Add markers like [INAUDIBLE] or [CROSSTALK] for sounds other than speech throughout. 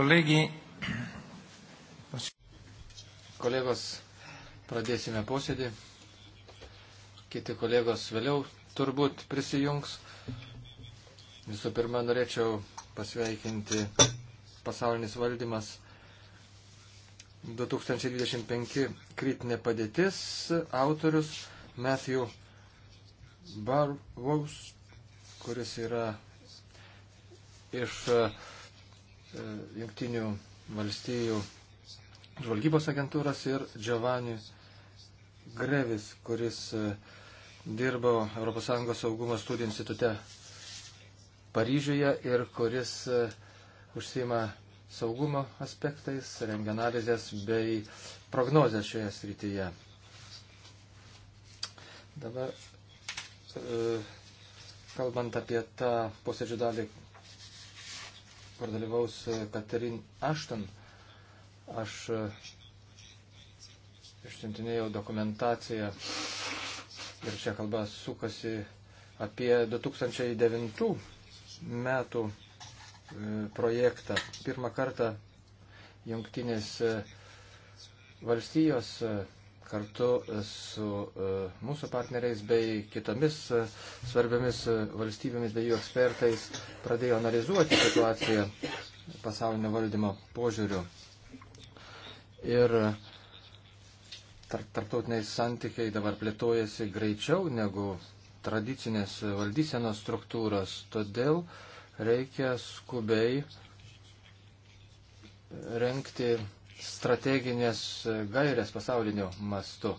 Kolegi. Kolegos, pradėsime posėdį. Kiti kolegos vėliau turbūt prisijungs. Visų pirma, norėčiau pasveikinti pasaulinis valdymas 2025 kritinė padėtis, autorius Matthew Barrows, kuris yra iš uh, E, Junktinių valstijų žvalgybos agentūros ir Giovanni Grevis, kuris e, dirbo ES saugumo studijų institute Paryžiuje ir kuris e, užsima saugumo aspektais, rengia analizės bei prognozės šioje srityje. Dabar, kalbant apie tą posėdžių dalį, kur dalyvaus e, Katarin Ašton. Aš e, išsintinėjau dokumentaciją ir čia kalba sukasi apie 2009 metų e, projektą. Pirmą kartą jungtinės valstijos kartu su e, mūsų partneriais bei kitomis e, svarbiamis e, valstybėmis bei jų ekspertais pradėjo analizuoti situaciją pasaulinio valdymo požiūrių. Ir tarptautiniai santykiai dabar plėtojasi greičiau negu tradicinės valdysenos struktūros, todėl reikia skubiai renkti strateginės gairės pasauliniu mastu.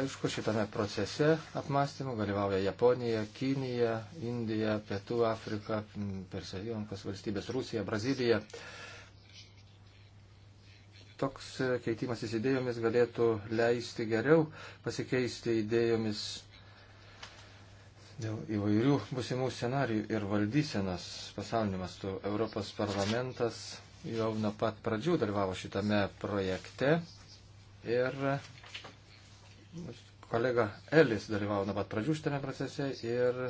Aišku, šitame procese apmąstymų dalyvauja Japonija, Kinija, Indija, Pietų Afrika, Persijonkas valstybės, Rusija, Brazilija. Toks keitimas įsidėjomis galėtų leisti geriau pasikeisti idėjomis dėl įvairių busimų scenarių ir valdysenos pasauliniu mastu. Europos parlamentas jau nuo pat pradžių dalyvavo šitame projekte ir kolega Elis dalyvavo nuo pat pradžių šitame procese ir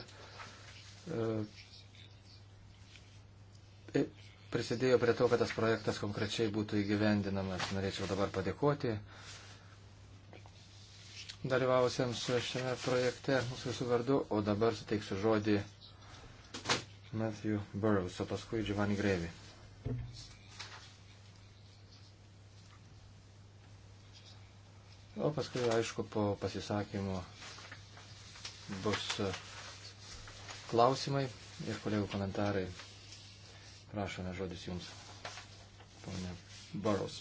e, prisidėjo prie to, kad tas projektas konkrečiai būtų įgyvendinamas. Norėčiau dabar padėkoti dalyvavusiems šiame projekte mūsų visų vardu, o dabar suteiksiu žodį Matthew Burrows, o paskui Giovanni Grevi. O paskui, aišku, po pasisakymo bus klausimai ir kolegų komentarai. Prašome žodis jums, ponė Burrows.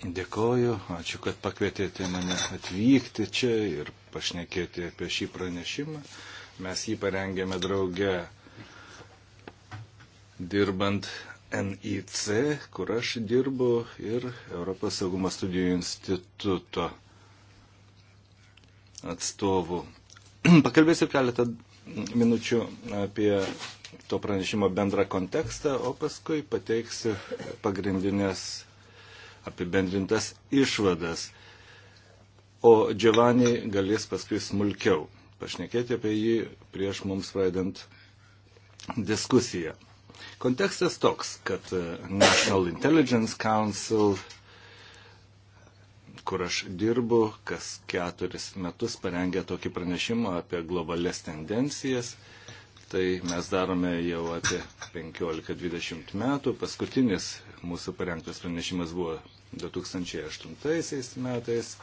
Dėkoju, ačiū, kad pakvietėte mane atvykti čia ir pašnekėti apie šį pranešimą. Mes jį parengėme drauge dirbant NIC, kur aš dirbu, ir Europos saugumo studijų instituto atstovų. [CLEARS THROAT] Pakalbėsiu keletą minučių apie to pranešimo bendrą kontekstą, o paskui pateiksiu pagrindinės apibendrintas išvadas, o Giovanni galės paskui smulkiau pašnekėti apie jį prieš mums pradedant diskusiją. Kontekstas toks, kad e, National Intelligence Council, kur aš dirbu, kas keturis metus parengia tokį pranešimą apie globales tendencijas. Tai mes darome jau apie 15-20 metų. Paskutinis mūsų parengtas pranešimas buvo 2008 metais.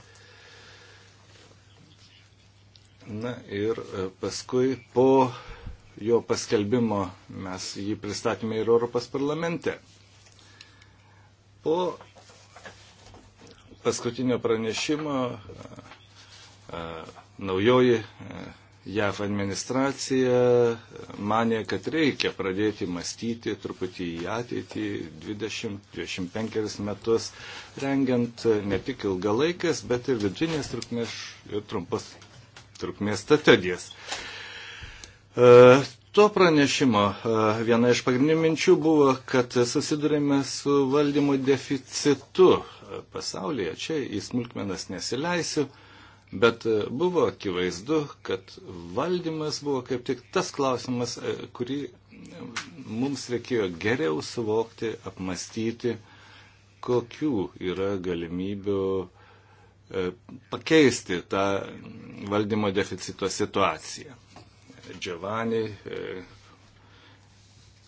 Na ir e, paskui po jo paskelbimo mes jį pristatėme ir Europos parlamente. Po paskutinio pranešimo e, e, naujoji JAV administracija e, mane, kad reikia pradėti mąstyti truputį į ateitį 20-25 metus, rengiant e, ne tik ilgalaikės, bet ir vidinės trukmės ir trumpos trukmės strategijas. E, to pranešimo viena iš pagrindinių minčių buvo, kad susidurėme su valdymo deficitu pasaulyje. Čia į smulkmenas nesileisiu. Bet e, buvo akivaizdu, kad valdymas buvo kaip tik tas klausimas, e, kurį e, mums reikėjo geriau suvokti, apmastyti, kokių yra galimybių pakeisti tą valdymo deficito situaciją. Giovanni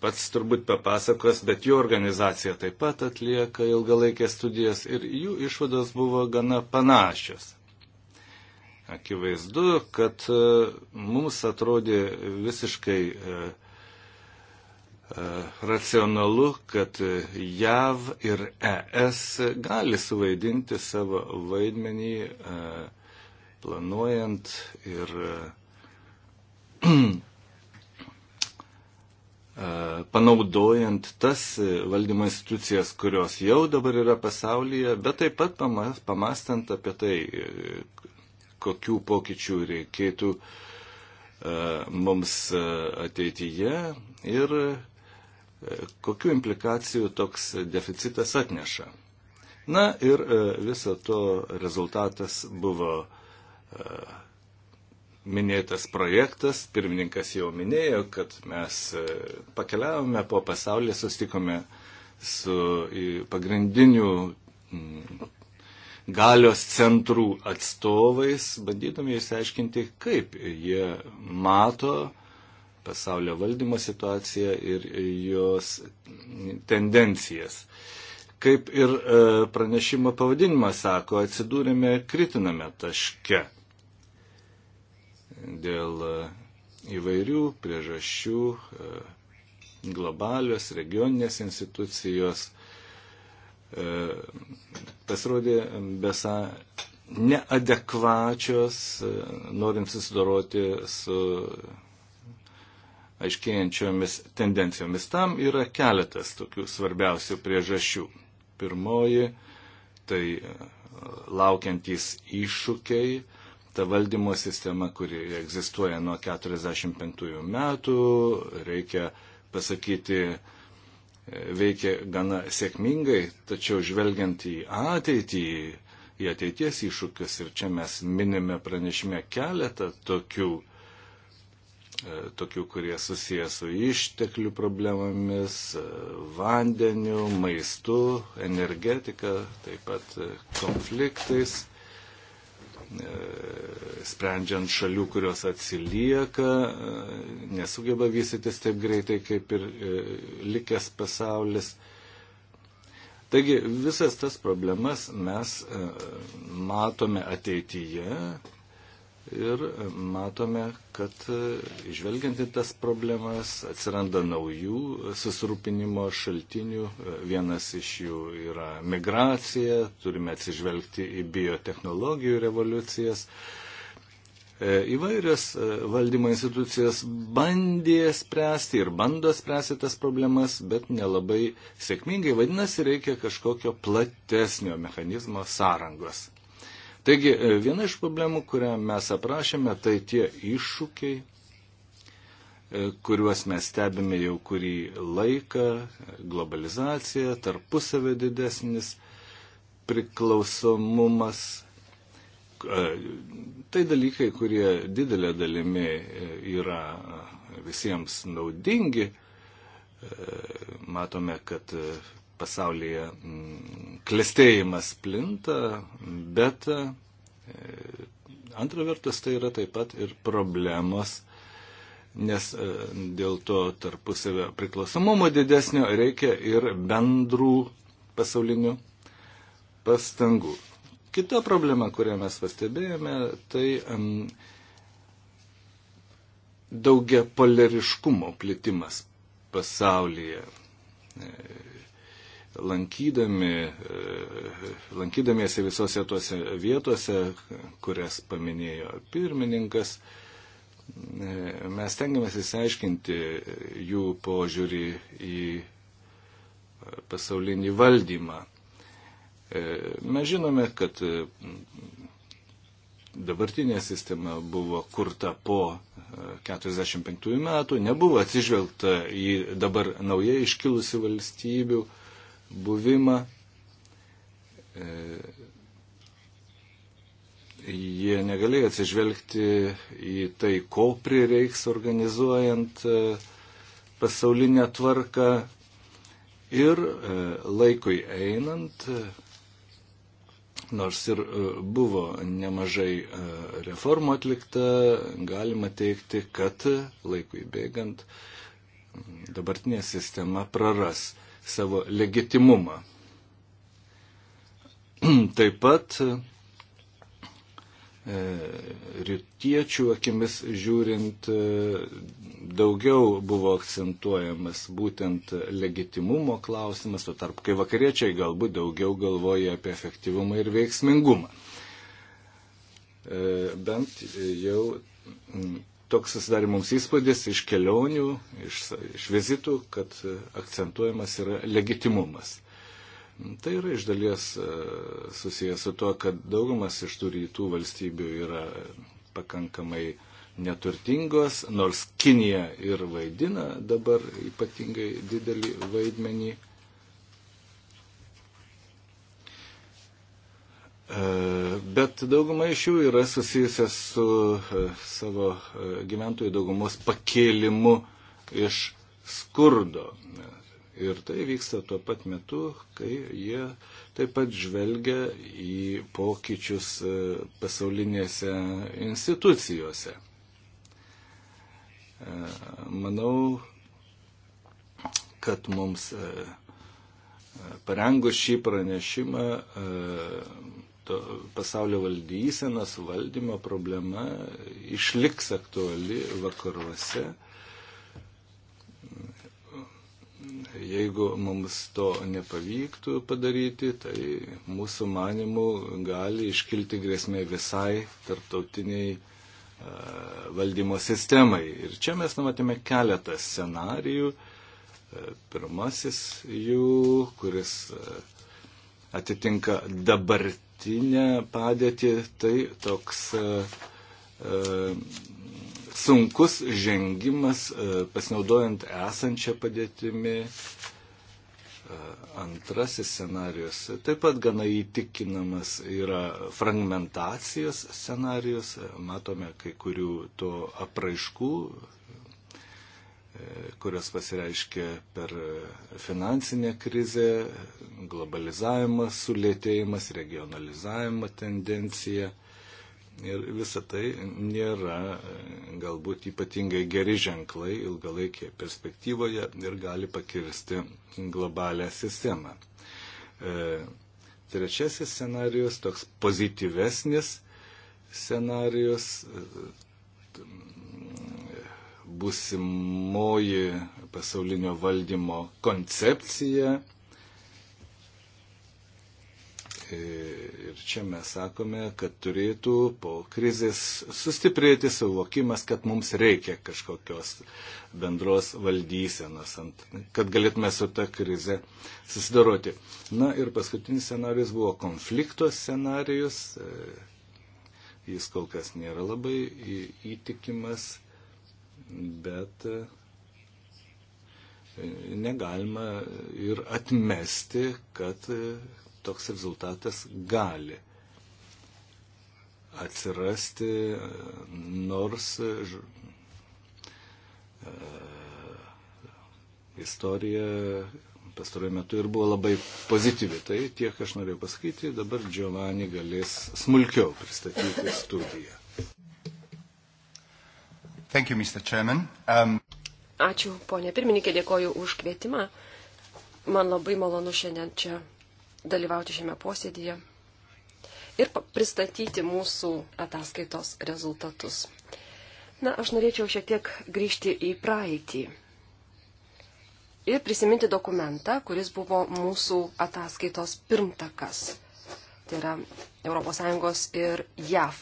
pats turbūt papasakos, bet jų organizacija taip pat atlieka ilgalaikės studijas ir jų išvados buvo gana panašios. Akivaizdu, kad e, mums atrodė visiškai e, e, racionalu, kad JAV ir ES gali suvaidinti savo vaidmenį planuojant ir [CLEARS THROAT] panaudojant tas valdymo institucijas, kurios jau dabar yra pasaulyje, bet taip pat pamastant apie tai, kokių pokyčių reikėtų e, mums e, ateityje ir e, kokiu implikacijų toks deficitas atneša. Na ir viso to rezultatas buvo minėtas projektas. Pirmininkas jau minėjo, kad mes pakeliavome po pasaulį, sustikome su pagrindinių galios centrų atstovais, bandydami išsiaiškinti, kaip jie mato pasaulio valdymo situaciją ir jos tendencijas. Kaip ir e, pranešimo pavadinimas sako, atsidūrėme kritiname taške dėl e, įvairių priežasčių e, globalios regioninės institucijos E, pasirodė besą neadekvačios, e, norint susidoroti su aiškėjančiomis tendencijomis. Tam yra keletas tokių svarbiausių priežasčių. Pirmoji - tai e, laukiantys iššūkiai, ta valdymo sistema, kuri egzistuoja nuo 45 metų, reikia pasakyti, veikė gana sėkmingai, tačiau žvelgiant į ateitį, į ateities iššūkius, ir čia mes minime pranešime keletą tokių, e, tokių kurie susijęs su išteklių problemomis, e, vandeniu, maistu, energetika, taip pat e, konfliktais E, sprendžiant šalių, kurios atsilieka, e, nesugeba vystytis taip greitai kaip ir e, likęs pasaulis. Taigi visas tas problemas mes matome ateityje ir matome, kad e, žvelgiant į tas problemas atsiranda naujų susirūpinimo šaltinių. E, vienas iš jų yra migracija, turime atsižvelgti į biotehnologijų revoliucijas. E, įvairios valdymo institucijos bandė spręsti ir bando spręsti tas problemas, bet nelabai sėkmingai. Vadinasi, reikia kažkokio platesnio mechanizmo sąrangos. Taigi e, viena iš problemų, kurią mes aprašėme, tai tie iššūkiai, e, kuriuos mes stebime jau kurį laiką, globalizacija, tarpusavio didesnis priklausomumas. E, tai dalykai, kurie didelė dalimi yra visiems naudingi. Matome, kad pasaulyje mm, klestėjimas plinta, bet e, antra vertus tai yra taip pat ir problemos, nes e, dėl to tarpusavio priklausomumo didesnio reikia ir bendrų pasaulinių pastangų. Kita problema, kurią mes pastebėjome, tai um, daugia polariškumo plitimas pasaulyje. E, lankydami, e, lankydamiesi visose tuose vietose, kurias paminėjo pirmininkas, e, mes tengiamės įsiaiškinti jų požiūrį į e, pasaulinį valdymą. Mes žinome, kad mm, dabartinė sistema buvo kurta po 45 metų, nebuvo atsižvelgta į dabar naujai iškilusių valstybių buvimą. E, jie negalėjo atsižvelgti į tai, ko prireiks organizuojant e, pasaulinę tvarką ir e, laikui einant, nors ir buvo nemažai reformų atlikta, galima teikti, kad laikui bėgant dabartinė sistema praras savo legitimumą. [CLEARS THROAT] Taip pat e, rytiečių akimis žiūrint e, daugiau buvo akcentuojamas būtent legitimumo klausimas, o tarp kai vakariečiai galbūt daugiau galvoja apie efektyvumą ir veiksmingumą. E, bent jau toks susidarė mums įspūdis iš kelionių, iš, iš vizitų, kad akcentuojamas yra legitimumas. Tai yra iš dalies e, susijęs su to, kad daugumas iš tų rytų valstybių yra pakankamai neturtingos, nors Kinija ir vaidina dabar ypatingai didelį vaidmenį. E, bet dauguma iš jų yra susijusias su e, savo e, gyventojų daugumos pakėlimu iš skurdo. Ir tai vyksta tuo pat metu, kai jie taip pat žvelgia į pokyčius pasaulinėse institucijose. Manau, kad mums parengus šį pranešimą to pasaulio valdysenos valdymo problema išliks aktuali vakaruose. Jeigu mums to nepavyktų padaryti, tai mūsų manimų gali iškilti grėsmė visai tarptautiniai e, valdymo sistemai. Ir čia mes numatėme keletą scenarijų. E, pirmasis jų, kuris e, atitinka dabar, dabartinę padėtį, tai toks e, e, sunkus žengimas e, pasinaudojant esančią padėtimi. Antrasis scenarius taip pat gana įtikinamas yra fragmentacijos scenarius. Matome kai kurių to apraiškų, kurios pasireiškia per e, finansinę krizę, globalizavimas, sulėtėjimas, regionalizavimo tendencija. Ir visa tai nėra e, galbūt ypatingai geri ženklai ilgalaikėje perspektyvoje ir gali pakirsti globalią sistemą. E, trečiasis scenarius, toks pozityvesnis scenarius, busimoji pasaulinio valdymo koncepcija. E, ir čia mes sakome, kad turėtų po krizės sustiprėti suvokimas, kad mums reikia kažkokios bendros valdysenos, kad galėtume su ta krize susidoroti. Na ir paskutinis scenarius buvo konflikto scenarius. E, jis kol kas nėra labai įtikimas bet e, negalima ir atmesti, kad e, toks rezultatas gali atsirasti, e, nors istorija pastaruoju metu ir buvo labai pozityvi. Tai tiek aš norėjau pasakyti, dabar Giovanni galės smulkiau pristatyti studiją. Thank you, Mr. Chairman. Um... Ačiū, ponė pirmininkė, dėkoju už kvietimą. Man labai malonu šiandien čia dalyvauti šiame posėdėje ir pristatyti mūsų ataskaitos rezultatus. Na, aš norėčiau šiek tiek grįžti į praeitį ir prisiminti dokumentą, kuris buvo mūsų ataskaitos pirmtakas. Tai yra ES ir JAV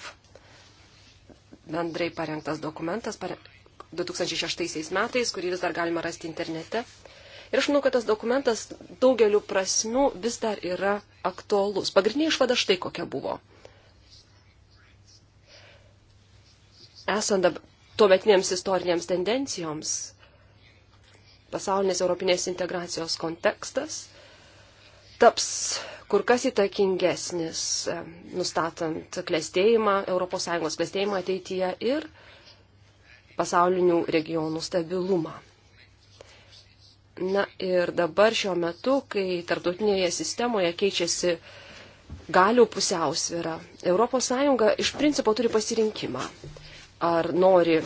bendrai parengtas dokumentas pare... 2006 metais, kurį vis dar galima rasti internete. Ir aš manau, kad tas dokumentas daugeliu prasmių vis dar yra aktualus. Pagrindinė išvada štai kokia buvo. Esant tuometinėms istorinėms tendencijoms, pasaulinės europinės integracijos kontekstas taps kur kas įtakingesnis, e, nustatant klėstėjimą, ES klėstėjimą ateityje ir pasaulinių regionų stabilumą. Na ir dabar šiuo metu, kai tarptautinėje sistemoje keičiasi galių pusiausvyrą, ES iš principo turi pasirinkimą. Ar nori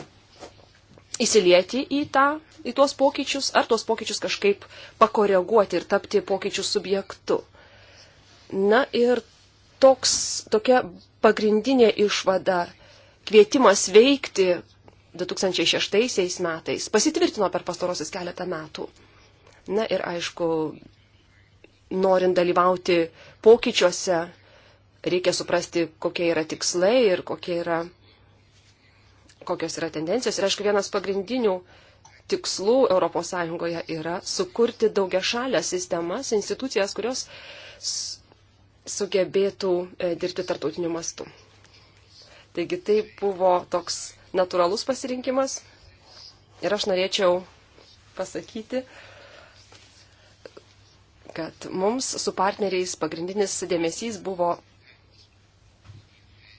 įsilieti į tą į tuos pokyčius, ar tuos pokyčius kažkaip pakoreguoti ir tapti pokyčių subjektu. Na ir toks, tokia pagrindinė išvada, kvietimas veikti 2006 metais pasitvirtino per pastarosius keletą metų. Na ir aišku, norint dalyvauti pokyčiuose, reikia suprasti, kokie yra tikslai ir kokie yra, kokios yra tendencijos. Ir aišku, vienas pagrindinių uh, tikslų ES yra sukurti daugia šalę sistemas, institucijas, kurios sugebėtų e, dirbti tartutiniu mastu. Taigi tai buvo toks natūralus pasirinkimas ir aš norėčiau pasakyti, kad mums su partneriais pagrindinis dėmesys buvo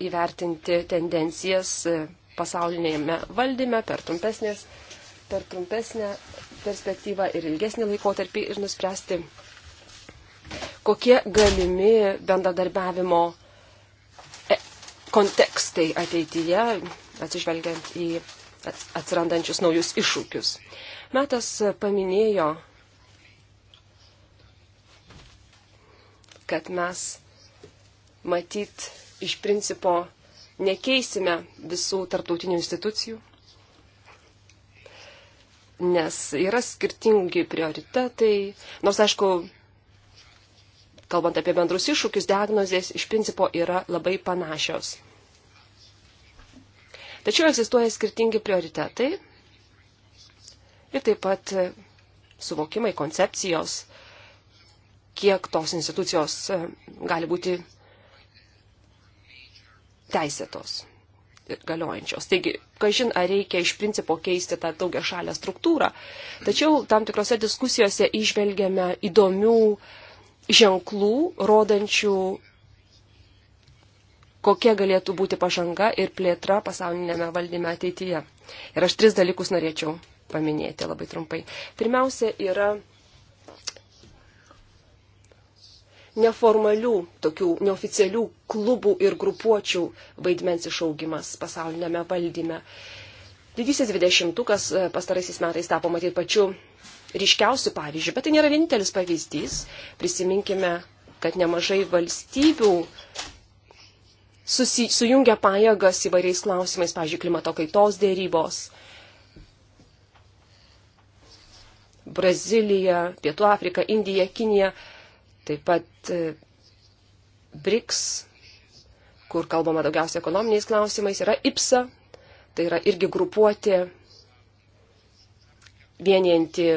įvertinti tendencijas e, pasaulinėme valdyme per trumpesnės per trumpesnę perspektyvą ir ilgesnį laikotarpį ir nuspręsti, kokie galimi bendradarbiavimo e, kontekstai ateityje, atsižvelgiant į atsirandančius naujus iššūkius. Metas paminėjo, kad mes matyt iš principo nekeisime visų tarptautinių institucijų, nes yra skirtingi prioritetai, nors aišku, kalbant apie bendrus iššūkius, diagnozės iš principo yra labai panašios. Tačiau egzistuoja skirtingi prioritetai ir taip pat suvokimai, koncepcijos, kiek tos institucijos gali būti teisėtos galiojančios. Taigi, kažin ar reikia iš principo keisti tą daugia šalę struktūrą. Tačiau tam tikrose diskusijose išvelgiame įdomių ženklų, rodančių, kokia galėtų būti pažanga ir plėtra pasaulinėme valdyme ateityje. Ir aš tris dalykus norėčiau paminėti labai trumpai. Pirmiausia yra neformalių, tokių neoficialių klubų ir grupuočių vaidmens išaugimas pasaulinėme valdyme. Didysis dvidešimtukas e, pastaraisiais metais tapo matyti pačiu ryškiausiu pavyzdžiu, bet tai nėra vienintelis pavyzdys. Prisiminkime, kad nemažai valstybių susi, sujungia pajėgas įvairiais klausimais, pavyzdžiui, klimato kaitos dėrybos. Brazilija, Pietų Afrika, Indija, Kinija Taip pat e, BRICS, kur kalbama daugiausia ekonominiais klausimais, yra IPSA, tai yra irgi grupuotė vienijanti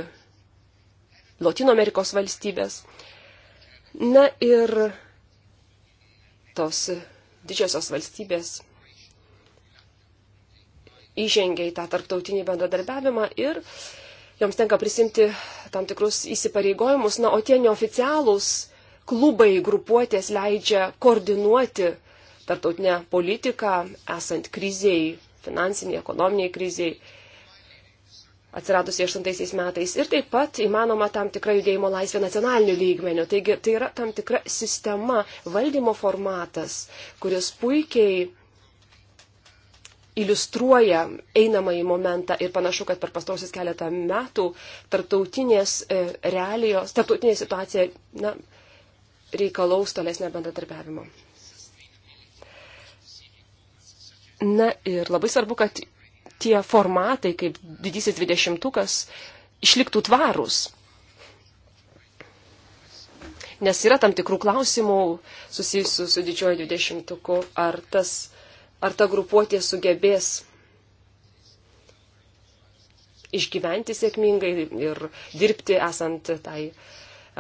Latino Amerikos valstybės. Na ir tos didžiosios valstybės įžengia į tą tarptautinį bendradarbiavimą ir uh, joms tenka prisimti tam tikrus įsipareigojimus, na, o tie neoficialūs klubai, grupuotės leidžia koordinuoti tartautinę politiką, esant kriziai, finansiniai, ekonominiai kriziai, atsiradusiai 8 metais. Ir taip pat įmanoma tam tikra judėjimo laisvė nacionaliniu lygmeniu. Taigi tai yra tam tikra sistema, valdymo formatas, kuris puikiai iliustruoja einamąjį momentą ir panašu, kad per pastosius keletą metų tarptautinės e, realijos, tarptautinė situacija na, reikalaus tolesnio bendradarbiavimo. Na ir labai svarbu, kad tie formatai, kaip didysis dvidešimtukas, išliktų tvarūs. Nes yra tam tikrų klausimų susijusių su didžiojo dvidešimtuku, ar tas ar ta grupuotė sugebės išgyventi sėkmingai ir dirbti esant tai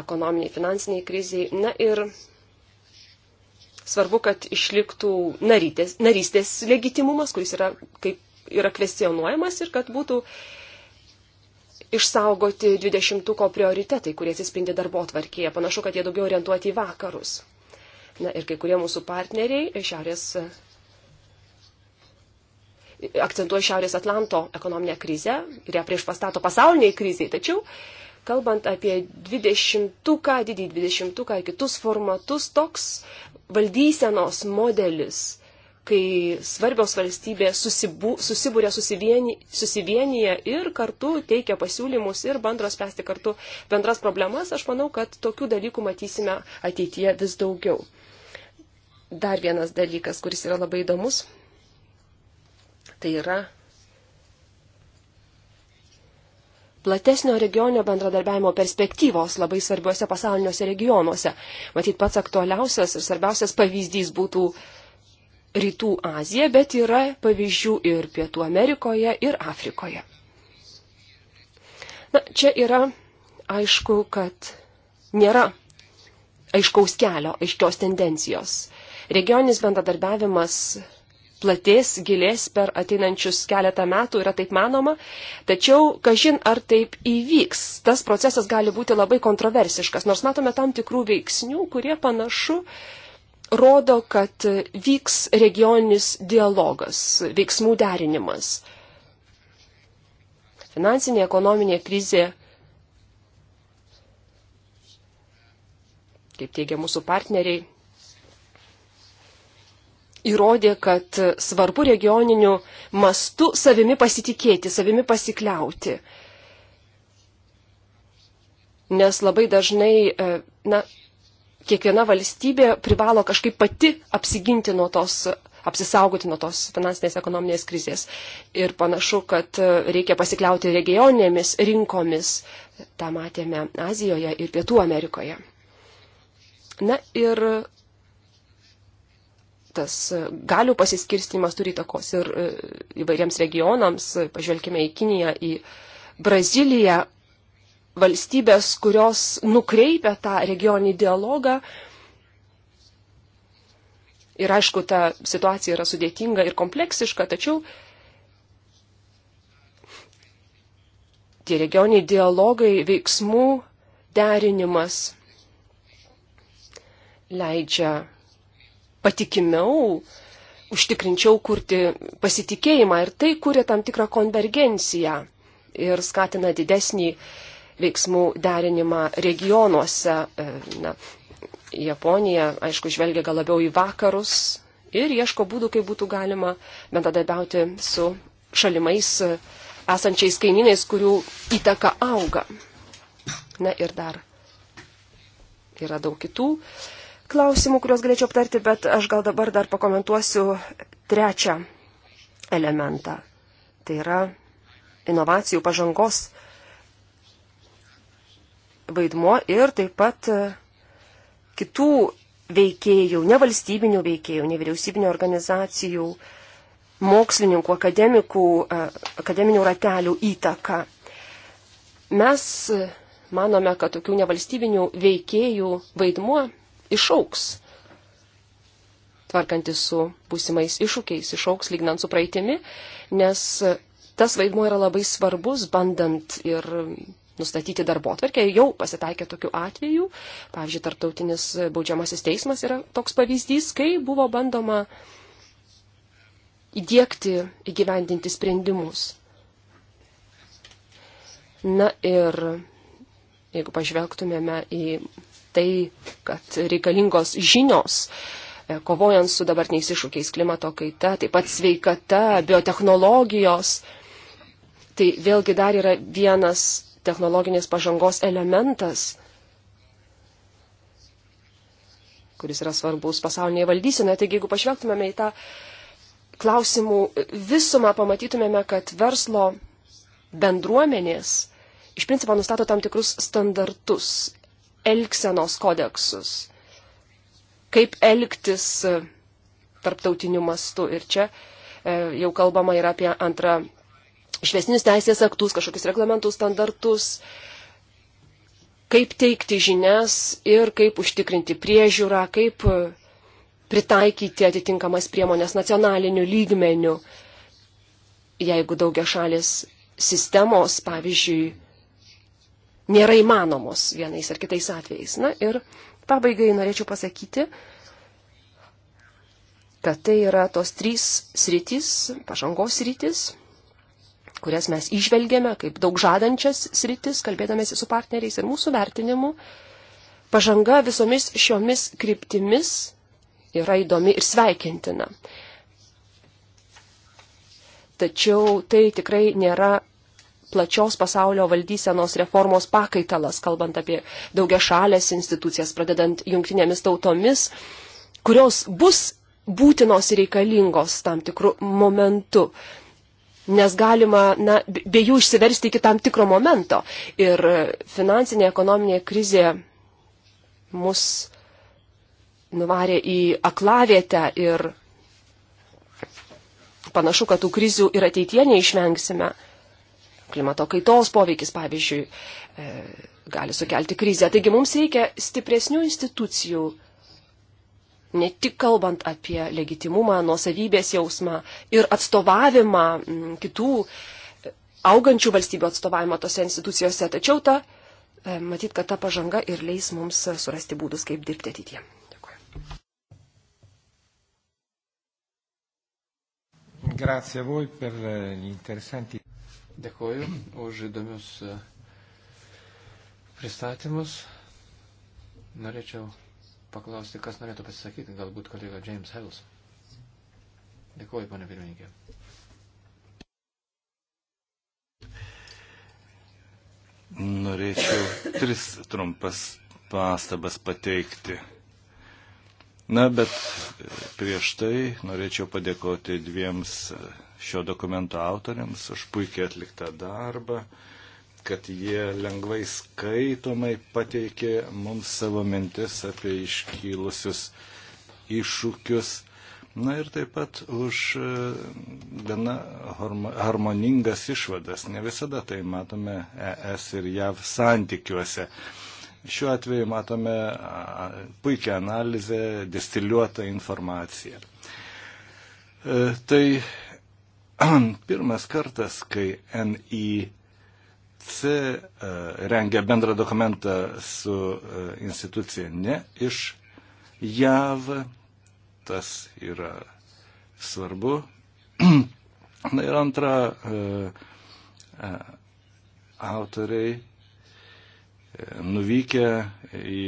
ekonominiai, finansiniai kriziai. Na ir svarbu, kad išliktų narytės, narystės legitimumas, kuris yra, kaip, yra kvestionuojamas ir kad būtų išsaugoti dvidešimtuko prioritetai, kurie atsispindi darbo tvarkėje. Panašu, kad jie daugiau orientuoti į vakarus. Na ir kai kurie mūsų partneriai Šiaurės akcentuoja Šiaurės Atlanto ekonominę krizę ir ją prieš pastato pasauliniai kriziai. Tačiau, kalbant apie 20-ką, didį 20-ką ir kitus formatus, toks valdysenos modelis, kai svarbios valstybės susibūrė susivienyje ir kartu teikia pasiūlymus ir bandro spręsti kartu bendras problemas, aš manau, kad tokių dalykų matysime ateityje vis daugiau. Dar vienas dalykas, kuris yra labai įdomus Tai yra platesnio regioninio bendradarbiavimo perspektyvos labai svarbiuose pasauliniuose regionuose. Matyt, pats aktualiausias ir svarbiausias pavyzdys būtų Rytų Azija, bet yra pavyzdžių ir Pietų Amerikoje, ir Afrikoje. Na, čia yra aišku, kad nėra aiškaus kelio, aiškios tendencijos. Regioninis bendradarbiavimas platės, gilės per ateinančius keletą metų, yra taip manoma. Tačiau, kažin ar taip įvyks, tas procesas gali būti labai kontroversiškas, nors matome tam tikrų veiksnių, kurie panašu rodo, kad vyks regioninis dialogas, veiksmų derinimas. Finansinė ekonominė krizė kaip teigia mūsų partneriai, įrodė, kad svarbu regioniniu mastu savimi pasitikėti, savimi pasikliauti. Nes labai dažnai, e, na, kiekviena valstybė privalo kažkaip pati apsiginti nuo tos, apsisaugoti nuo tos finansinės ekonominės krizės. Ir panašu, kad e, reikia pasikliauti regioninėmis rinkomis. Ta matėme Azijoje ir Pietų Amerikoje. Na ir tas e, galių pasiskirstimas turi įtakos ir e, įvairiems regionams. Pažvelkime į Kiniją, į Braziliją, valstybės, kurios nukreipia tą regioninį dialogą. Ir aišku, ta situacija yra sudėtinga ir kompleksiška, tačiau tie regioniai dialogai, veiksmų derinimas leidžia patikimiau, užtikrinčiau kurti pasitikėjimą ir tai kuria tam tikrą konvergenciją ir skatina didesnį veiksmų derinimą regionuose. E, na, Japonija, aišku, žvelgia gal labiau į vakarus ir ieško būdų, kaip būtų galima bendradarbiauti su šalimais e, esančiais kaimynais, kurių įtaka auga. Na ir dar yra daug kitų. Uh, klausimų, kuriuos galėčiau aptarti, bet aš gal dabar dar pakomentuosiu trečią elementą. Tai yra inovacijų pažangos vaidmo ir taip pat e, kitų veikėjų, nevalstybinių veikėjų, nevyriausybinių organizacijų, mokslininkų, akademikų, e, akademinių ratelių įtaka. Mes e, manome, kad tokių nevalstybinių veikėjų vaidmuo išauks. Tvarkantis su būsimais iššūkiais išauks lygnant su praeitimi, nes tas vaidmuo yra labai svarbus, bandant ir nustatyti darbo atverkę. Jau pasitaikė tokių atvejų. Pavyzdžiui, tarptautinis baudžiamasis teismas yra toks pavyzdys, kai buvo bandoma įdėkti, įgyvendinti sprendimus. Na ir jeigu pažvelgtumėme į tai, kad reikalingos žinios e, kovojant su dabartiniais iššūkiais klimato kaita, taip pat sveikata, biotehnologijos. Tai vėlgi dar yra vienas technologinės pažangos elementas, kuris yra svarbus pasaulinėje valdysenoje. Taigi, jeigu pažvelgtumėme į tą klausimų visumą, pamatytumėme, kad verslo bendruomenės iš principo nustato tam tikrus standartus elksenos kodeksus, kaip elgtis tarptautiniu mastu. Ir čia e, jau kalbama yra apie antrą išvesnius teisės aktus, kažkokius reglamentus, standartus, kaip teikti žinias ir kaip užtikrinti priežiūrą, kaip e, pritaikyti atitinkamas priemonės nacionaliniu lygmeniu. Jeigu daugia šalis sistemos, pavyzdžiui, nėra įmanomos vienais ar kitais atvejais. Na ir pabaigai norėčiau pasakyti, kad tai yra tos trys sritis, pažangos sritis, kurias mes išvelgėme kaip daug žadančias sritis, kalbėdamėsi su partneriais ir mūsų vertinimu. Pažanga visomis šiomis kryptimis yra įdomi ir sveikintina. Tačiau tai tikrai nėra plačios pasaulio valdysenos reformos pakaitalas, kalbant apie daugia šalės institucijas, pradedant jungtinėmis tautomis, kurios bus būtinos ir reikalingos tam tikrų momentų. Nes galima na, be jų išsiversti iki tam tikro momento. Ir finansinė ekonominė krizė mus nuvarė į aklavietę ir panašu, kad tų krizių ir ateitie neišvengsime klimato kaitos poveikis, pavyzdžiui, e, gali sukelti krizę. Taigi mums reikia stipresnių institucijų, ne tik kalbant apie legitimumą, nuosavybės jausmą ir atstovavimą kitų e, augančių valstybių atstovavimą tose institucijose, tačiau ta, e, matyt, kad ta pažanga ir leis mums surasti būdus, kaip dirbti ateityje. Grazie a voi per gli interessanti. Dėkoju už įdomius e, pristatymus. Norėčiau paklausti, kas norėtų pasisakyti, galbūt kolega James Hells. Dėkuoju, ponė pirmininkė. Norėčiau tris trumpas pastabas pateikti. Na, bet prieš tai norėčiau padėkoti dviems šio dokumento autoriams už puikiai atliktą darbą, kad jie lengvai skaitomai pateikė mums savo mintis apie iškylusius iššūkius. Na ir taip pat už e, gana harmoningas išvadas. Ne visada tai matome ES ir JAV santykiuose. Šiuo atveju matome puikią analizę, distiliuotą informaciją. E, tai [CLEARS THROAT] pirmas kartas, kai NIC e, rengia bendrą dokumentą su e, institucija ne iš JAV, tas yra svarbu. [CLEARS THROAT] Na ir antra, autoriai nuvykę į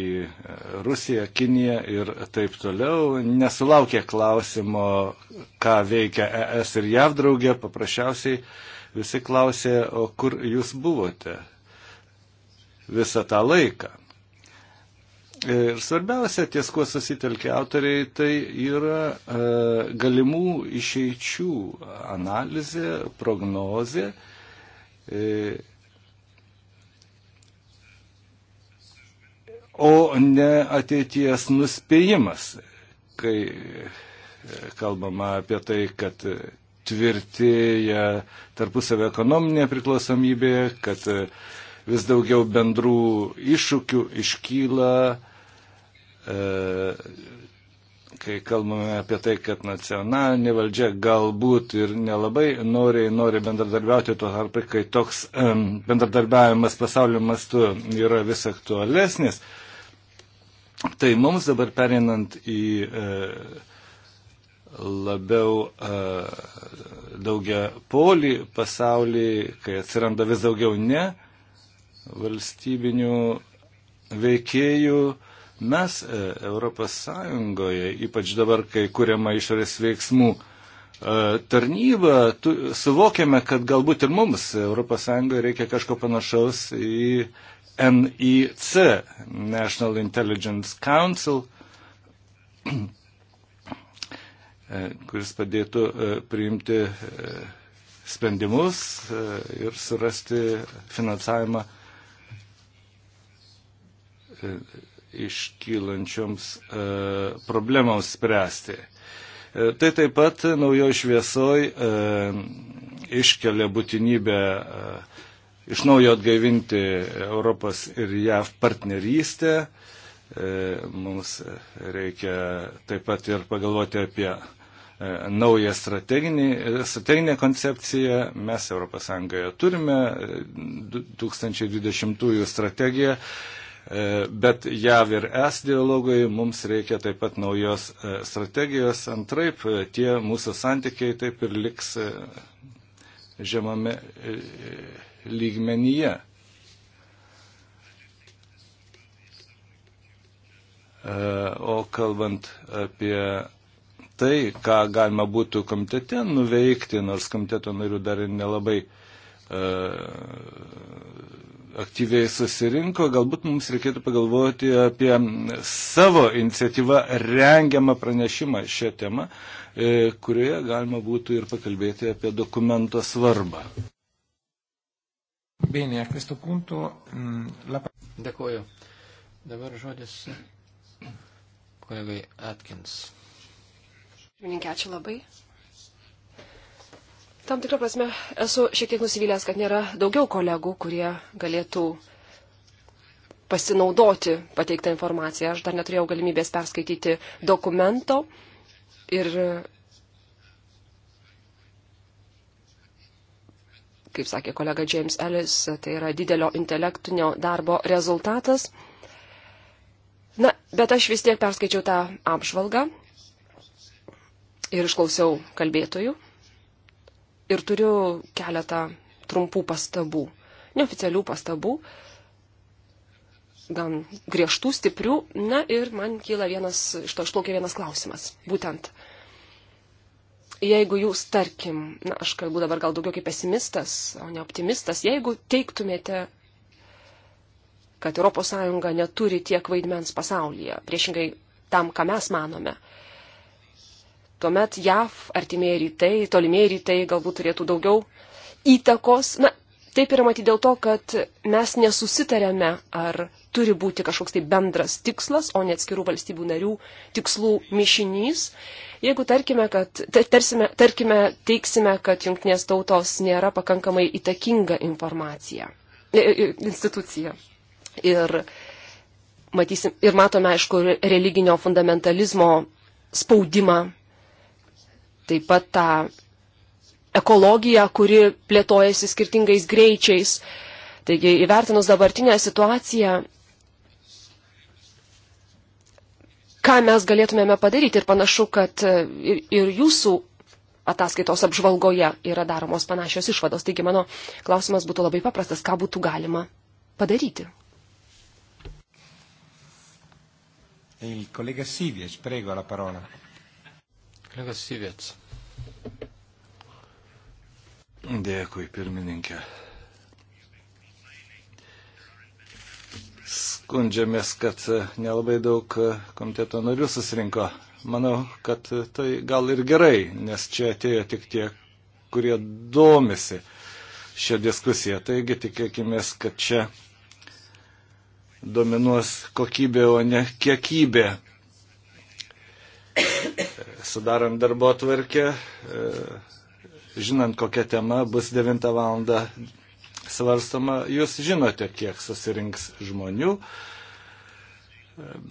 Rusiją, Kiniją ir taip toliau, nesulaukė klausimo, ką veikia ES ir JAV draugė, paprasčiausiai visi klausė, o kur jūs buvote visą tą laiką. Ir svarbiausia, ties kuo susitelkia autoriai, tai yra e, galimų išeičių analizė, prognozė. E, o ne ateities nuspėjimas, kai e, kalbama apie tai, kad tvirtėja tarpusavio ekonominė priklausomybė, kad e, vis daugiau bendrų iššūkių iškyla, e, kai kalbame apie tai, kad nacionalinė valdžia galbūt ir nelabai noriai nori bendradarbiauti, tuo tarpu, kai toks bendradarbiavimas pasaulio mastu yra vis aktualesnis, Tai mums dabar perinant į e, labiau e, daugia polį pasaulį, kai atsiranda vis daugiau ne valstybinių veikėjų, mes e, Europos Sąjungoje, ypač dabar, kai kuriama išorės veiksmų e, tarnyba, tu, suvokiame, kad galbūt ir mums Europos Sąjungoje reikia kažko panašaus į e, NIC, National Intelligence Council, e, kuris padėtų e, priimti e, sprendimus ir surasti finansavimą iškylančioms problemams spręsti. Tai taip pat naujo šviesoj iškelia būtinybę iš naujo atgaivinti Europos ir JAV partnerystę. E, mums reikia taip pat ir pagalvoti apie e, naują strateginę koncepciją. Mes ES turime 2020 e, strategiją, bet JAV ir ES dialogui mums reikia taip pat naujos strategijos. Antraip, tie mūsų santykiai taip ir liks žemame lygmenyje. E, o kalbant apie tai, ką galima būtų komitete nuveikti, nors komiteto narių dar ir nelabai e, aktyviai susirinko, galbūt mums reikėtų pagalvoti apie savo iniciatyvą rengiamą pranešimą šią temą, e, kurioje galima būtų ir pakalbėti apie dokumento svarbą. Bene, a questo punto mh, mm, la... Dėkuoju. Dabar žodis kolegai Atkins. Pirmininkė, ačiū labai. Tam tikrą prasme esu šiek tiek nusivylęs, kad nėra daugiau kolegų, kurie galėtų pasinaudoti pateiktą informaciją. Aš dar neturėjau galimybės perskaityti dokumento ir kaip sakė kolega James Ellis, tai yra didelio intelektinio darbo rezultatas. Na, bet aš vis tiek perskaičiau tą apžvalgą ir išklausiau kalbėtojų ir turiu keletą trumpų pastabų, neoficialių pastabų, gan griežtų, stiprių. Na ir man kyla vienas, iš to išplaukia vienas klausimas. Būtent jeigu jūs, tarkim, na, aš kalbu dabar gal daugiau kaip pesimistas, o ne optimistas, jeigu teiktumėte, kad ES neturi tiek vaidmens pasaulyje, priešingai tam, ką mes manome, tuomet JAV, artimieji rytai, tolimieji rytai galbūt turėtų daugiau įtakos. Na, taip yra matyti dėl to, kad mes nesusitarėme, ar turi būti kažkoks tai bendras tikslas, o ne atskirų valstybių narių tikslų mišinys. Jeigu tarkime, kad, tarsime, tarkime, teiksime, kad jungtinės tautos nėra pakankamai įtakinga informacija, institucija. Ir, matysim, ir matome, aišku, religinio fundamentalizmo spaudimą, taip pat tą ekologiją, kuri plėtojasi skirtingais greičiais. Taigi, įvertinus dabartinę situaciją, ką mes galėtumėme padaryti ir panašu, kad e, ir, ir jūsų ataskaitos apžvalgoje yra daromos panašios išvados. Taigi mano klausimas būtų labai paprastas, ką būtų galima padaryti. E il kolega Sivėč, prego la parola. Kolega Sivėč. Dėkui, pirmininkė. skundžiamės, kad e, nelabai daug e, komiteto narių susirinko. Manau, kad e, tai gal ir gerai, nes čia atėjo tik tie, kurie domisi šią diskusiją. Taigi tikėkime, kad čia dominuos kokybė, o ne kiekybė. Sudarant darbo atvarkę, žinant, kokia tema bus 9 val svarstoma, jūs žinote, kiek susirinks žmonių,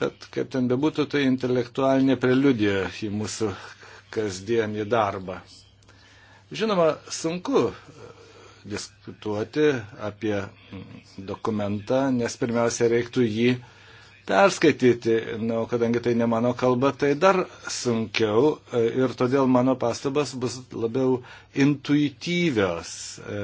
bet kaip ten bebūtų, tai intelektualinė preliudija į mūsų kasdienį darbą. Žinoma, sunku e, diskutuoti apie mm, dokumentą, nes pirmiausia reiktų jį perskaityti, na, nu, kadangi tai ne mano kalba, tai dar sunkiau e, ir todėl mano pastabas bus labiau intuityvios. E,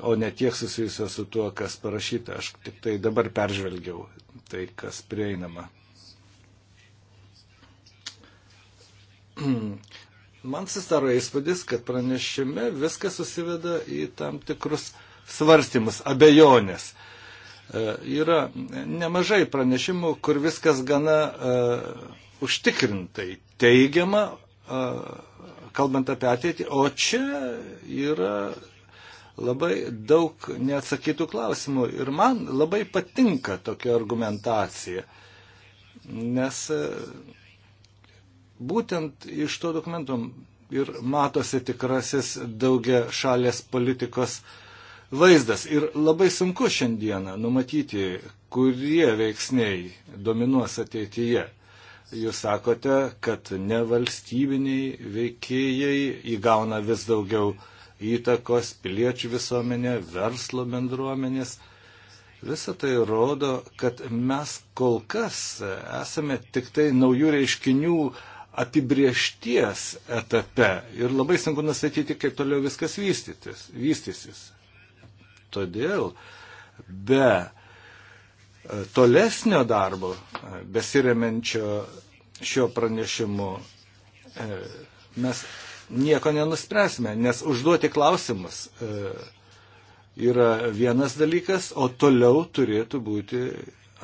o ne tiek susijusios su tuo, kas parašyta. Aš tik tai dabar peržvelgiau tai, kas prieinama. [CLEARS THROAT] Man susidaro įspūdis, kad pranešime viskas susiveda į tam tikrus svarstymus, abejonės. E, yra nemažai pranešimų, kur viskas gana uh, užtikrintai teigiama, uh, kalbant apie ateitį, o čia yra labai daug neatsakytų klausimų. Ir man labai patinka tokia argumentacija, nes e, būtent iš to dokumento ir matosi tikrasis daugia šalės politikos vaizdas. Ir labai sunku šiandieną numatyti, kurie veiksniai dominuos ateityje. Jūs sakote, kad nevalstybiniai veikėjai įgauna vis daugiau uh, įtakos piliečių visuomenė, verslo bendruomenės. Visą tai rodo, kad mes kol kas esame tik tai naujų reiškinių apibriešties etape ir labai sunku nustatyti, kaip toliau viskas vystytis, vystysis. Todėl be e, tolesnio darbo, e, besiremenčio šio pranešimu, e, mes nieko nenuspręsime, nes užduoti klausimus e, yra vienas dalykas, o toliau turėtų būti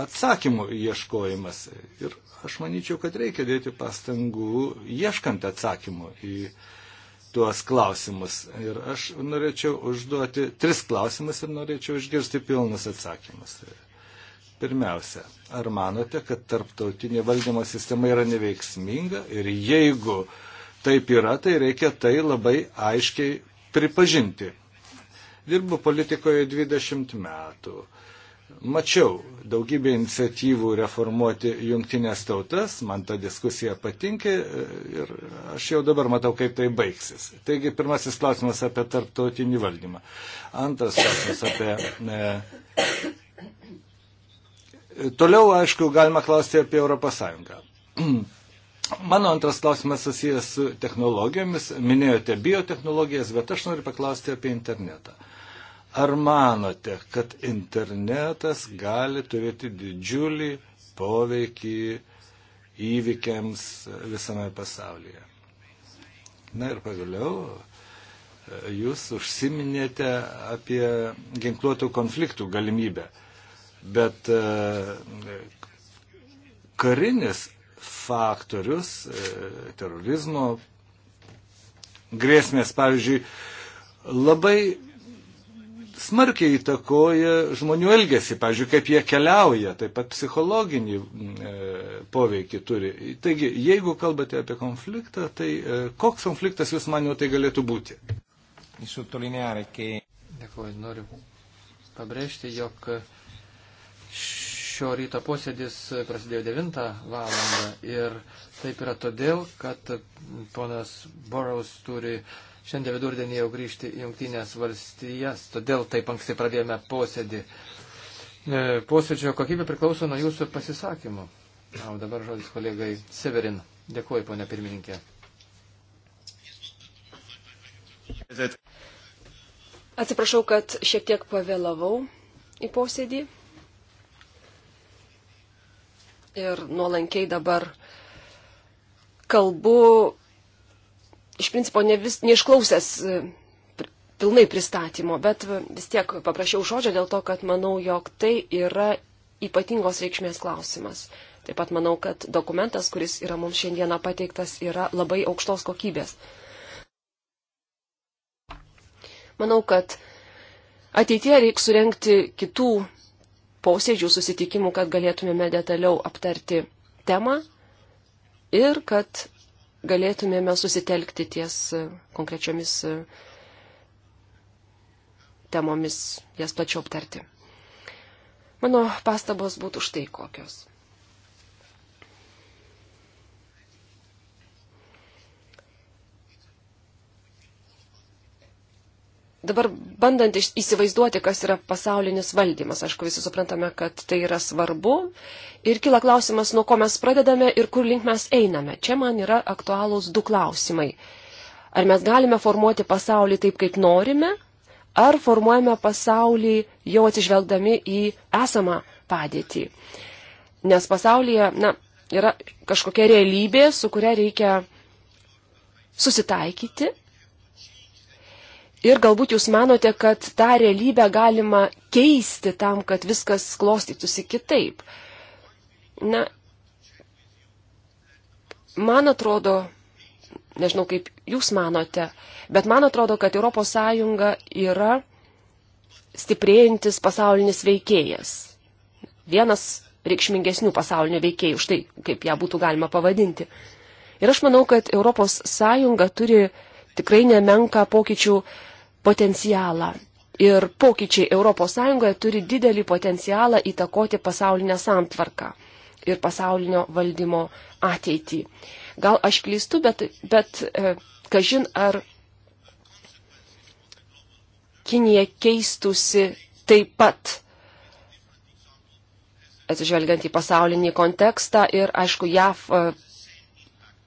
atsakymų ieškojimas. Ir aš manyčiau, kad reikia dėti pastangų ieškant atsakymų į tuos klausimus. Ir aš norėčiau užduoti tris klausimus ir norėčiau išgirsti pilnus atsakymus. Pirmiausia, ar manote, kad tarptautinė valdymo sistema yra neveiksminga ir jeigu uh, taip yra, tai reikia tai labai aiškiai pripažinti. Dirbu politikoje 20 metų. Mačiau daugybę iniciatyvų reformuoti jungtinės tautas, man ta diskusija patinka e, ir aš jau dabar matau, kaip tai baigsis. Taigi pirmasis klausimas apie tarptautinį valdymą. Antras klausimas apie. E, toliau, aišku, galima klausti apie Europos Sąjungą. Mano antras klausimas susijęs su technologijomis. Minėjote biotehnologijas, bet aš noriu paklausti apie internetą. Ar manote, kad internetas gali turėti didžiulį poveikį įvykiams visame pasaulyje? Na ir pagaliau, jūs užsiminėte apie ginkluotų konfliktų galimybę, bet e, karinis faktorius, e, terorizmo grėsmės, pavyzdžiui, labai smarkiai įtakoja žmonių elgesį, pavyzdžiui, kaip jie keliauja, taip pat psichologinį e, poveikį turi. Taigi, jeigu kalbate apie konfliktą, tai e, koks konfliktas jūs manio tai galėtų būti? Dėkuoju, noriu pabrėžti, jog šio ryto posėdis prasidėjo 9 valandą ir taip yra todėl, kad ponas Boraus turi šiandien vidurdienį jau grįžti į Junktinės valstijas, todėl taip anksti pradėjome posėdį. E, posėdžio kokybė priklauso nuo jūsų pasisakymų. O dabar žodis kolegai Severin. Dėkuoju, ponia pirmininkė. Atsiprašau, kad šiek tiek pavėlavau į posėdį ir nuolankiai dabar kalbu, iš principo ne vis, neišklausęs e, pilnai pristatymo, bet vis tiek paprašiau žodžio dėl to, kad manau, jog tai yra ypatingos reikšmės klausimas. Taip pat manau, kad dokumentas, kuris yra mums šiandieną pateiktas, yra labai aukštos kokybės. Manau, kad ateitie reiks surenkti kitų posėdžių, susitikimų, kad galėtumėme detaliau aptarti temą ir kad galėtumėme susitelkti ties konkrečiomis temomis, jas plačiau aptarti. Mano pastabos būtų štai kokios. dabar bandant įsivaizduoti, kas yra pasaulinis valdymas, aišku, visi suprantame, kad tai yra svarbu ir kila klausimas, nuo ko mes pradedame ir kur link mes einame. Čia man yra aktualūs du klausimai. Ar mes galime formuoti pasaulį taip, kaip norime, ar formuojame pasaulį jau atsižvelgdami į esamą padėtį. Nes pasaulyje, na, yra kažkokia realybė, su kuria reikia susitaikyti Ir galbūt jūs manote, kad tą realybę galima keisti tam, kad viskas klostytųsi kitaip. Na, man atrodo, nežinau kaip jūs manote, bet man atrodo, kad ES yra stiprėjantis pasaulinis veikėjas. Vienas reikšmingesnių pasaulinio veikėjų, štai kaip ją būtų galima pavadinti. Ir aš manau, kad ES turi tikrai nemenka pokyčių potencialą. Ir pokyčiai ES turi didelį potencialą įtakoti pasaulinę santvarką ir pasaulinio valdymo ateitį. Gal aš klystu, bet, bet e, kažin ar Kinija keistusi taip pat, atsižvelgiant į pasaulinį kontekstą ir, aišku, JAV e,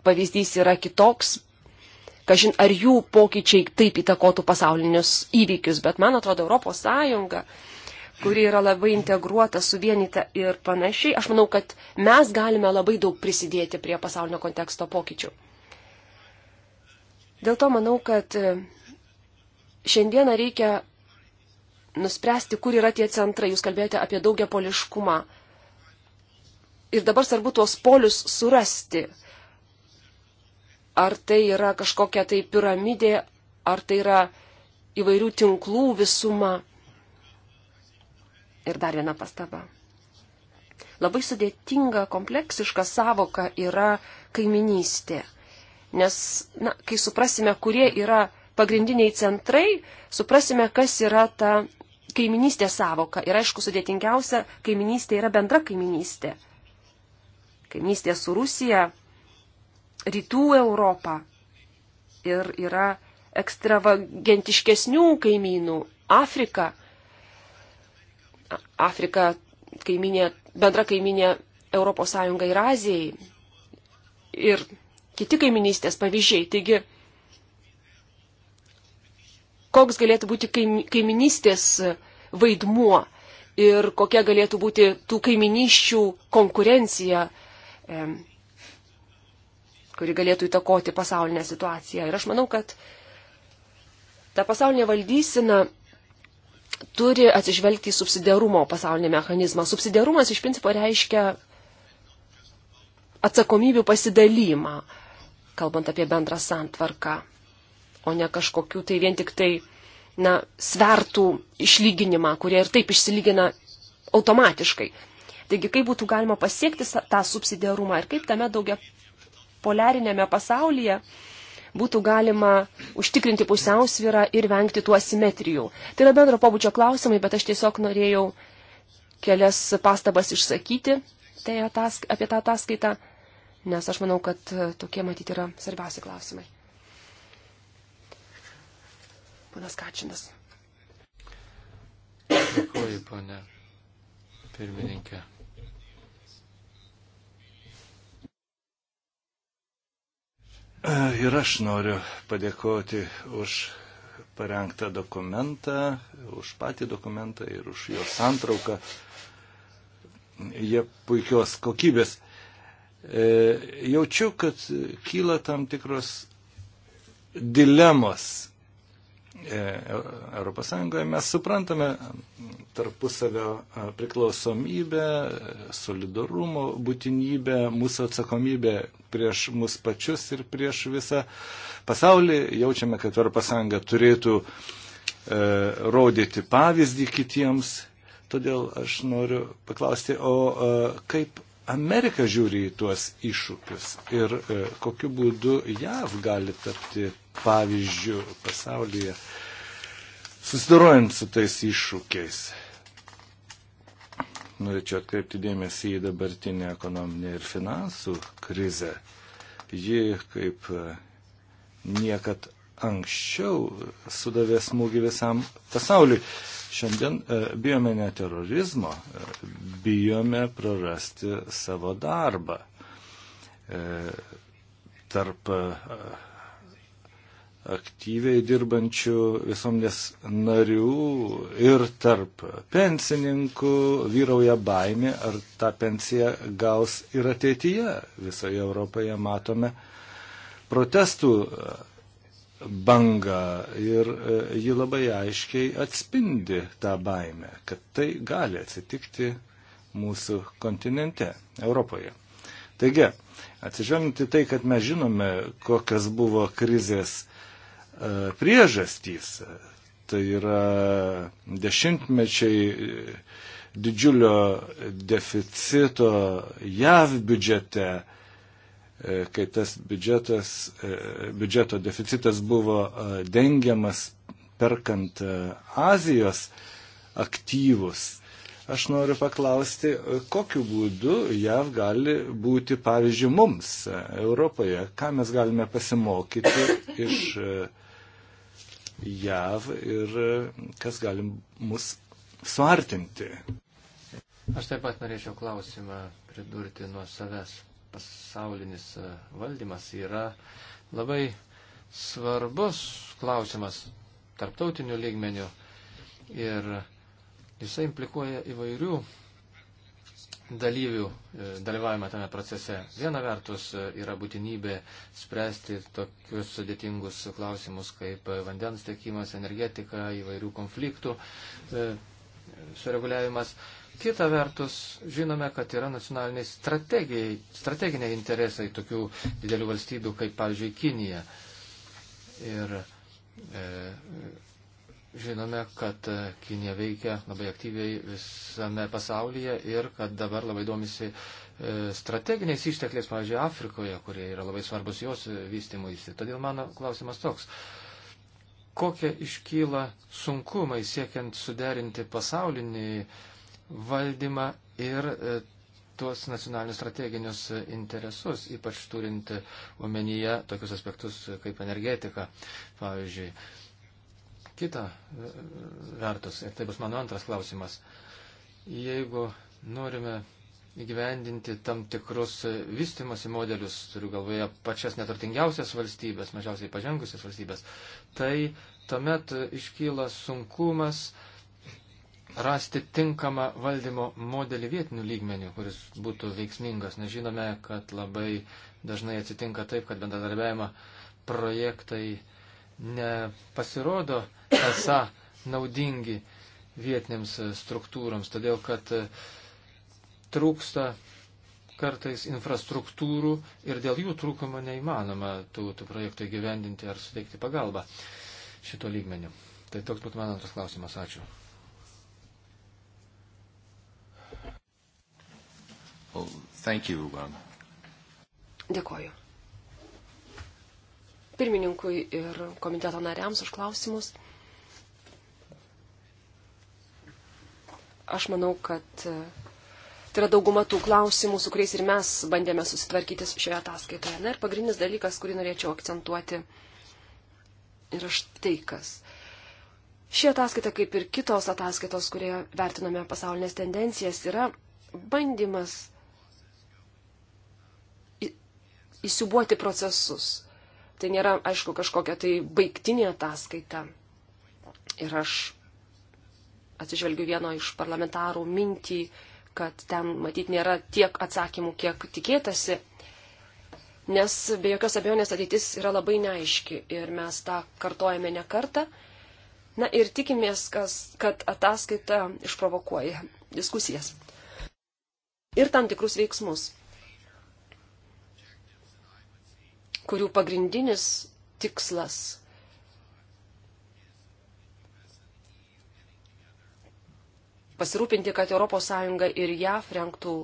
pavyzdys yra kitoks, kažin ar jų pokyčiai taip įtakotų pasaulinius įvykius, bet man atrodo Europos Sąjunga, kuri yra labai integruota, suvienyta ir panašiai, aš manau, kad mes galime labai daug prisidėti prie pasaulinio konteksto pokyčių. Dėl to manau, kad e, šiandieną reikia nuspręsti, kur yra tie centrai. Jūs kalbėjote apie daugia poliškumą. Ir dabar svarbu tuos polius surasti ar tai yra kažkokia tai piramidė, ar tai yra įvairių tinklų visuma. Ir dar viena pastaba. Labai sudėtinga, kompleksiška savoka yra kaiminystė. Nes, na, kai suprasime, kurie yra pagrindiniai centrai, suprasime, kas yra ta kaiminystė savoka. Ir aišku, sudėtingiausia kaiminystė yra bendra kaiminystė. Kaiminystė su Rusija rytų Europą ir yra ekstravagentiškesnių kaimynų - Afrika. Afrika kaiminė, bendra kaiminė ES ir Azijai. Ir kiti kaiminystės pavyzdžiai. Taigi, koks galėtų būti kaiminystės vaidmuo ir kokia galėtų būti tų kaiminyščių konkurencija kuri galėtų įtakoti pasaulinę situaciją. Ir aš manau, kad ta pasaulinė valdysena turi atsižvelgti į subsidiarumo pasaulinį mechanizmą. Subsidiarumas iš principo reiškia atsakomybių pasidalymą, kalbant apie bendrą santvarką, o ne kažkokių tai vien tik tai na, svertų išlyginimą, kurie ir taip išsilygina automatiškai. Taigi, kaip būtų galima pasiekti tą subsidiarumą ir kaip tame daugia poliarinėme pasaulyje būtų galima užtikrinti pusiausvyrą ir vengti tų asimetrijų. Tai yra bendro pobūdžio klausimai, bet aš tiesiog norėjau kelias pastabas išsakyti tai atask, apie tą ataskaitą, nes aš manau, kad tokie matyti yra svarbiausi klausimai. Panas Kačinas. Dėkuoju, ponė pirmininkė. Ir aš noriu padėkoti už parengtą dokumentą, už patį dokumentą ir už jo santrauką. Jie puikios kokybės. E, jaučiu, kad kyla tam tikros dilemos ES mes suprantame tarpusavio e, priklausomybę, solidarumo būtinybę, mūsų atsakomybę prieš mus pačius ir prieš visą pasaulį. Jaučiame, kad ES turėtų e, rodyti pavyzdį kitiems Todėl aš noriu paklausti, o e, kaip Amerika žiūri į tuos iššūkius ir e, kokiu būdu JAV gali tapti pavyzdžių pasaulyje, susidorojant su tais iššūkiais. Norėčiau atkreipti dėmesį į dabartinę ekonominę ir finansų krizę. Ji kaip e, niekad anksčiau sudavė smūgį visam pasauliui. Šiandien e, bijome ne terorizmo, e, bijome prarasti savo darbą. E, tarp aktyviai dirbančių visuomenės narių ir tarp pensininkų vyrauja baimė, ar tą pensiją gaus ir ateityje. Visoje Europoje matome protestų bangą ir e, ji labai aiškiai atspindi tą baimę, kad tai gali atsitikti mūsų kontinente, Europoje. Taigi, atsižvelgiant į tai, kad mes žinome, kokias buvo krizės e, priežastys, tai yra dešimtmečiai e, didžiulio deficito JAV biudžete, E, kai tas biudžetas, e, biudžeto deficitas buvo e, dengiamas perkant Azijos aktyvus. Aš noriu paklausti, kokiu būdu JAV gali būti, pavyzdžiui, mums Europoje, ką mes galime pasimokyti iš JAV ir kas gali mus suartinti. Aš taip pat norėčiau klausimą pridurti nuo savęs pasaulinis e, valdymas yra labai svarbus klausimas tarptautinių lygmenių ir jisai implikuoja įvairių dalyvių e, dalyvavimą tame procese. Viena vertus e, yra būtinybė spręsti tokius sudėtingus klausimus kaip vandens tiekimas, energetika, įvairių konfliktų sureguliavimas. Kita vertus, žinome, kad yra nacionaliniai strateginiai interesai tokių didelių valstybių kaip, pavyzdžiui, Kinija. Ir e, žinome, kad e, Kinija veikia labai aktyviai visame pasaulyje ir kad dabar labai domisi e, strateginiais ištekliais, pavyzdžiui, Afrikoje, kurie yra labai svarbus jos vystimuisi. Todėl mano klausimas toks. Kokie iškyla sunkumai siekiant suderinti pasaulinį valdymą ir e, tuos nacionalinius strateginius interesus, ypač turint omenyje tokius aspektus kaip energetika, pavyzdžiui. Kita e, vertus, ir tai bus mano antras klausimas, jeigu norime įgyvendinti tam tikrus vystimosi modelius, turiu galvoje pačias neturtingiausias valstybės, mažiausiai pažengusias valstybės, tai tuomet iškyla sunkumas, uh, rasti tinkamą valdymo modelį vietinių lygmenių, kuris būtų veiksmingas. Nežinome, kad labai dažnai atsitinka taip, kad bendradarbiavimo projektai nepasirodo esą naudingi vietiniams struktūrams, todėl kad trūksta kartais infrastruktūrų ir dėl jų trūkumo neįmanoma tų, tų projektų įgyvendinti ar suteikti pagalbą šito lygmeniu. Tai toks būtų mano antras klausimas. Ačiū. Well, thank you. Dėkoju. Pirmininkui ir komiteto nariams už klausimus. Aš manau, kad e, tai yra dauguma tų klausimų, su kuriais ir mes bandėme susitvarkyti šioje ataskaitoje. Na ir pagrindinis dalykas, kurį norėčiau akcentuoti, yra štai kas. Ši ataskaita, kaip ir kitos ataskaitos, kurie vertiname pasaulinės tendencijas, yra bandymas įsiubuoti procesus. Tai nėra, aišku, kažkokia tai baigtinė ataskaita. Ir aš atsižvelgiu vieno iš parlamentarų mintį, kad ten matyt nėra tiek atsakymų, kiek tikėtasi, nes be jokios abejonės ateitis yra labai neaiški ir mes tą kartojame ne kartą. Na ir tikimės, kas, kad ataskaita išprovokuoja diskusijas ir tam tikrus veiksmus. kurių pagrindinis tikslas pasirūpinti, kad ES ir JAF renktų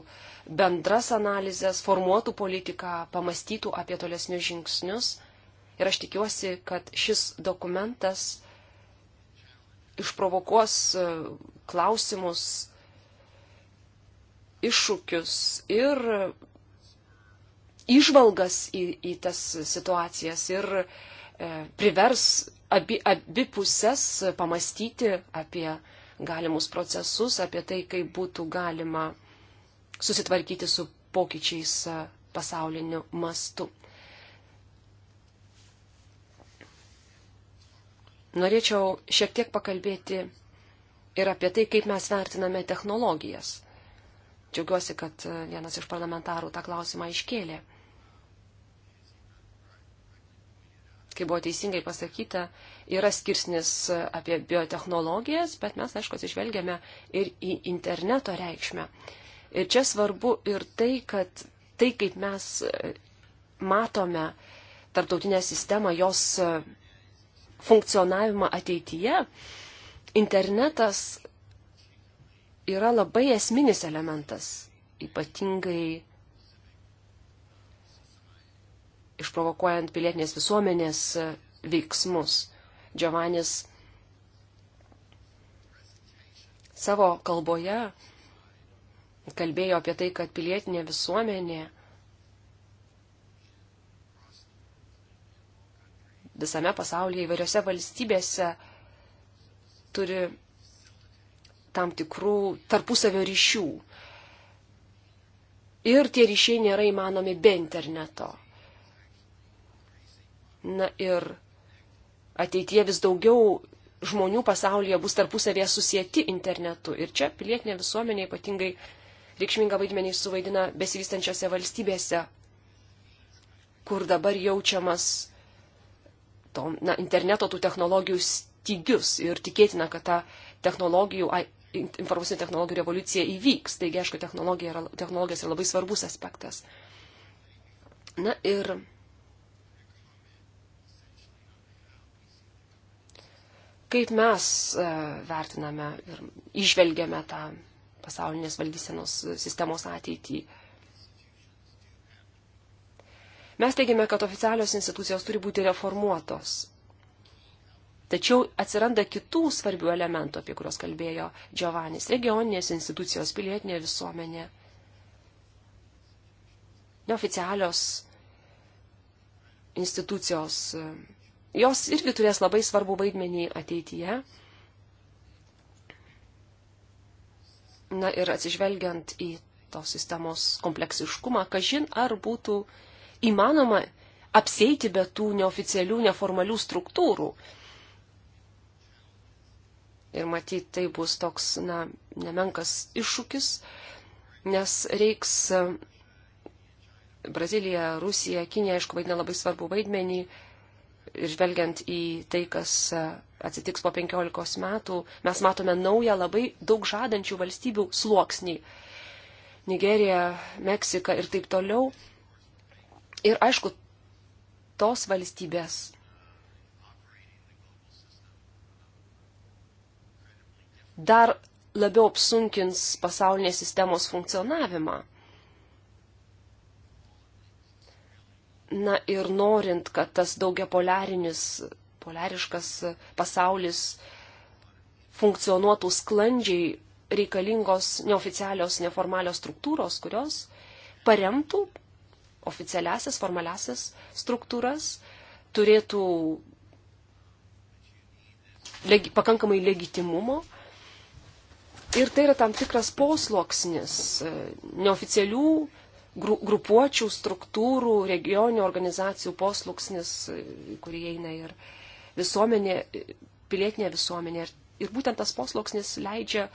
bendras analizės, formuotų politiką, pamastytų apie tolesnius žingsnius. Ir aš tikiuosi, kad šis dokumentas išprovokuos e, klausimus, iššūkius ir išvalgas į, į tas situacijas ir e, privers abi, abi pusės pamastyti apie galimus procesus, apie tai, kaip būtų galima susitvarkyti su pokyčiais e, pasauliniu mastu. Norėčiau šiek tiek pakalbėti ir apie tai, kaip mes vertiname technologijas. Džiaugiuosi, kad e, vienas iš parlamentarų tą klausimą iškėlė. kaip buvo teisingai pasakyta, yra skirsnis apie biotehnologijas, bet mes, aišku, atsižvelgiame ir į interneto reikšmę. Ir čia svarbu ir tai, kad tai, kaip mes matome tarptautinę sistemą, jos funkcionavimą ateityje, internetas yra labai esminis elementas, ypatingai išprovokuojant pilietinės visuomenės e, veiksmus. Džiovanis savo kalboje kalbėjo apie tai, kad pilietinė visuomenė visame pasaulyje įvairiose valstybėse turi tam tikrų tarpusavio ryšių. Ir tie ryšiai nėra įmanomi be interneto. Na ir ateitie vis daugiau žmonių pasaulyje bus tarpusavėje susijęti internetu. Ir čia pilietinė visuomenė ypatingai reikšmingą vaidmenį suvaidina besivystančiose valstybėse, kur dabar jaučiamas to, na, interneto tų technologijų stygius ir tikėtina, kad ta technologijų, informacinių technologijų revoliucija įvyks. Taigi, aišku, technologija yra, technologijos yra labai svarbus aspektas. Na ir kaip mes e, vertiname ir išvelgiame tą pasaulinės valdysenos e, sistemos ateitį. Mes teigiame, kad oficialios institucijos turi būti reformuotos. Tačiau atsiranda kitų svarbių elementų, apie kuriuos kalbėjo Giovannis - regioninės institucijos, pilietinė visuomenė, neoficialios institucijos e, jos irgi turės labai svarbu vaidmenį ateityje. Na ir atsižvelgiant į tos sistemos kompleksiškumą, kažin ar būtų įmanoma apseiti be tų neoficialių, neformalių struktūrų. Ir matyti, tai bus toks, na, nemenkas iššūkis, nes reiks e, Brazilija, Rusija, Kinija, aišku, vaidina labai svarbu vaidmenį, ir žvelgiant į tai, kas e, atsitiks po 15 metų, mes matome naują labai daug žadančių valstybių sluoksnį. Nigerija, Meksika ir taip toliau. Ir aišku, tos valstybės dar labiau apsunkins pasaulinės sistemos funkcionavimą. Na ir norint, kad tas daugiapolarinis, polariškas pasaulis funkcionuotų sklandžiai, reikalingos neoficialios, neformalios struktūros, kurios paremtų oficialiasias, formaliasias struktūras, turėtų legi, pakankamai legitimumo. Ir tai yra tam tikras posloksnis neoficialių grupuočių, struktūrų, regioninių organizacijų posluksnis, kurie eina ir visuomenė, pilietinė visuomenė. Ir, ir būtent tas posluksnis leidžia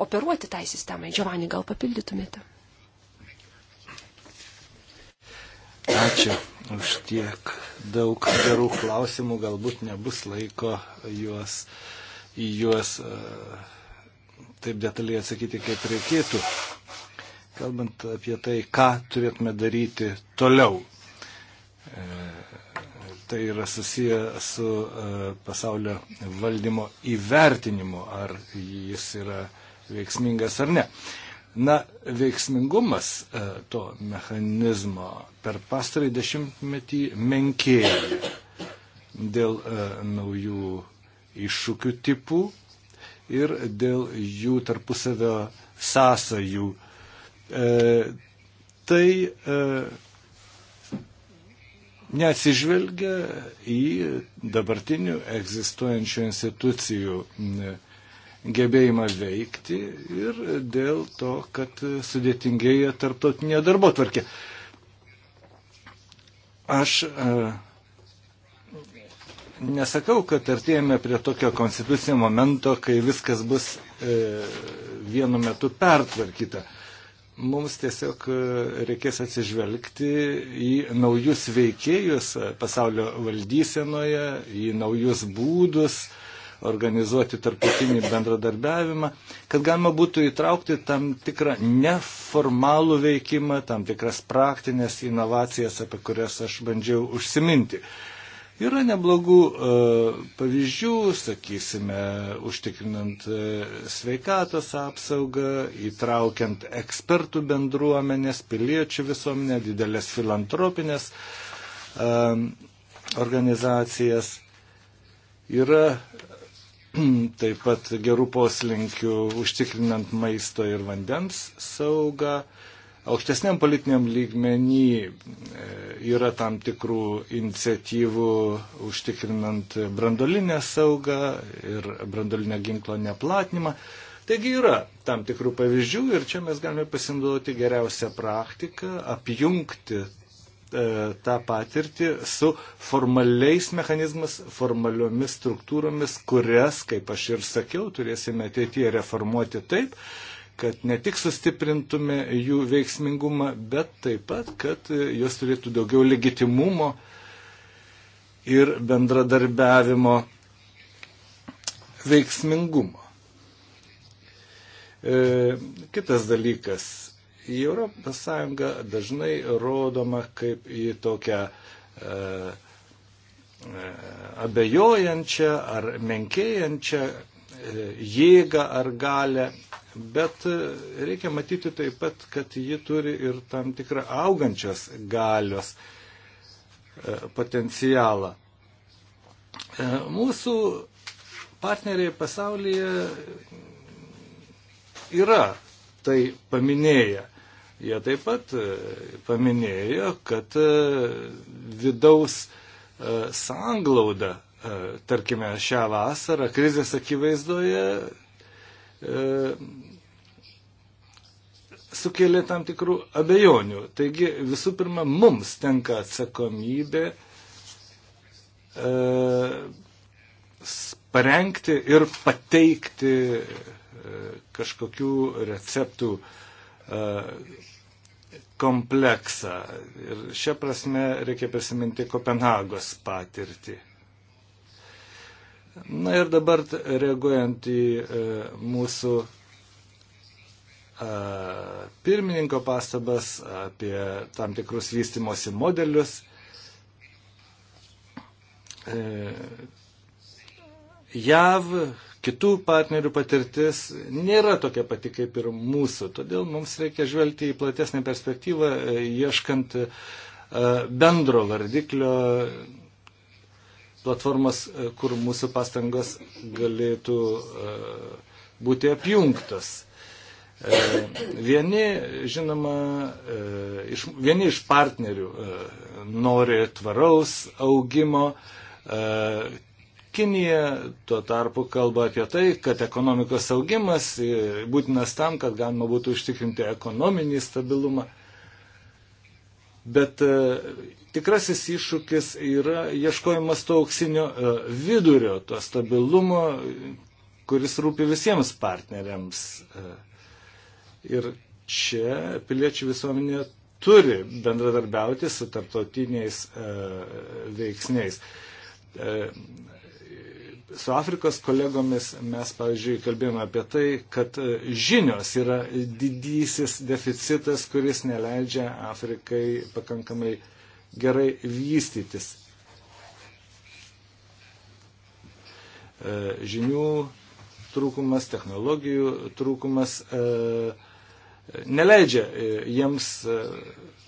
operuoti tai sistemai. Giovanni, gal papildytumėte? Ačiū už tiek daug gerų klausimų, galbūt nebus laiko juos, į juos e, taip detaliai atsakyti, kaip reikėtų kalbant apie tai, ką turėtume daryti toliau. E, tai yra susiję su e, pasaulio valdymo įvertinimu, ar jis yra veiksmingas ar ne. Na, veiksmingumas e, to mechanizmo per pastarąjį dešimtmetį menkėja dėl naujų iššūkių tipų ir dėl jų tarpusavio sąsajų uh, E, tai e, neatsižvelgia į dabartinių egzistuojančių institucijų gebėjimą veikti ir dėl to, kad sudėtingėja tarptautinė darbo tvarkė. Aš e, nesakau, kad artėjame prie tokio konstitucinio momento, kai viskas bus e, vienu metu pertvarkyta mums tiesiog e, reikės atsižvelgti į naujus veikėjus pasaulio valdysenoje, į naujus būdus organizuoti tarptautinį bendradarbiavimą, kad galima būtų įtraukti tam tikrą neformalų veikimą, tam tikras praktinės inovacijas, apie kurias aš bandžiau užsiminti. Uh, Yra neblogų e, pavyzdžių, sakysime, užtikrinant e, sveikatos apsaugą, įtraukiant ekspertų bendruomenės, piliečių visuomenę, didelės filantropinės e, organizacijas. Yra [CLEARS THROAT] taip pat gerų poslinkių užtikrinant maisto ir vandens saugą. Aukštesniam politiniam lygmenį e, yra tam tikrų iniciatyvų užtikrinant brandolinę saugą ir brandolinio ginklo neplatinimą. Taigi yra tam tikrų pavyzdžių ir čia mes galime pasinaudoti geriausią praktiką, apjungti e, tą patirtį su formaliais mechanizmas, formaliomis struktūromis, kurias, kaip aš ir sakiau, turėsime ateityje reformuoti taip, kad ne tik sustiprintume jų veiksmingumą, bet taip pat, kad e, jos turėtų daugiau legitimumo ir bendradarbiavimo veiksmingumo. E, kitas dalykas. Į ES dažnai rodoma kaip į tokią e, e abejojančią ar menkėjančią e, jėgą ar galę Bet e, reikia matyti taip pat, kad ji turi ir tam tikrą augančios galios e, potencialą. E, mūsų partneriai pasaulyje yra tai paminėję. Jie taip pat paminėjo, kad vidaus sanglauda, tarkime, šią vasarą krizės akivaizdoje E, sukėlė tam tikrų abejonių. Taigi visų pirma, mums tenka atsakomybė e, parengti ir pateikti e, kažkokių receptų e, kompleksą. Ir šią prasme reikia prisiminti Kopenhagos patirtį. Na ir dabar reaguojant į e, mūsų e, pirmininko pastabas apie tam tikrus vystimosi modelius, e, JAV kitų partnerių patirtis nėra tokia pati kaip ir mūsų, todėl mums reikia žvelgti į platesnį perspektyvą, ieškant bendro vardiklio platformas, e, kur mūsų pastangos galėtų e, būti apjungtos. E, vieni, žinoma, iš, vieni iš partnerių nori tvaraus augimo. Kinija tuo tarpu kalba apie tai, kad ekonomikos augimas būtinas tam, kad galima būtų užtikrinti ekonominį stabilumą. Bet e, tikrasis iššūkis yra ieškojimas to auksinio e, vidurio, to stabilumo, kuris rūpi visiems partneriams. E. Ir čia piliečių visuomenė turi bendradarbiauti su tarptautiniais veiksniais su Afrikos kolegomis mes, pavyzdžiui, kalbėjome apie tai, kad e, žinios yra didysis deficitas, kuris neleidžia Afrikai pakankamai gerai vystytis. E, žinių trūkumas, technologijų trūkumas e, neleidžia jiems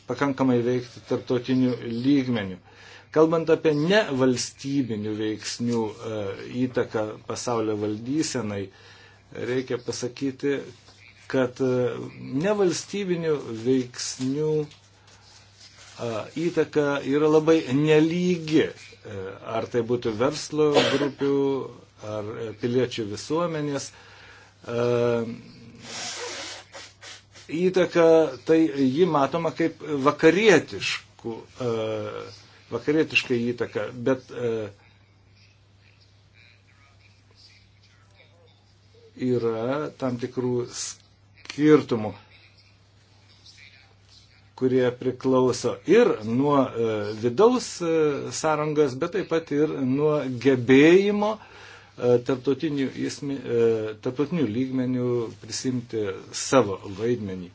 pakankamai veikti tarptautinių lygmenių. Kalbant apie nevalstybinių veiksnių e, įtaką pasaulio valdysenai, reikia pasakyti, kad e, nevalstybinių veiksnių e, įtaka yra labai nelygi. Ar tai būtų verslo grupių, ar piliečių visuomenės. Įtaka, tai ji matoma kaip vakarietiškų vakarietišką įtaką, bet e, yra tam tikrų skirtumų, kurie priklauso ir nuo e, vidaus e, sąrangas, bet taip pat ir nuo gebėjimo tarptautinių, tarptautinių lygmenių prisimti savo vaidmenį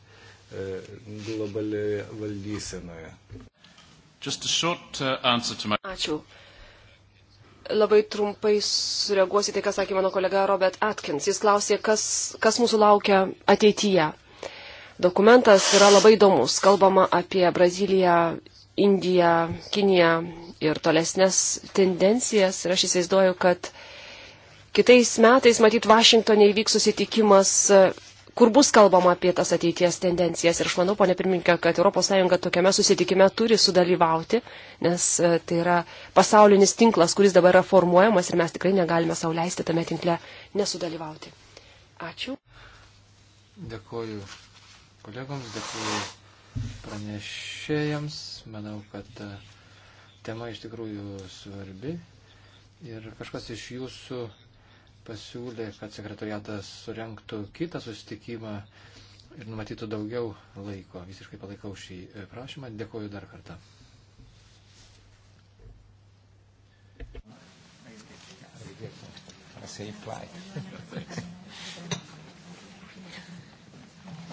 globalioje valdysenoje. Uh, my... Ačiū. Labai trumpai sureaguosiu tai, ką sakė mano kolega Robert Atkins. Jis klausė, kas, kas mūsų laukia ateityje. Dokumentas yra labai įdomus. Kalbama apie Braziliją, Indiją, Kiniją ir tolesnės tendencijas. Ir aš įsivaizduoju, kad kitais metais, matyt, Vašingtonė įvyks susitikimas kur bus kalbama apie tas ateities tendencijas. Ir aš manau, ponė pirminkė, kad ES tokiame susitikime turi sudalyvauti, nes e, tai yra pasaulinis tinklas, kuris dabar yra formuojamas ir mes tikrai negalime sauliaisti tame tinkle nesudalyvauti. Ačiū. Dėkuoju kolegoms, dėkuoju pranešėjams. Manau, kad e, tema iš tikrųjų svarbi. Ir kažkas iš jūsų pasiūlė, kad sekretariatas surenktų kitą susitikimą ir numatytų daugiau laiko. Visiškai palaikau šį e, prašymą. Dėkuoju dar kartą.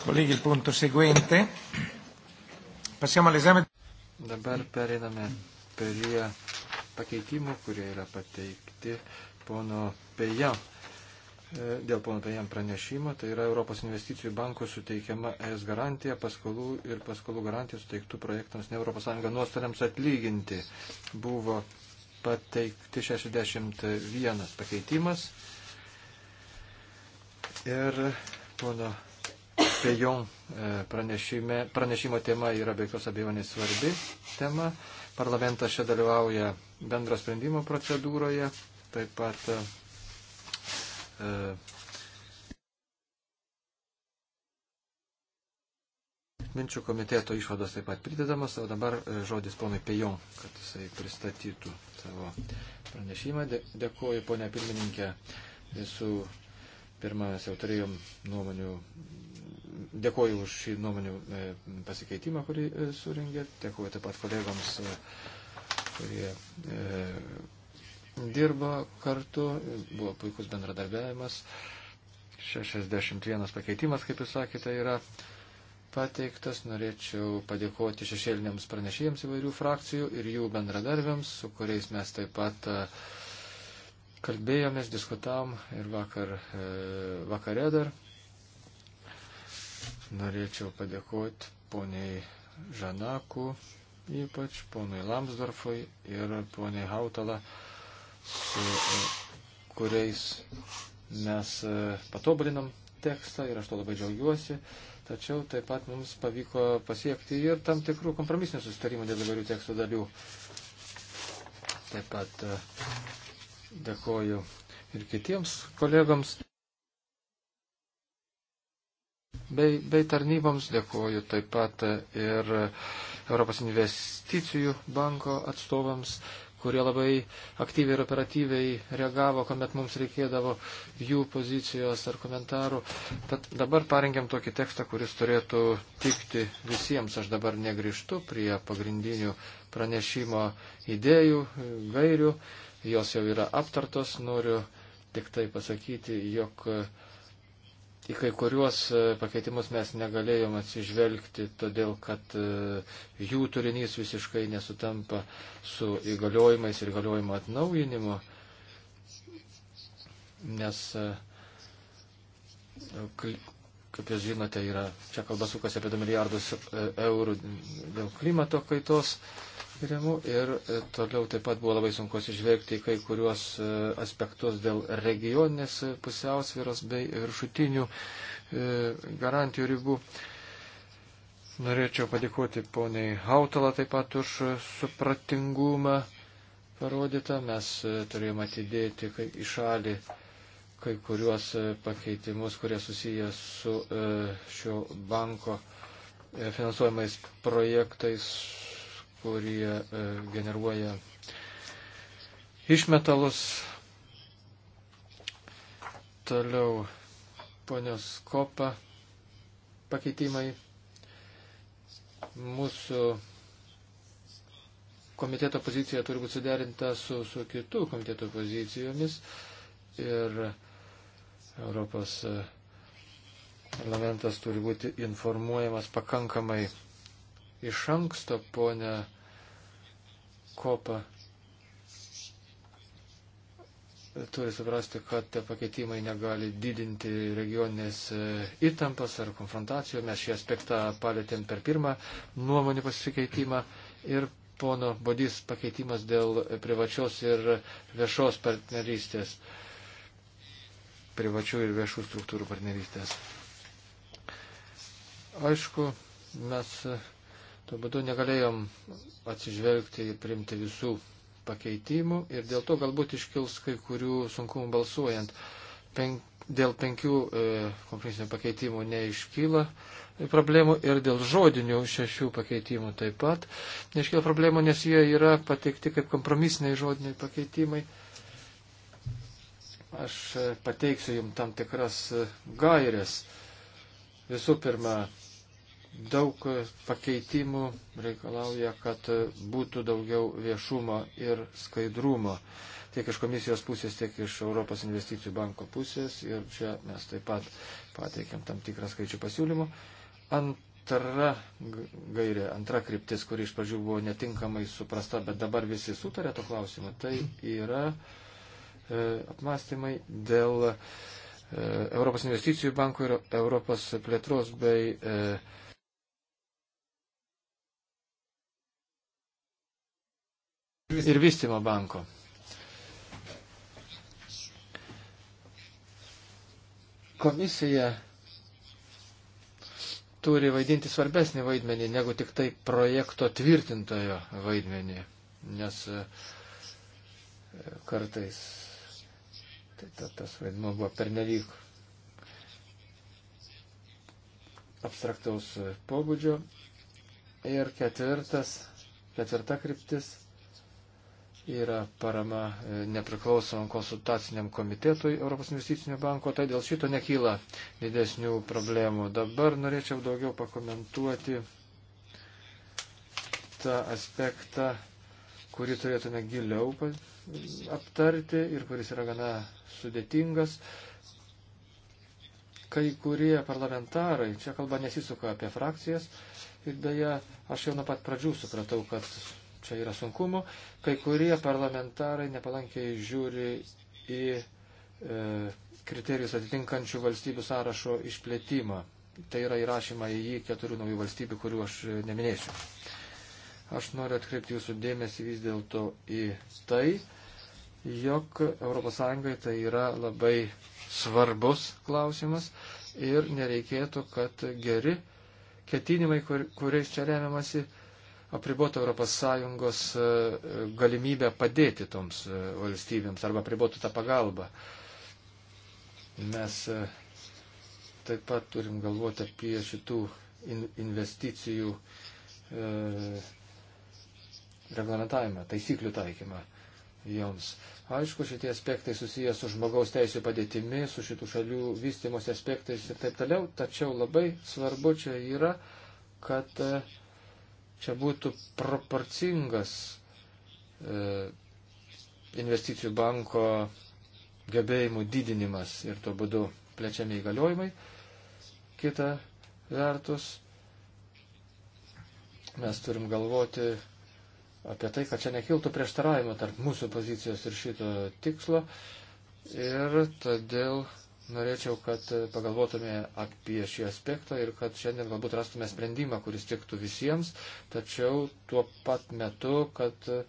Colleghi, il punto seguente. Passiamo all'esame. Dabar pereiname prie pakeitimų, kurie yra pateikti pono Pejam. E, dėl pono Pejam pranešimo, tai yra Europos investicijų bankų suteikiama ES garantija paskolų ir paskolų garantija suteiktų projektams ne ES nuostoliams atlyginti. Buvo pateikti 61 pakeitimas. Ir pono Pejon e, pranešimo tema yra be jokios abejonės svarbi tema. Parlamentas čia dalyvauja bendro sprendimo procedūroje taip pat e, e, minčių komiteto išvados taip pat pridedamas, o dabar e, žodis ponui Pejon, kad jisai pristatytų savo pranešimą. Dėkuoju, ponia pirmininkė, visų pirma, mes jau turėjom nuomonių dėkoju už šį nuomonių e, pasikeitimą, kurį surengė, dėkoju taip pat kolegoms, kurie dirbo kartu, buvo puikus bendradarbiavimas. 61 pakeitimas, kaip jūs sakėte, yra pateiktas. Norėčiau padėkoti šešėliniams pranešėjams įvairių frakcijų ir jų bendradarbiams, su kuriais mes taip pat e, kalbėjomės, diskutavom ir vakar, e, vakare dar. Norėčiau padėkoti poniai Žanaku, ypač ponui Lamsdorfui ir poniai Hautala. Uh, E, kuriais mes e, patobulinam tekstą ir aš to labai džiaugiuosi. Tačiau taip pat mums pavyko pasiekti ir tam tikrų kompromisinių susitarimų dėl įvairių teksto dalių. Taip pat e, dėkoju ir kitiems kolegams. Bei, bei tarnyboms dėkoju taip pat ir Europos investicijų banko atstovams, kurie labai aktyviai ir operatyviai reagavo, kuomet mums reikėdavo jų pozicijos ar komentarų. Tad dabar parengėm tokį tekstą, kuris turėtų tikti visiems. Aš dabar negrižtu prie pagrindinių pranešimo idėjų, gairių. Jos jau yra aptartos. Noriu tik tai pasakyti, jog. Uh, Į kai kuriuos e, pakeitimus mes negalėjom atsižvelgti, todėl kad e, jų turinys visiškai nesutampa su įgaliojimais ir įgaliojimo atnaujinimu, nes, e, kaip jūs žinote, yra, čia kalba sukasi apie 2 milijardus eurų dėl klimato kaitos. E, problemų ir e, toliau taip pat buvo labai sunku atsižvelgti į kai kuriuos e, aspektus dėl regioninės e, pusiausvėros bei viršutinių garantijų ribų. Norėčiau padėkoti poniai Hautala taip pat už supratingumą parodytą. Mes turėjome atidėti į šalį kai kuriuos pakeitimus, kurie susijęs su šio banko finansuojamais projektais kurie e, generuoja išmetalus. Toliau ponios kopa pakeitimai. Mūsų komiteto pozicija turi būti suderinta su, su kitų komiteto pozicijomis ir Europos e, parlamentas turi būti informuojamas pakankamai iš anksto, ponė kopa turi suprasti, kad tie pakeitimai negali didinti regioninės e, įtampos ar konfrontacijų. Mes šį aspektą palėtėm per pirmą nuomonių pasikeitimą ir pono Bodys pakeitimas dėl privačios ir viešos partnerystės, privačių ir viešų struktūrų partnerystės. Aišku, mes Tuo būdu negalėjom atsižvelgti ir priimti visų pakeitimų ir dėl to galbūt iškils kai kurių sunkumų balsuojant. Pen, dėl penkių e, kompromisinių pakeitimų neiškyla problemų ir dėl žodinių šešių pakeitimų taip pat neiškyla problemų, nes jie yra pateikti kaip kompromisiniai žodiniai pakeitimai. Aš e, pateiksiu jums tam tikras e, gairias. Visų pirma, Daug pakeitimų reikalauja, kad būtų daugiau viešumo ir skaidrumo tiek iš komisijos pusės, tiek iš Europos investicijų banko pusės. Ir čia mes taip pat pateikėm tam tikrą skaičių pasiūlymų. Antra gairė, antra kryptis, kuri iš pradžių buvo netinkamai suprasta, bet dabar visi sutarė to klausimu, tai yra e, apmąstymai dėl e, Europos investicijų banko ir Europos plėtros bei e, ir vystimo banko. Komisija turi vaidinti svarbesnį vaidmenį negu tik tai projekto tvirtintojo vaidmenį, nes e, kartais tai ta, tas vaidmuo buvo pernelyg abstraktaus pobūdžio. Ir ketvirtas, ketvirta kryptis yra parama e, nepriklausomam konsultaciniam komitetui Europos investicinio banko, tai dėl šito nekyla didesnių problemų. Dabar norėčiau daugiau pakomentuoti tą aspektą, kurį turėtume giliau aptarti ir kuris yra gana sudėtingas. Kai kurie parlamentarai, čia kalba nesisuka apie frakcijas, ir beje, aš jau nuo pat pradžių supratau, kad čia yra sunkumų. Kai kurie parlamentarai nepalankiai žiūri į e, kriterijus atitinkančių valstybių sąrašo išplėtimą. Tai yra įrašymą į jį keturių naujų valstybių, kurių aš neminėsiu. Aš noriu atkreipti jūsų dėmesį vis dėlto į tai, jog ES tai yra labai svarbus klausimas ir nereikėtų, kad geri ketinimai, kur, kuriais čia remiamasi, apribotų ES e, galimybę padėti toms e, valstybėms arba apribotų tą pagalbą. Mes e, taip pat turim galvoti apie šitų investicijų reglamentavimą, taisyklių taikymą joms. Aišku, šitie aspektai susijęs su žmogaus teisų padėtimi, su šitų šalių vystimos aspektais ir taip toliau, tačiau labai svarbu čia yra, kad uh, čia būtų proporcingas e, investicijų banko gebėjimų didinimas ir tuo būdu plečiami įgaliojimai. Kita vertus, mes turim galvoti apie tai, kad čia nekiltų prieštaravimo tarp mūsų pozicijos ir šito tikslo. Ir todėl norėčiau, kad pagalvotume apie šį aspektą ir kad šiandien galbūt rastume sprendimą, kuris tiktų visiems, tačiau tuo pat metu, kad e,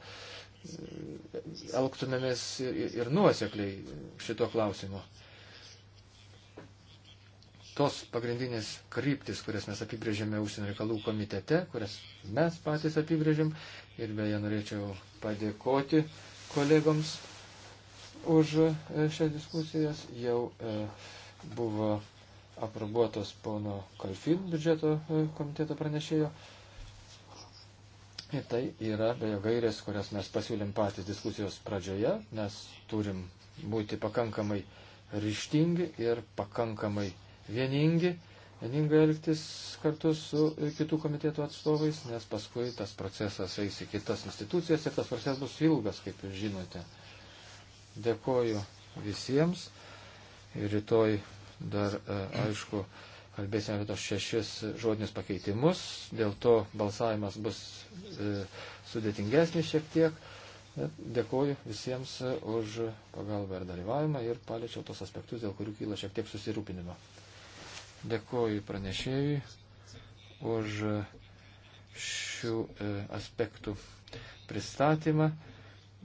elgtumėmės ir nuosekliai šito klausimu. Tos pagrindinės kryptis, kurias mes apibrėžėme užsienio reikalų komitete, kurias mes patys apibrėžėm ir beje norėčiau padėkoti kolegoms už e, šias diskusijas, jau e, buvo aprobuotos pono Kalfin biudžeto e, komiteto pranešėjo. Ir tai yra beje gairės, kurias mes pasiūlėm patys diskusijos pradžioje, nes turim būti pakankamai ryštingi ir pakankamai vieningi, vieningai elgtis kartu su kitų komitetų atstovais, nes paskui tas procesas eis į kitas institucijas ir tas procesas bus ilgas, kaip jūs žinote. Dėkoju visiems. Ir rytoj dar, e, aišku, kalbėsime apie tos šešis žodinius pakeitimus. Dėl to balsavimas bus e, sudėtingesnis šiek tiek. E, dėkoju visiems už pagalbą ir dalyvavimą ir paliečiau tos aspektus, dėl kurių kyla šiek tiek susirūpinimo. Dėkoju pranešėjui už šių aspektų pristatymą.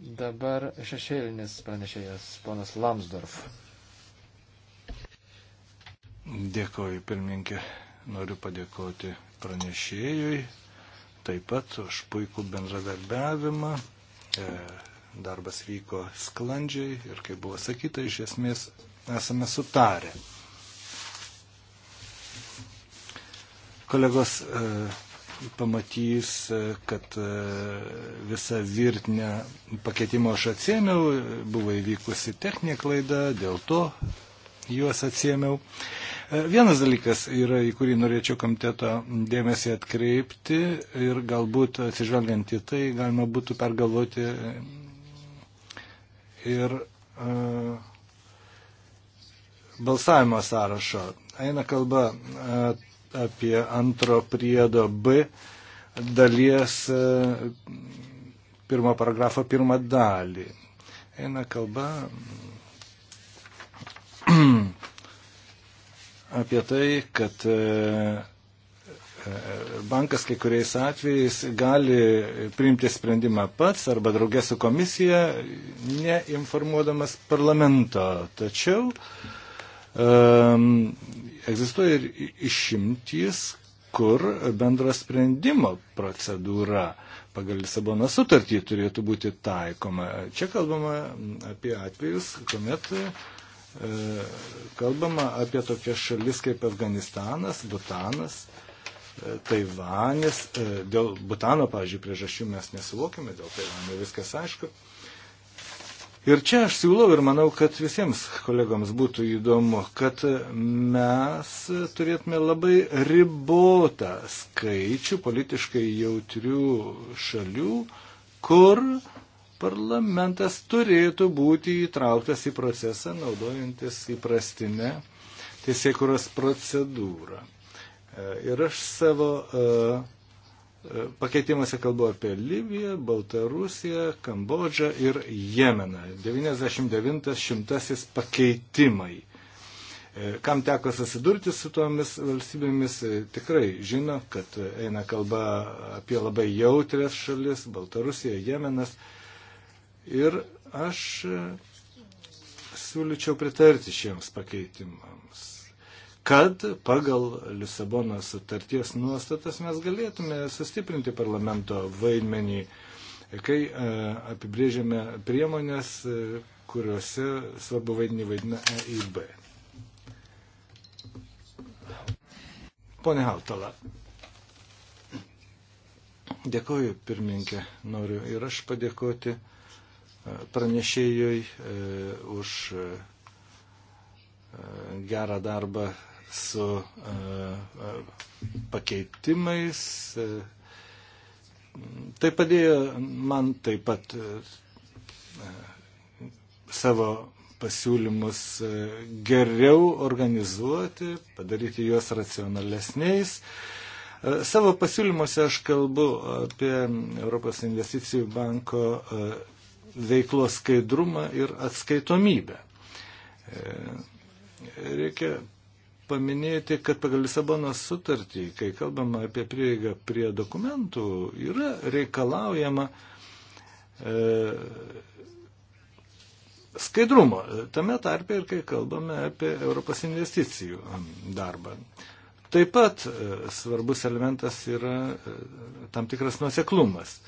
Dabar šešėlinis pranešėjas ponas Lamsdorf. Dėkoju, pirmininkė. Noriu padėkoti pranešėjui, taip pat už puikų bendradarbiavimą. E, darbas vyko sklandžiai ir, kaip buvo sakyta, iš esmės esame sutarę. Kolegos e, pamatys, e, kad e, visą virtinę pakeitimo aš atsėmiau, buvo įvykusi techninė klaida, dėl to juos atsėmiau. E, vienas dalykas yra, į kurį norėčiau komiteto dėmesį atkreipti ir galbūt atsižvelgiant į tai galima būtų pergalvoti ir uh, balsavimo sąrašo. Eina kalba apie antro priedo B dalies e, pirmo paragrafo pirmą dalį. Eina kalba [CLEARS THROAT] apie tai, kad e, e, bankas kai kuriais atvejais gali priimti sprendimą pats arba draugė su komisija, neinformuodamas parlamento. Tačiau um, egzistuoja ir išimtys, kur bendra sprendimo procedūra pagal Lisabono sutartį turėtų būti taikoma. Čia kalbama apie atvejus, kuomet e, kalbama apie tokias šalis kaip Afganistanas, Butanas, e, Taivanis. E, dėl Butano, pavyzdžiui, priežasčių mes nesuvokime, dėl Taivano viskas aišku. E, Ir čia aš siūlau ir manau, kad visiems kolegoms būtų įdomu, kad mes turėtume labai ribotą skaičių politiškai jautrių šalių, kur parlamentas turėtų būti įtrauktas į procesą, naudojantis įprastinę teisėkuros procedūrą. E, ir aš savo uh, Pakeitimuose kalbu apie Libiją, Baltarusiją, Kambodžą ir Jemeną. 99-100 pakeitimai. E, kam teko susidurti su tomis valstybėmis, e, tikrai žino, kad eina kalba apie labai jautrės šalis - Baltarusija, Jemenas. Ir aš e, siūlyčiau pritarti šiems pakeitimams kad pagal Lisabonos sutarties nuostatas mes galėtume sustiprinti parlamento vaidmenį, kai e, apibrėžiame priemonės, e, kuriuose svarbu vaidmenį vaidina EIB. Pone Hautala. Dėkoju, pirmininkė. Noriu ir aš padėkoti e, pranešėjui už gerą darbą su e, e, pakeitimais. E, tai padėjo man taip pat savo pasiūlymus geriau organizuoti, padaryti juos racionalesniais. Savo pasiūlymuose aš kalbu apie Europos investicijų banko veiklos skaidrumą ir atskaitomybę. Reikia paminėti, kad pagal Lisabonos sutartį, kai kalbama apie prieigą prie dokumentų, yra reikalaujama e, skaidrumo. Tame tarpe ir kai kalbame apie Europos investicijų um, darbą. Taip pat e, svarbus elementas yra e, tam tikras nuoseklumas.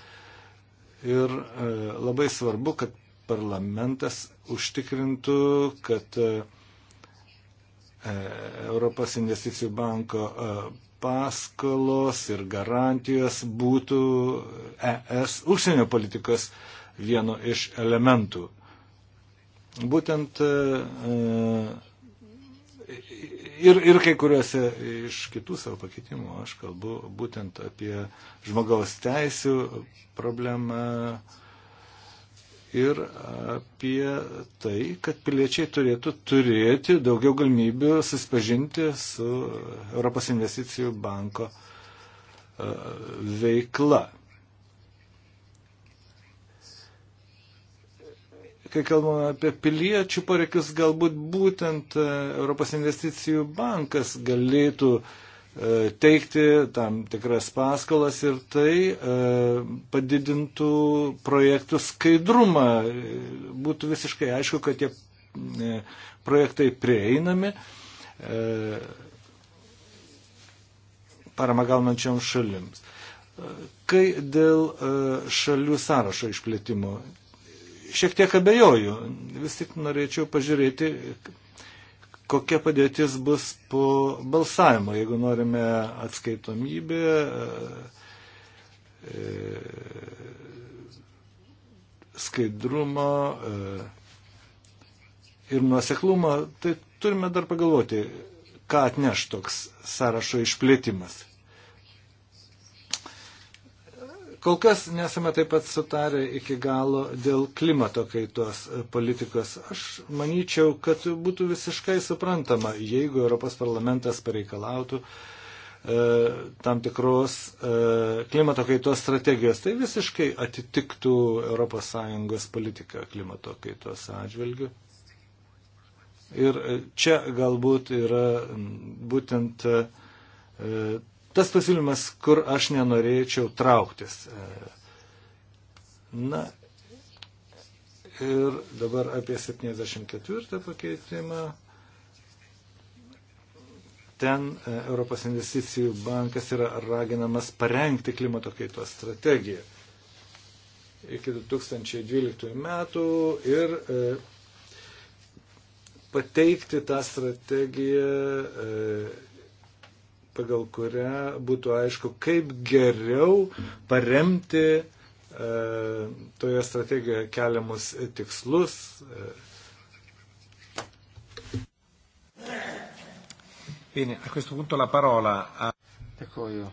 Ir e, labai svarbu, kad parlamentas užtikrintų, kad Europos investicijų banko e, paskolos ir garantijos būtų ES užsienio politikos vieno iš elementų. Būtent e, e, ir, ir kai kuriuose iš kitų savo pakeitimų aš kalbu būtent apie žmogaus teisų problemą, ir apie tai, kad piliečiai turėtų turėti daugiau galimybių susipažinti su Europos investicijų banko e, veikla. Kai kalbame apie piliečių poreikius, galbūt būtent e, Europos investicijų bankas galėtų uh, E, teikti tam tikras paskolas ir tai e, padidintų projektų skaidrumą. Būtų visiškai aišku, kad tie e, projektai prieinami parama gaunančiam šalims. Kai dėl šalių sąrašo išplėtimo šiek tiek abejoju, vis tik norėčiau pažiūrėti, kokia padėtis bus po balsavimo, jeigu norime atskaitomybę. E, e, skaidrumo e, ir nuoseklumo, tai turime dar pagalvoti, ką atneš toks sąrašo išplėtimas. Kol kas nesame taip pat sutarę iki galo dėl klimato kaitos politikos. Aš manyčiau, kad būtų visiškai suprantama, jeigu Europos parlamentas pareikalautų e, tam tikros e, klimato kaitos strategijos. Tai visiškai atitiktų ES politiką klimato kaitos atžvilgiu. Ir čia galbūt yra būtent e, tas pasiūlymas, kur aš nenorėčiau trauktis. Na ir dabar apie 74 pakeitimą. Ten e, Europos investicijų bankas yra raginamas parengti klimato kaitos strategiją iki 2012 metų ir e, pateikti tą strategiją e, pagal kurią būtų aišku, kaip geriau paremti e, toje strategijoje keliamus tikslus. E. Bene, a questo punto la parola a... Dėkoju.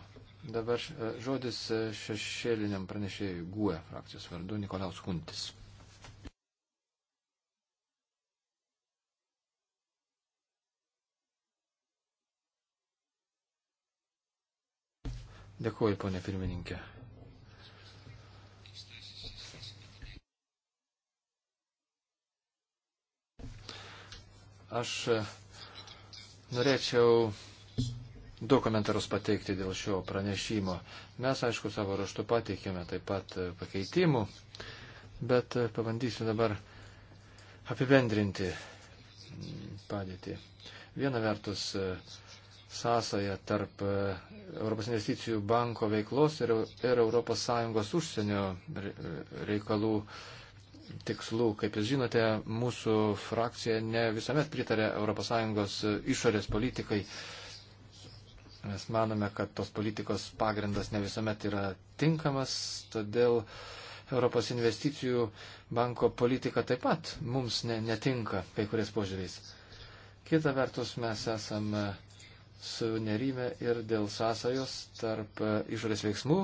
Dabar e, žodis e, šešėliniam pranešėjui GUE frakcijos vardu Nikolaus Huntis. Dėkuoju, ponė pirmininkė. Aš e, norėčiau du komentarus pateikti dėl šio pranešimo. Mes, aišku, savo raštu pateikėme taip pat e, pakeitimų, bet e, pabandysiu dabar apibendrinti padėtį. Viena vertus, sąsaja tarp e, Europos investicijų banko veiklos ir, ir ES užsienio reikalų tikslų. Kaip jūs žinote, mūsų frakcija ne visuomet pritarė ES išorės politikai. Mes manome, kad tos politikos pagrindas ne visuomet yra tinkamas, todėl Europos investicijų banko politika taip pat mums ne, netinka kai kuriais požiūriais. Kita vertus, mes esame sunerime ir dėl sąsajos tarp e, išorės veiksmų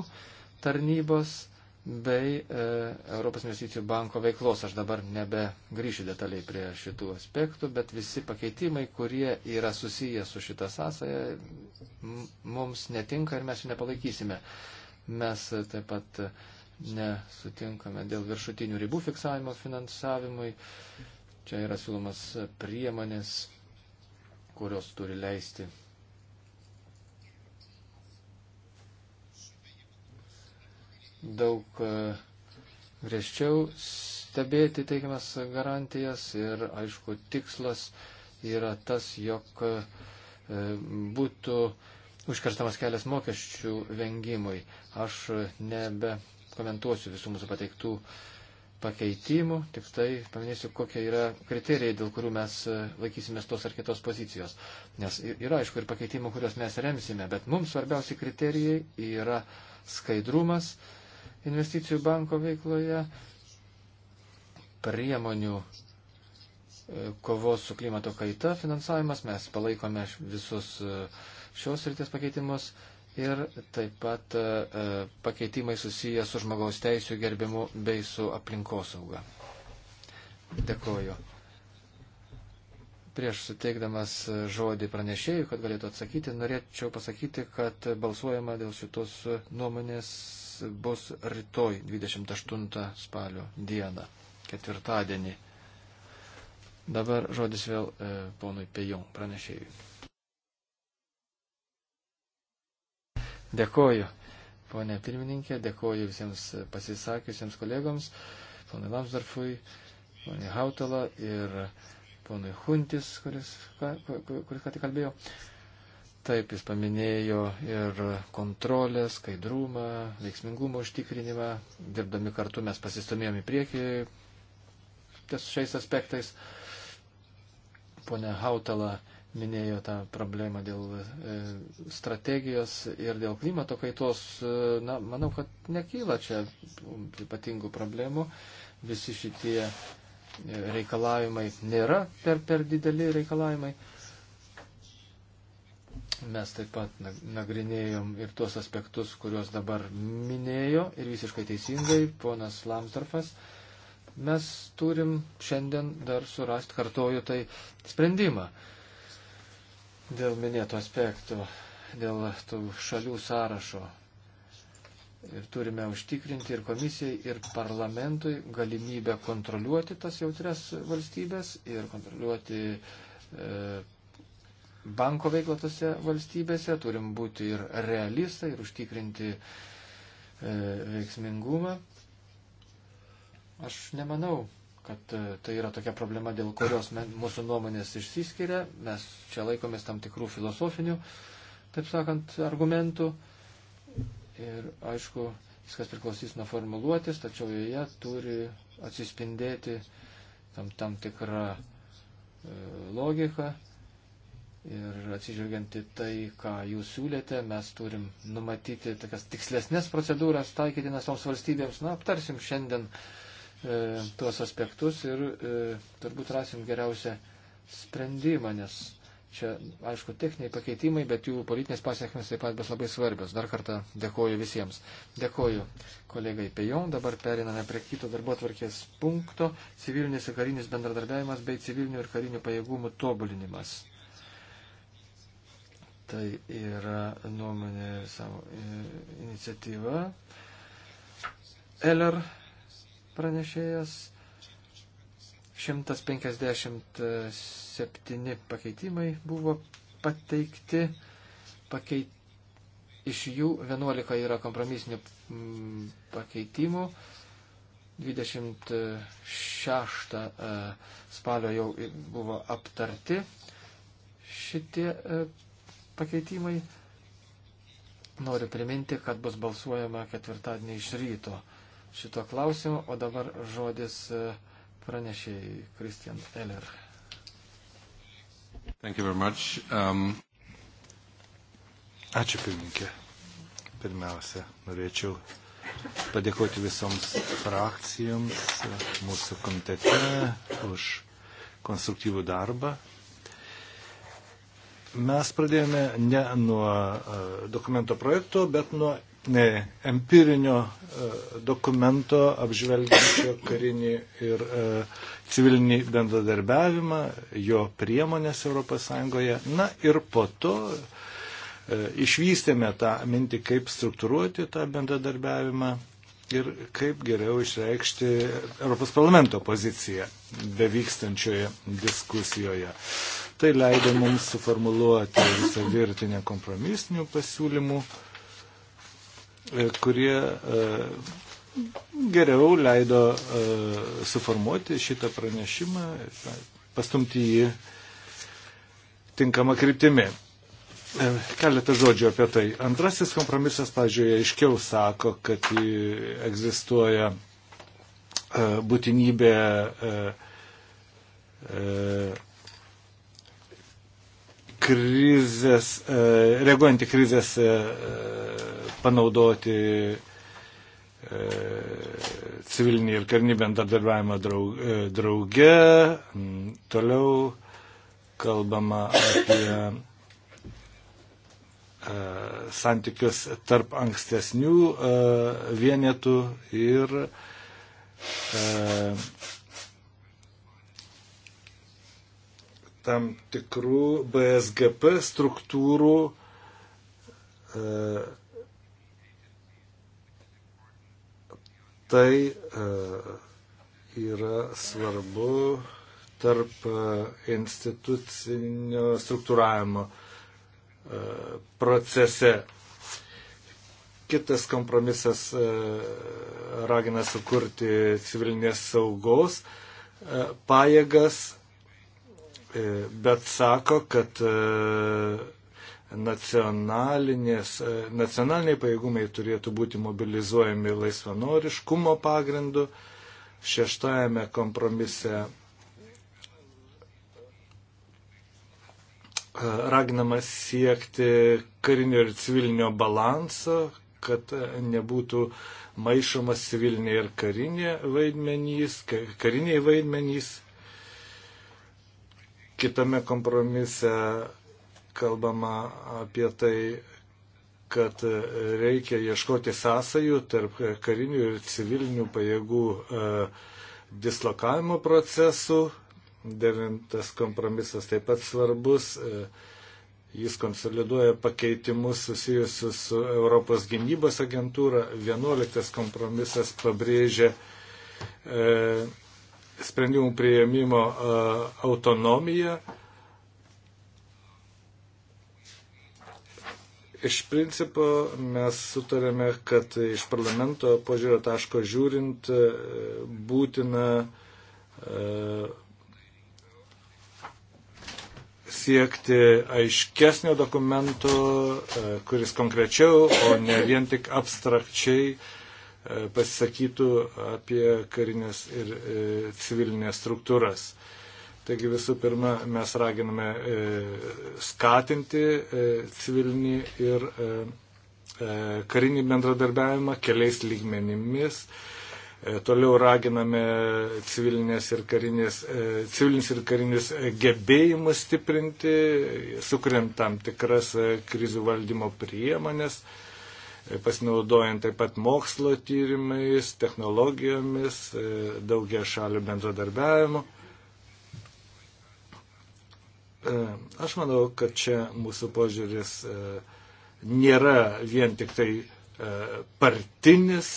tarnybos bei e, Europos investicijų banko veiklos. Aš dabar nebegrįšiu detaliai prie šitų aspektų, bet visi pakeitimai, kurie yra susiję su šita sąsaja, mums netinka ir mes jų nepalaikysime. Mes e, taip pat e, nesutinkame dėl viršutinių ribų fiksavimo finansavimui. Čia yra siūlomas priemonės, kurios turi leisti daug e, griežčiau stebėti teikiamas garantijas ir, aišku, tikslas yra tas, jog e, būtų užkarstamas kelias mokesčių vengimui. Aš nebe komentuosiu visų mūsų pateiktų pakeitimų, tik tai paminėsiu, kokie yra kriterijai, dėl kurių mes e, laikysimės tos ar kitos pozicijos. Nes yra, aišku, ir pakeitimų, kuriuos mes remsime, bet mums svarbiausi kriterijai yra skaidrumas, uh, investicijų banko veikloje, priemonių e, kovos su klimato kaita finansavimas, mes palaikome visus e, šios ryties pakeitimus ir taip pat e, pakeitimai susiję su žmogaus teisų gerbimu bei su aplinkosauga. Dėkoju. Prieš suteikdamas žodį pranešėjų, kad galėtų atsakyti, norėčiau pasakyti, kad balsuojama dėl šitos nuomonės bus rytoj 28 spalio dieną, ketvirtadienį. Dabar žodis vėl e, ponui Pejom pranešėjui. Dėkoju, ponė pirmininkė, dėkoju visiems pasisakiusiems kolegoms, ponui Lamsdorfui, ponui Hautala ir ponui Huntis, kuris, kuris ką tik kalbėjo. E, Taip, jis paminėjo ir kontrolę, skaidrumą, veiksmingumo užtikrinimą. Dirbdami kartu mes pasistumėjom į priekį ties šiais aspektais. Pone Hautala minėjo tą problemą dėl e, strategijos ir dėl klimato kaitos. E, na, manau, kad nekyla čia ypatingų problemų. Visi šitie e, reikalavimai nėra per, per dideli reikalavimai. Mes taip pat nagrinėjom ir tuos aspektus, kuriuos dabar minėjo ir visiškai teisingai ponas Lamsdorfas. Mes turim šiandien dar surasti, kartoju, tai sprendimą dėl minėto aspektų, dėl tų šalių sąrašo. Ir turime užtikrinti ir komisijai, ir parlamentui galimybę kontroliuoti tas jautrias valstybės ir kontroliuoti e, banko veiklą tose valstybėse, turim būti ir realistai ir užtikrinti e, veiksmingumą. Aš nemanau, kad e, tai yra tokia problema, dėl kurios mūsų nuomonės išsiskiria. Mes čia laikomės tam tikrų filosofinių, taip sakant, argumentų. Ir aišku, viskas priklausys nuo formuluotės, tačiau joje turi atsispindėti tam, tam tikra e, logika, Ir atsižvelgiant į tai, ką jūs siūlėte, mes turim numatyti tokias tikslesnės procedūras taikytinas toms valstybėms. Na, aptarsim šiandien e, tuos aspektus ir e, turbūt rasim geriausią sprendimą, nes čia, aišku, techniniai pakeitimai, bet jų politinės pasiekmes taip pat bus labai svarbios. Dar kartą dėkoju visiems. Dėkoju kolegai Pejon. Dabar periname prie kito darbo tvarkės punkto - civilinis ir karinis bendradarbiavimas bei civilinių ir karinių pajėgumų tobulinimas. Tai yra nuomonė ir savo e, iniciatyva. Eller pranešėjas 157 pakeitimai buvo pateikti. Pakeit... Iš jų 11 yra kompromisinių pakeitimų. 26 e, spalio jau buvo aptarti šitie e, pakeitimai. Noriu priminti, kad bus balsuojama ketvirtadienį iš ryto šito klausimo, o dabar žodis e, pranešėjai Kristian Eller. Um... Ačiū pirmininkė. Pirmiausia, norėčiau padėkoti visoms frakcijoms mūsų komitete už konstruktyvų darbą mes pradėjome ne nuo e, dokumento projekto, bet nuo ne, empirinio e, dokumento apžvelgiančio karinį ir e, civilinį bendradarbiavimą, jo priemonės ES. Na ir po to išvystėme tą mintį, kaip struktūruoti tą bendradarbiavimą ir kaip geriau išreikšti Europos parlamento poziciją bevykstančioje diskusijoje. Tai leido mums suformuluoti visą virtinę kompromisinių pasiūlymų, e, kurie e, geriau leido e, suformuoti šitą pranešimą, pastumti jį tinkamą kryptimį. Keletą žodžių apie tai. Antrasis kompromisas, pažiūrėjau, aiškiau sako, kad egzistuoja būtinybė krizės, e, reaguojant į krizės e, panaudoti e, civilinį ir karinį bendradarbiavimą drauge. Mm, toliau kalbama apie santykius tarp ankstesnių vienetų ir tam tikrų BSGP struktūrų e, tai e, yra svarbu tarp e, institucinio struktūravimo procese. Kitas kompromisas ragina sukurti civilinės saugos pajėgas E, bet sako, kad e, e, nacionaliniai pajėgumai turėtų būti mobilizuojami laisvanoriškumo pagrindu. Šeštajame kompromise raginama siekti karinio ir civilinio balanso, kad nebūtų maišomas civilinė ir karinė vaidmenys, kariniai vaidmenys. Kitame kompromise kalbama apie tai, kad reikia ieškoti sąsajų tarp karinių ir civilinių pajėgų e, dislokavimo procesų. Devintas kompromisas taip pat svarbus. E, jis konsoliduoja pakeitimus susijusius su Europos gynybos agentūra. Vienuoliktas kompromisas pabrėžia e, sprendimų prieimimo e, autonomiją Iš principo mes sutarėme, kad iš parlamento požiūrio taško žiūrint e, būtina e, siekti aiškesnio dokumento, kuris konkrečiau, o ne vien tik abstrakčiai pasisakytų apie karinės ir e, civilinės struktūras. Taigi visų pirma, mes raginame e, skatinti e, civilinį ir karinį bendradarbiavimą keliais lygmenimis. Toliau raginame civilinės ir karinės, civilinis ir karinis gebėjimus stiprinti, sukuriant tam tikras krizių valdymo priemonės. E, pasinaudojant taip pat mokslo tyrimais, technologijomis, e, daugia šalių bendradarbiavimu. E, aš manau, kad čia mūsų požiūris e, nėra vien tik tai partinis,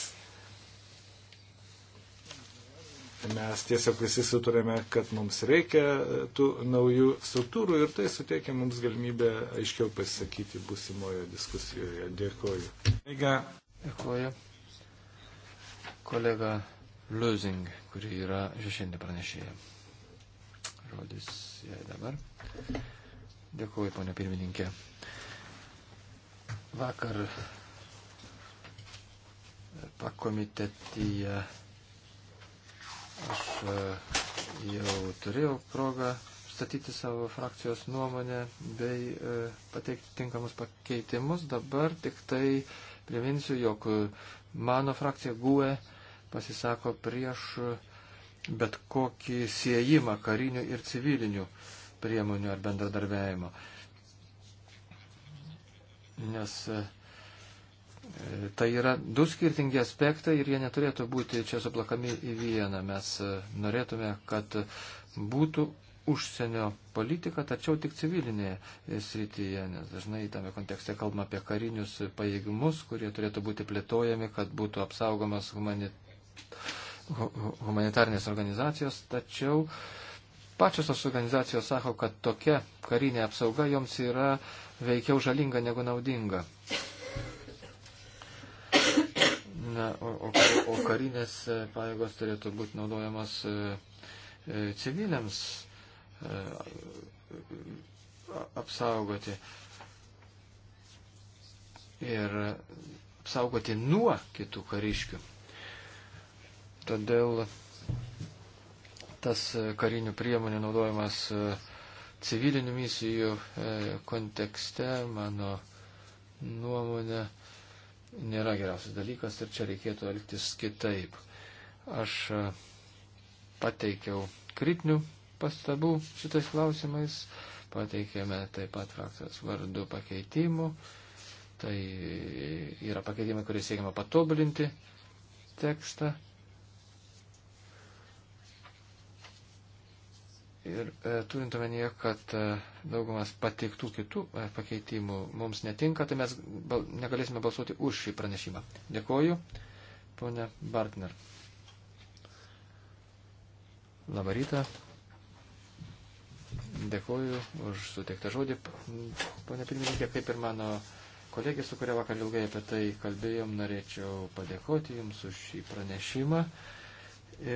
Mes tiesiog visi sutarėme, kad mums reikia e, tų naujų struktūrų ir tai suteikia mums galimybę aiškiau pasisakyti busimojo diskusijoje. Dėkoju. Dėkoju. Kolega Lusing, kuri yra šešinė pranešėja. Žodis jai dabar. Dėkuoju, ponia pirmininkė. Vakar pakomitetyje Aš e, jau turėjau progą statyti savo frakcijos nuomonę bei e, pateikti tinkamus pakeitimus. Dabar tik tai priminsiu, jog mano frakcija GUE pasisako prieš bet kokį siejimą karinių ir civilinių priemonių ar bendradarbiajimo. Nes uh, Tai yra du skirtingi aspektai ir jie neturėtų būti čia suplakami į vieną. Mes e, norėtume, kad būtų užsienio politika, tačiau tik civilinėje srityje, nes dažnai tame kontekste kalbama apie karinius pajėgimus, kurie turėtų būti plėtojami, kad būtų apsaugomas humanit... humanitarnės organizacijos, tačiau pačios tos organizacijos sako, kad tokia karinė apsauga joms yra veikiau žalinga negu naudinga. Na, o, o, o karinės e, pajėgos turėtų būti naudojamos e, e, civiliams apsaugoti ir apsaugoti nuo kitų kariškių. Todėl tas karinių priemonių naudojimas civilinių misijų kontekste, mano nuomonė, nėra geriausias dalykas ir čia reikėtų elgtis kitaip. Aš e, pateikiau kritinių pastabų šitais klausimais, pateikėme taip pat frakcijos vardu pakeitimų, tai yra pakeitimai, kurie siekiama patobulinti tekstą. Ir e, turint omenyje, kad e, daugumas pateiktų kitų e, pakeitimų mums netinka, tai mes bal, negalėsime balsuoti už šį pranešimą. Dėkoju, ponė Bartner. Labą rytą. Dėkoju už suteiktą žodį, ponė pirmininkė, kaip ir mano kolegė, su kuria vakar ilgai apie tai kalbėjom, norėčiau padėkoti Jums už šį pranešimą.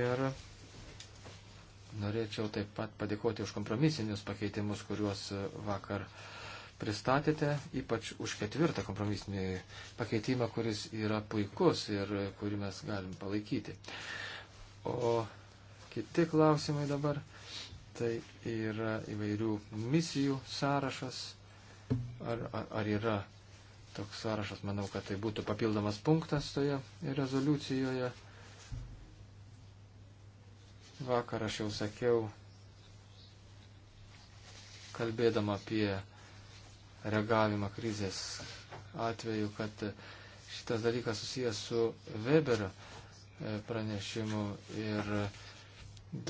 Ir Norėčiau taip pat padėkoti už kompromisinius pakeitimus, kuriuos e, vakar pristatėte, ypač už ketvirtą kompromisinį pakeitimą, kuris yra puikus ir e, kurį mes galim palaikyti. O kiti klausimai dabar, tai yra įvairių misijų sąrašas, ar, ar, ar yra toks sąrašas, manau, kad tai būtų papildomas punktas toje rezoliucijoje. Vakar aš jau sakiau, kalbėdama apie reagavimą krizės atveju, kad šitas dalykas susijęs su Weberio e, pranešimu ir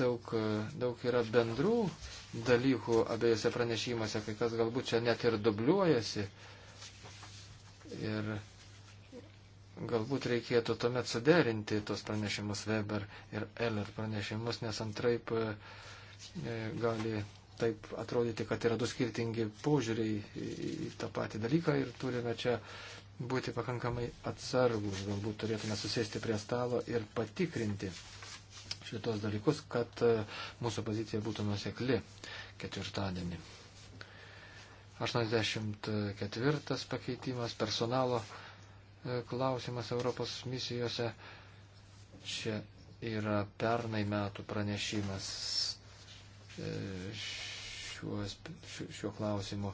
daug, e, daug yra bendrų dalykų abiejose pranešimuose, kai kas galbūt čia net ir dubliuojasi. Ir galbūt reikėtų tuomet suderinti tos pranešimus Weber ir Eller pranešimus, nes antraip e, e, gali taip atrodyti, kad yra du skirtingi požiūriai į, į tą patį dalyką ir turime čia būti pakankamai atsargus, galbūt turėtume susėsti prie stalo ir patikrinti šitos dalykus, kad e, mūsų pozicija būtų nusekli ketvirtadienį. 84 pakeitimas personalo E, klausimas Europos misijose. Čia yra pernai metų pranešimas e, šiuo, šiuo klausimu.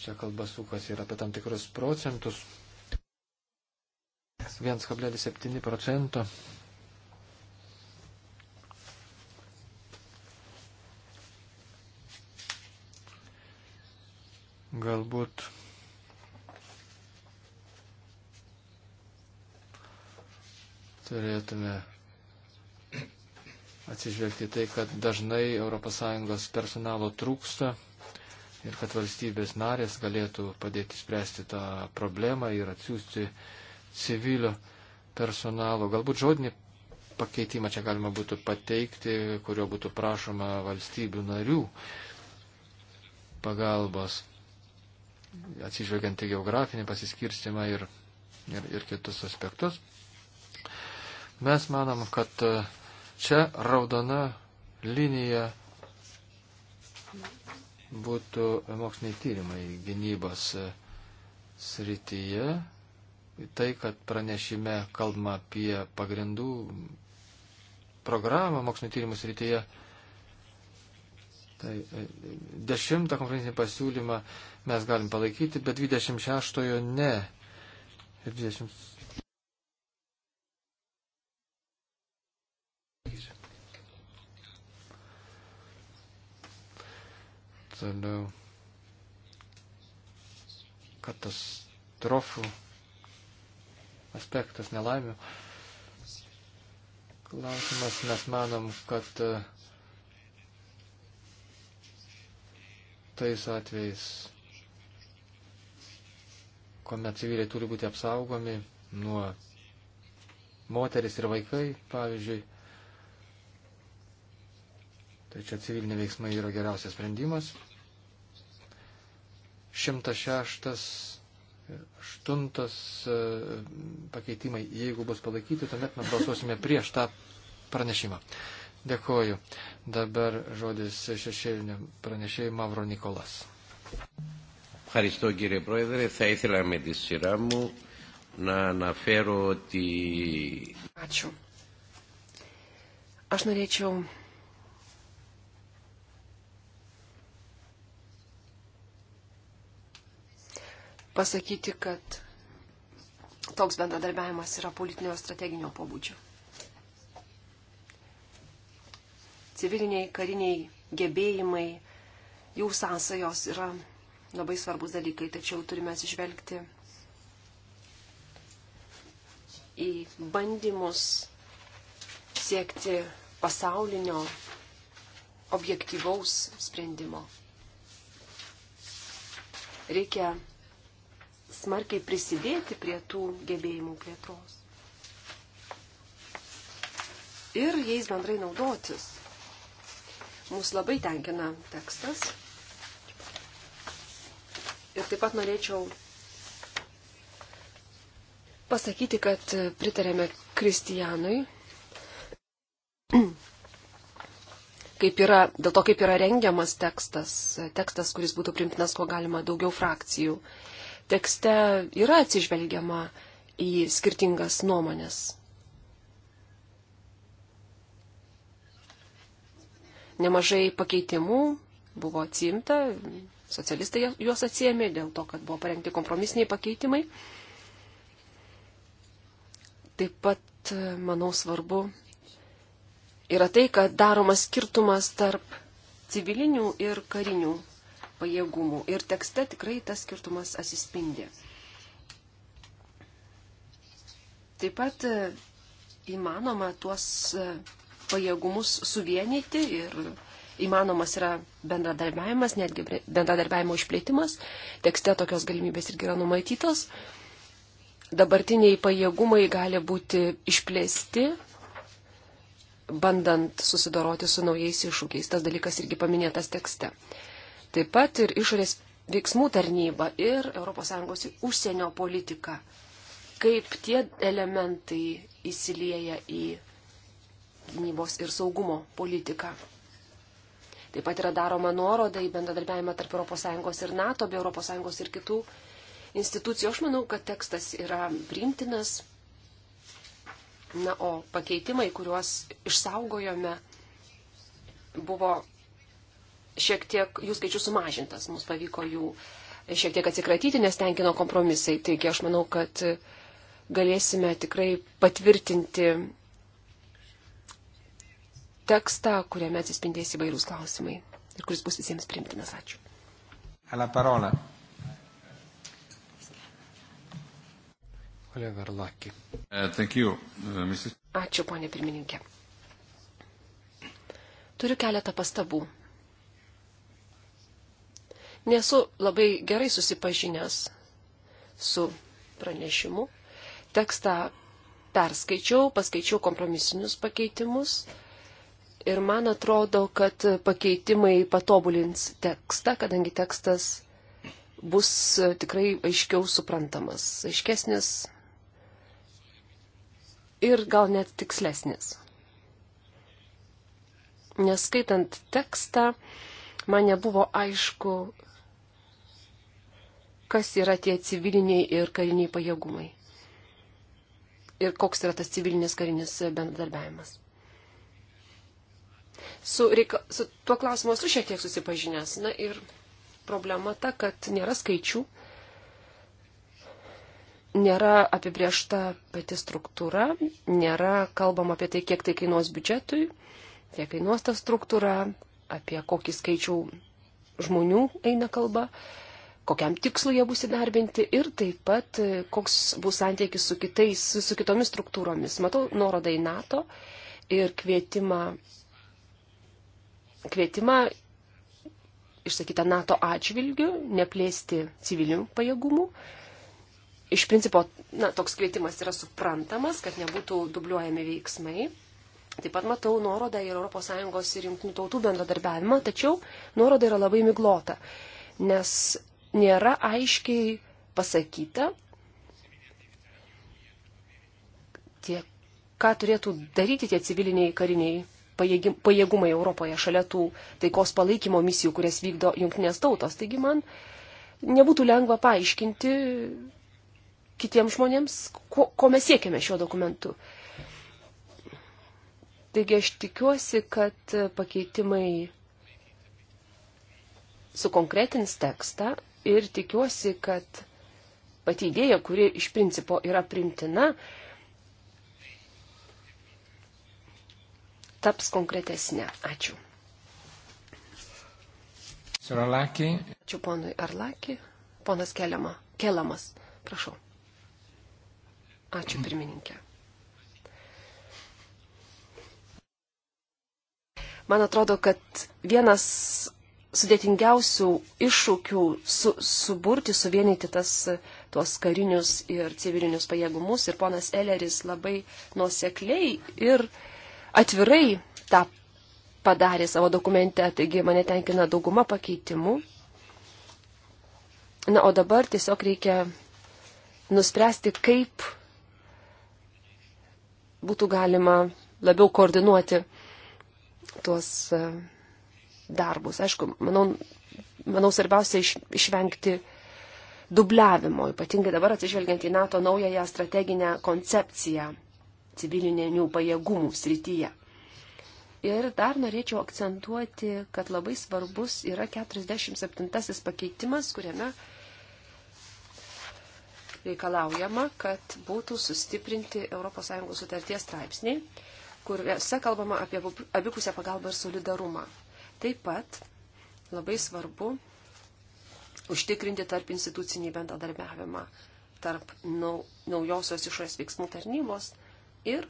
Čia kalba sukas ir apie tam tikrus procentus. 1,7 procento. Galbūt turėtume atsižvelgti tai, kad dažnai ES personalo trūksta ir kad valstybės narės galėtų padėti spręsti tą problemą ir atsiųsti civilio personalo. Galbūt žodinį pakeitimą čia galima būtų pateikti, kurio būtų prašoma valstybių narių pagalbos, atsižvelgiant į geografinį pasiskirstimą ir, ir, ir kitus aspektus. Mes manom, kad e, čia raudona linija būtų moksliniai tyrimai gynybos e, srityje. Tai, kad pranešime kalbama apie pagrindų programą mokslinio tyrimų srityje, tai e, dešimtą konferencinį pasiūlymą mes galim palaikyti, bet 26-ojo ne. Ir 20 Toliau katastrofų aspektas nelaimių. Klausimas, mes manom, kad tais atvejais, kuomet civiliai turi būti apsaugomi nuo moteris ir vaikai, pavyzdžiui, tai čia civilinė veiksmai yra geriausias sprendimas. 106, 8 e, pakeitimai, jeigu bus palaikyti, tuomet mes balsuosime prieš tą pranešimą. Dėkoju. Dabar žodis šešėliniam pranešėjui Mavro Nikolas. Ευχαριστώ κύριε Πρόεδρε. Θα ήθελα με τη σειρά μου να αναφέρω ότι... Ačiū. Aš norėčiau pasakyti, kad toks bendradarbiavimas yra politinio strateginio pobūdžio. Civiliniai, kariniai gebėjimai, jų sąsajos yra labai svarbus dalykai, tačiau turime atsižvelgti į bandymus siekti pasaulinio objektyvaus sprendimo. Reikia smarkiai prisidėti prie tų gebėjimų plėtros. Ir jais bendrai naudotis. Mūsų labai tenkina tekstas. Ir taip pat norėčiau pasakyti, kad pritarėme Kristijanui, kaip yra, dėl to, kaip yra rengiamas tekstas, tekstas, kuris būtų primtinas, kuo galima daugiau frakcijų. Uh, tekste yra atsižvelgiama į skirtingas nuomonės. Nemažai pakeitimų buvo atsimta, socialistai juos atsiemė dėl to, kad buvo parengti kompromisiniai pakeitimai. Taip pat, manau, svarbu yra tai, kad daromas skirtumas tarp civilinių ir karinių pajėgumų. Ir tekste tikrai tas skirtumas atsispindi. Taip pat e, įmanoma tuos e, pajėgumus suvienyti ir įmanomas yra bendradarbiavimas, netgi bendradarbiavimo išplėtimas. Tekste tokios galimybės irgi yra numatytos. Dabartiniai pajėgumai gali būti išplėsti, bandant susidoroti su naujais iššūkiais. Tas dalykas irgi paminėtas tekste taip pat ir išorės veiksmų tarnyba ir ES užsienio politika. Kaip tie elementai įsilieja į gynybos ir saugumo politiką. Taip pat yra daroma nuoroda į bendradarbiavimą tarp ES ir NATO, bei ES ir kitų institucijų. Aš manau, kad tekstas yra priimtinas. Na, o pakeitimai, kuriuos išsaugojome, buvo šiek tiek jų skaičius sumažintas. Mums pavyko jų šiek tiek atsikratyti, nes tenkino kompromisai. Taigi aš manau, kad galėsime tikrai patvirtinti tekstą, kuriame atsispindės įvairūs klausimai ir kuris bus visiems primtinas. Ačiū. Alla parola. Oliver Lucky. Uh, thank you, uh, Mrs. Ačiū, ponė pirmininkė. Turiu keletą pastabų. Nesu labai gerai susipažinęs su pranešimu. Tekstą perskaičiau, paskaičiau kompromisinius pakeitimus ir man atrodo, kad pakeitimai patobulins tekstą, kadangi tekstas bus tikrai aiškiau suprantamas, aiškesnis ir gal net tikslesnis. Neskaitant tekstą, man nebuvo aišku, kas yra tie civiliniai ir kariniai pajėgumai. Ir koks yra tas civilinis karinis bendradarbiavimas. Su, reika, su tuo klausimu esu šiek tiek susipažinęs. Na ir problema ta, kad nėra skaičių, nėra apibriešta pati struktūra, nėra kalbama apie tai, kiek tai kainuos biudžetui, kiek kainuos ta struktūra, apie kokį skaičių žmonių eina kalba. Uh, kokiam tikslui jie bus įdarbinti ir taip pat e, koks bus santykis su, kitais, su kitomis struktūromis. Matau nuorodą į NATO ir kvietimą, kvietimą išsakytą NATO atžvilgių neplėsti civilinių pajėgumų. Iš principo, na, toks kvietimas yra suprantamas, kad nebūtų dubliuojami veiksmai. Taip pat matau nuorodą ir ES ir Junktinių tautų bendradarbiavimą, tačiau nuoroda yra labai miglota, nes nėra aiškiai pasakyta, tie, ką turėtų daryti tie civiliniai kariniai pajėgumai Europoje šalia tų taikos palaikymo misijų, kurias vykdo jungtinės tautos. Taigi man nebūtų lengva paaiškinti kitiems žmonėms, ko, ko mes siekiame šiuo dokumentu. Taigi aš tikiuosi, kad pakeitimai sukonkretins tekstą ir tikiuosi, kad pati idėja, kuri iš principo yra primtina, taps konkretesnė. Ačiū. Ačiū ponui Arlaki. Ponas Keliama. Kelamas. Prašau. Ačiū mhm. pirmininkė. Man atrodo, kad vienas sudėtingiausių iššūkių su, suburti, suvienyti tas, tuos karinius ir civilinius pajėgumus. Ir ponas Elleris labai nuosekliai ir atvirai tą padarė savo dokumente, taigi mane tenkina dauguma pakeitimų. Na, o dabar tiesiog reikia nuspręsti, kaip būtų galima labiau koordinuoti tuos uh, darbus. Aišku, manau, manau svarbiausia iš, išvengti dubliavimo, ypatingai dabar atsižvelgiant į NATO naująją strateginę koncepciją civilinių pajėgumų srityje. Ir dar norėčiau akcentuoti, kad labai svarbus yra 47 pakeitimas, kuriame reikalaujama, kad būtų sustiprinti ES sutarties straipsniai, kuriuose kalbama apie abipusę pagalbą ir solidarumą. Taip pat labai svarbu užtikrinti tarp institucinį bendradarbiavimą tarp naujosios išorės veiksmų tarnybos ir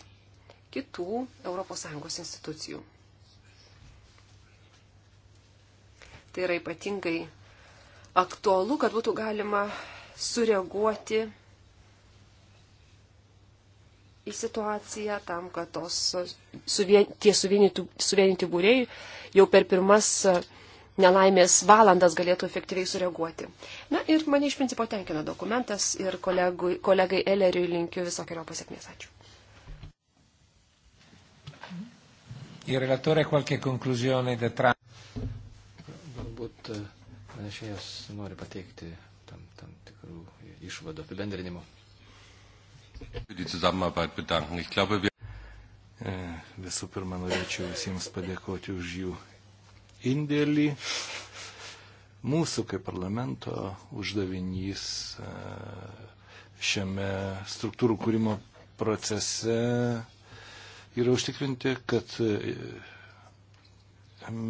kitų ES institucijų. Tai yra ypatingai aktualu, kad būtų galima sureaguoti į situaciją tam, kad tos, suvien, tie suvienytų, suvieninti būriai jau per pirmas e, nelaimės valandas galėtų efektyviai sureaguoti. Na ir mane iš principo tenkina dokumentas ir kolegui, kolegai Eleriui linkiu visokiojo pasiekmės. Ačiū. Il relatore qualche conclusione da tra... Galbūt e, pranešėjas nori pateikti tam, tam tikrų išvadų apibendrinimų. E, visų pirma, norėčiau visiems padėkoti už jų indėlį. Mūsų kaip parlamento uždavinys e, šiame struktūrų kūrimo procese yra užtikrinti, kad e,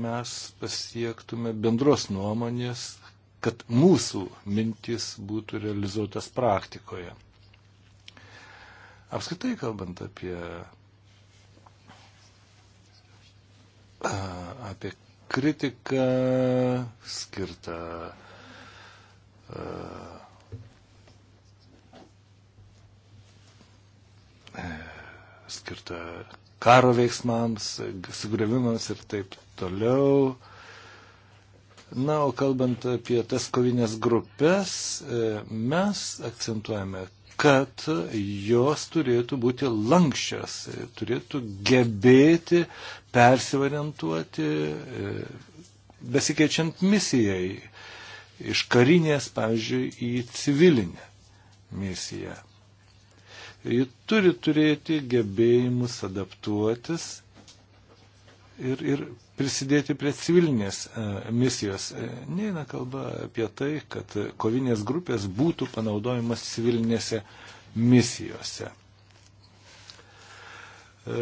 mes pasiektume bendros nuomonės, kad mūsų mintis būtų realizuotas praktikoje. Apskritai kalbant apie, apie kritiką skirtą e, skirtą karo veiksmams, sugriovimams ir taip toliau. Na, o kalbant apie tas kovinės grupės, e, mes akcentuojame kad jos turėtų būti lankščios, turėtų gebėti persiorientuoti e, besikeičiant misijai iš karinės, pavyzdžiui, į civilinę misiją. Ji turi turėti gebėjimus adaptuotis ir, ir prisidėti prie civilinės e, misijos. E, neina kalba apie tai, kad kovinės grupės būtų panaudojamas civilinėse misijose. E,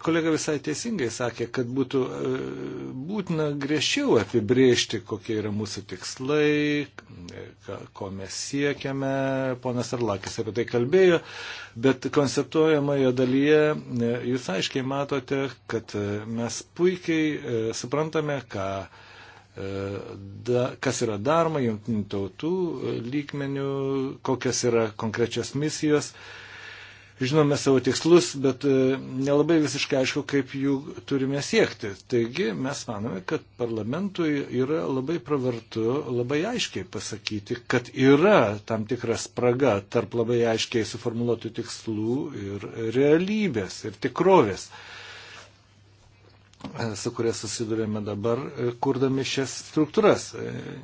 Kolega visai teisingai sakė, kad būtų e, būtina griežčiau apibriežti, kokie yra mūsų tikslai, ko mes siekiame. Ponas Arlakis apie tai kalbėjo, bet konceptuojamoje dalyje e, jūs aiškiai matote, kad e, mes puikiai suprantame, ką, da, kas yra daroma jungtinių tautų lygmenių, kokios yra konkrečios misijos žinome savo tikslus, bet e, nelabai visiškai aišku, kaip jų turime siekti. Taigi mes manome, kad parlamentui yra labai pravartu labai aiškiai pasakyti, kad yra tam tikra spraga tarp labai aiškiai suformuoluotų tikslų ir realybės ir tikrovės e, su kuria susidurėme dabar, e, kurdami šias struktūras.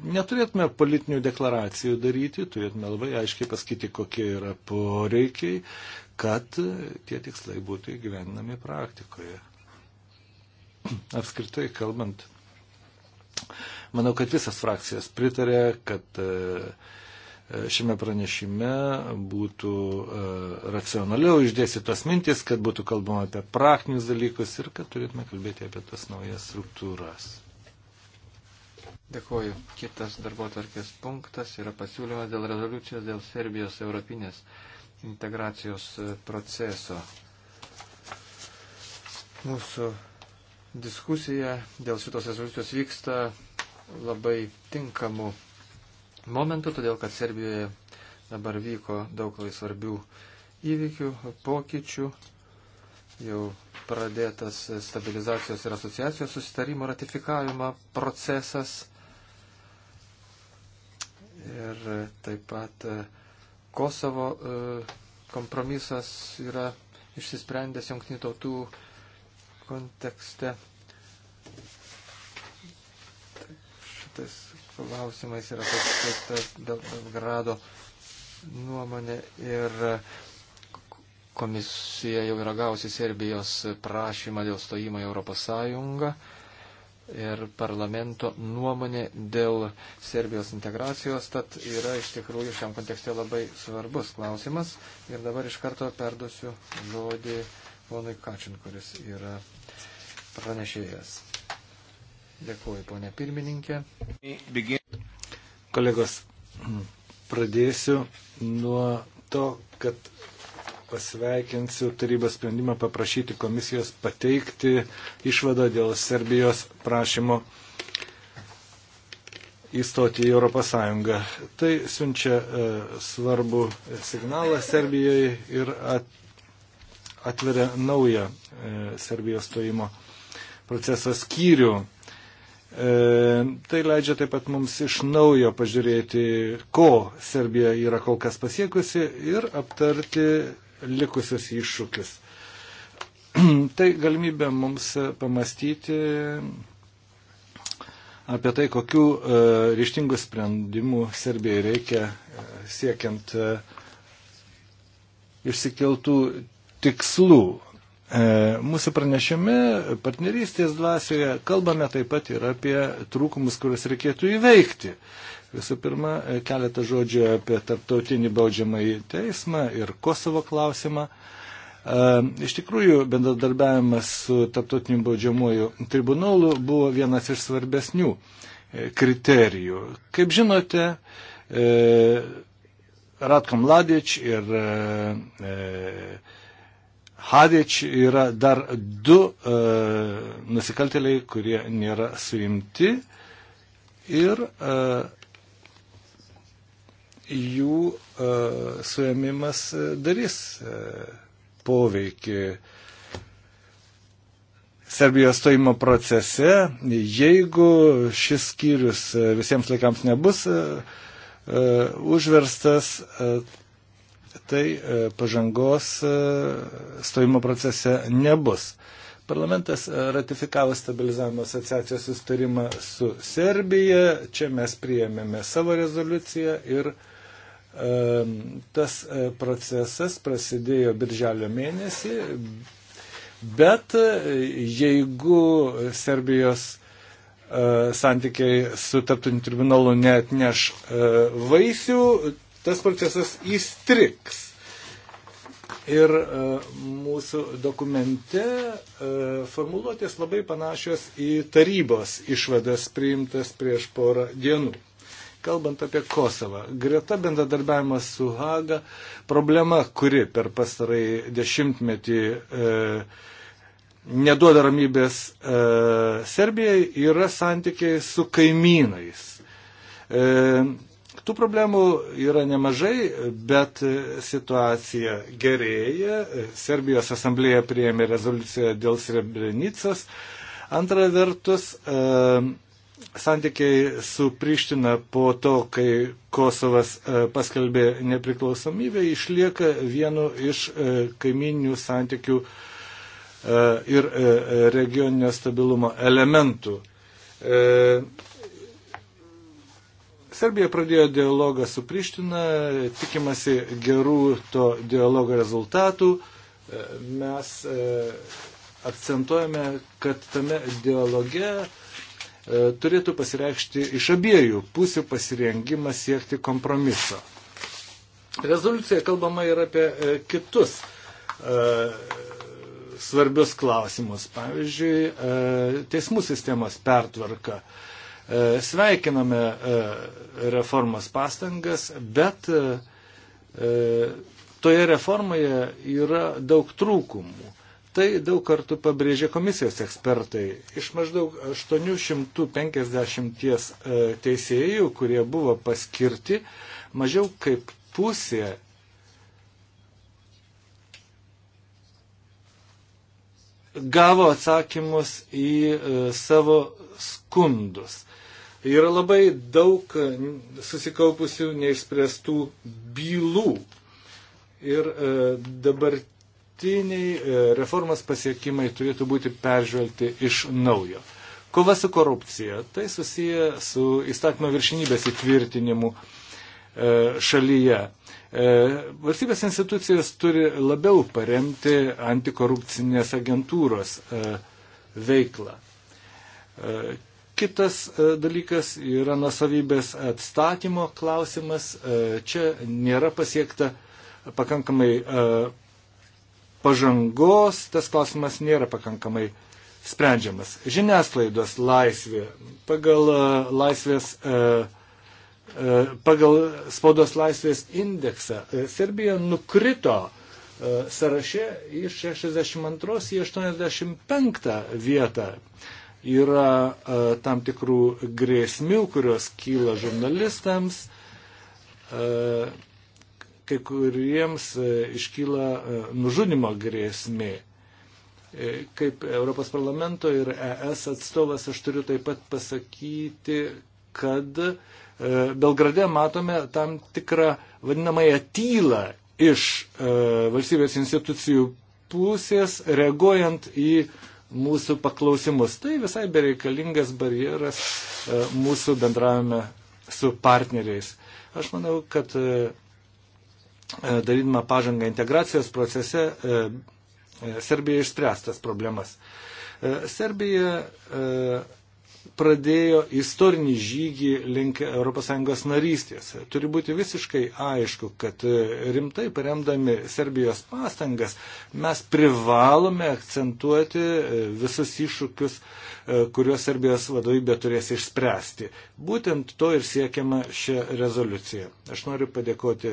Neturėtume politinių deklaracijų daryti, turėtume labai aiškiai pasakyti, kokie yra poreikiai, kad tie tikslai būtų įgyvendinami praktikoje. [CLEARS THROAT] Apskritai kalbant, manau, kad visas frakcijas pritarė, kad e, e, šiame pranešime būtų e, racionaliau išdėstytos mintis, kad būtų kalbama apie praktinius dalykus ir kad turėtume kalbėti apie tas naujas struktūras. Dėkuoju. Kitas darbo tvarkės punktas yra pasiūlymas dėl rezoliucijos dėl Serbijos Europinės integracijos e, proceso. Mūsų diskusija dėl šitos rezoliucijos vyksta labai tinkamu momentu, todėl kad Serbijoje dabar vyko daug labai svarbių įvykių, pokyčių, jau pradėtas stabilizacijos ir asociacijos susitarimo ratifikavimo procesas ir taip pat e, Kosovo e, kompromisas yra išsisprendęs jungtinių tautų kontekste. Šitais klausimais yra pasikeistas Belgrado nuomonė ir komisija jau yra gausi Serbijos prašymą dėl stojimo į Europos Sąjungą ir parlamento nuomonė dėl Serbijos integracijos, tad yra iš tikrųjų šiam kontekste labai svarbus klausimas. Ir dabar iš karto perduosiu žodį ponui Kačin, kuris yra pranešėjas. Dėkuoju, ponė pirmininkė. Kolegos, [CLEARS THROAT] pradėsiu nuo to, kad pasveikinsiu tarybos sprendimą paprašyti komisijos pateikti išvadą dėl Serbijos prašymo įstoti į Europos Sąjungą. Tai siunčia e, svarbu signalą Serbijai ir atveria naują e, Serbijos stojimo proceso skyrių. E, tai leidžia taip pat mums iš naujo pažiūrėti, ko Serbija yra kol kas pasiekusi ir aptarti likusius iššūkius. [CLEARS THROAT] tai galimybė mums pamastyti apie tai, kokių e, ryštingų sprendimų Serbijai reikia e, siekiant e, išsikeltų tikslų. E, mūsų pranešime partnerystės dvasioje kalbame taip pat ir apie trūkumus, kuriuos reikėtų įveikti. Visų pirma, e, keletą žodžių apie tarptautinį baudžiamąjį teismą ir Kosovo klausimą. E, iš tikrųjų, bendradarbiavimas su tarptautiniu baudžiamuoju tribunolu buvo vienas iš svarbesnių kriterijų. Kaip žinote, Ratko Mladič ir Havič yra dar du e, nusikaltėliai, kurie nėra suimti ir e, jų e, suėmimas e, darys e, poveikį Serbijos stojimo procese. Jeigu šis skyrius e, visiems laikams nebus e, e, užverstas, e, tai e, pažangos e, stojimo procese nebus. Parlamentas e, ratifikavo stabilizavimo asociacijos sustarimą su Serbija, čia mes priėmėme savo rezoliuciją ir tas procesas prasidėjo birželio mėnesį, bet jeigu Serbijos santykiai su taptiniu tribunalu net neš vaisių, tas procesas įstriks. Ir e, mūsų dokumente e, formuluotės labai panašios į tarybos išvadas priimtas prieš porą dienų. Kalbant apie Kosovą, greta bendradarbiavimas su Haga, problema, kuri per pastarai dešimtmetį e, neduoda ramybės e, Serbijai, yra santykiai su kaimynais. E, Tų problemų yra nemažai, bet situacija gerėja. Serbijos asamblėje prieėmė rezoliuciją dėl Srebrenicas. Antra vertus, santykiai su Priština po to, kai Kosovas e, paskelbė nepriklausomybę, išlieka vienu iš e, kaiminių santykių e, ir regioninio stabilumo elementų. Serbija pradėjo dialogą su Priština, tikimasi gerų to dialogo rezultatų. E, mes e, akcentuojame, kad tame dialoge e, turėtų pasireikšti iš abiejų pusių pasirengimas siekti kompromiso. Rezoliucija kalbama ir apie kitus svarbius klausimus, pavyzdžiui, teismų sistemos pertvarka. E, sveikiname e, reformos pastangas, bet e, toje reformoje yra daug trūkumų. Tai daug kartų pabrėžė komisijos ekspertai. Iš maždaug 850 teisėjų, kurie buvo paskirti, mažiau kaip pusė gavo atsakymus į savo skundus. Yra labai daug susikaupusių neišspręstų bylų. Ir e, dabartiniai e, reformas pasiekimai turėtų būti peržvelgti iš naujo. Kova su korupcija. Tai susiję su įstatymo viršinybės įtvirtinimu e, šalyje. E, valstybės institucijos turi labiau paremti antikorupcinės agentūros e, veiklą. Kitas e, dalykas yra nusavybės atstatymo klausimas. E, čia nėra pasiekta pakankamai e, pažangos, tas klausimas nėra pakankamai sprendžiamas. Žiniasklaidos laisvė pagal laisvės. Pagal spaudos laisvės indeksą Serbija nukrito sąraše iš 62 į 85 vietą yra e, tam tikrų grėsmių, kurios kyla žurnalistams, e, kai kuriems e, iškyla nužudimo grėsmė. Kaip Europos parlamento ir ES atstovas aš turiu taip pat pasakyti, kad Belgrade matome tam tikrą vadinamąją tylą iš valstybės institucijų pusės, reaguojant į uh, mūsų paklausimus. Tai visai bereikalingas barjeras e, mūsų bendravime su partneriais. Aš manau, kad e, e, darydama pažangą integracijos procese, Serbija išspręstas problemas. Serbija pradėjo istorinį žygį link ES narystės. Turi būti visiškai aišku, kad e, rimtai paremdami Serbijos pastangas mes privalome akcentuoti e, visus iššūkius, e, kuriuos Serbijos vadovybė turės išspręsti. Būtent to ir siekiama šią rezoliuciją. Aš noriu padėkoti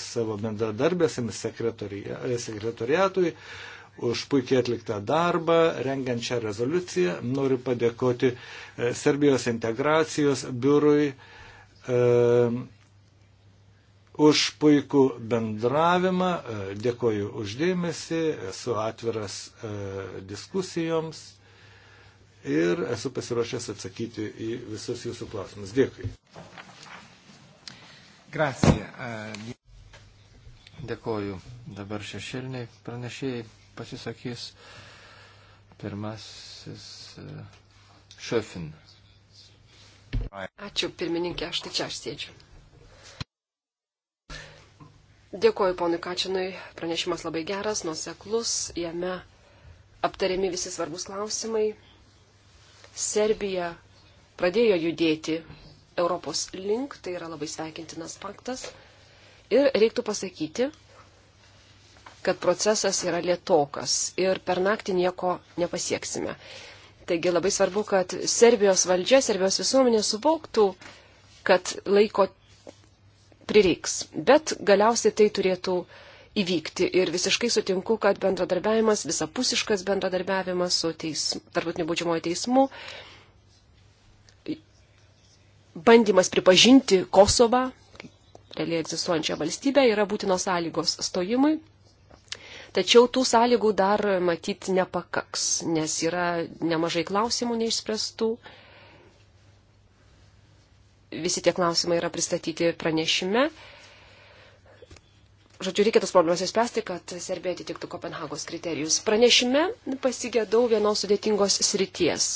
savo bendradarbėsiams sekretoriatui už puikiai atliktą darbą, rengiant šią rezoliuciją. Noriu padėkoti e, Serbijos integracijos biurui e, už puikų bendravimą. E, dėkoju uždėmesi, esu atviras e, diskusijoms ir esu pasiruošęs atsakyti į visus jūsų klausimus. Dėkui. Grazie. E, dėkoju. Dabar šešėliniai pranešėjai pasisakys. Pirmasis e, Šefin. Ačiū, pirmininkė, aš tai čia aš sėdžiu. Dėkuoju ponui Kačinui, pranešimas labai geras, nuoseklus, jame aptariami visi svarbus klausimai. Serbija pradėjo judėti Europos link, tai yra labai sveikintinas faktas. Ir reiktų pasakyti, kad procesas yra lietokas ir per naktį nieko nepasieksime. Taigi labai svarbu, kad Serbijos valdžia, Serbijos visuomenė suvauktų, kad laiko prireiks. Bet galiausiai tai turėtų įvykti. Ir visiškai sutinku, kad bendradarbiavimas, visapusiškas bendradarbiavimas su tarptautiniu baudžiamojo teismu, bandymas pripažinti Kosovą, realiai egzistuojančią valstybę, yra būtinos sąlygos stojimui Tačiau tų sąlygų dar matyti nepakaks, nes yra nemažai klausimų neišspręstų. Visi tie klausimai yra pristatyti pranešime. Žodžiu, reikia tas problemas įspręsti, kad Serbija atitiktų Kopenhagos kriterijus. Pranešime pasigėdau vienos sudėtingos srities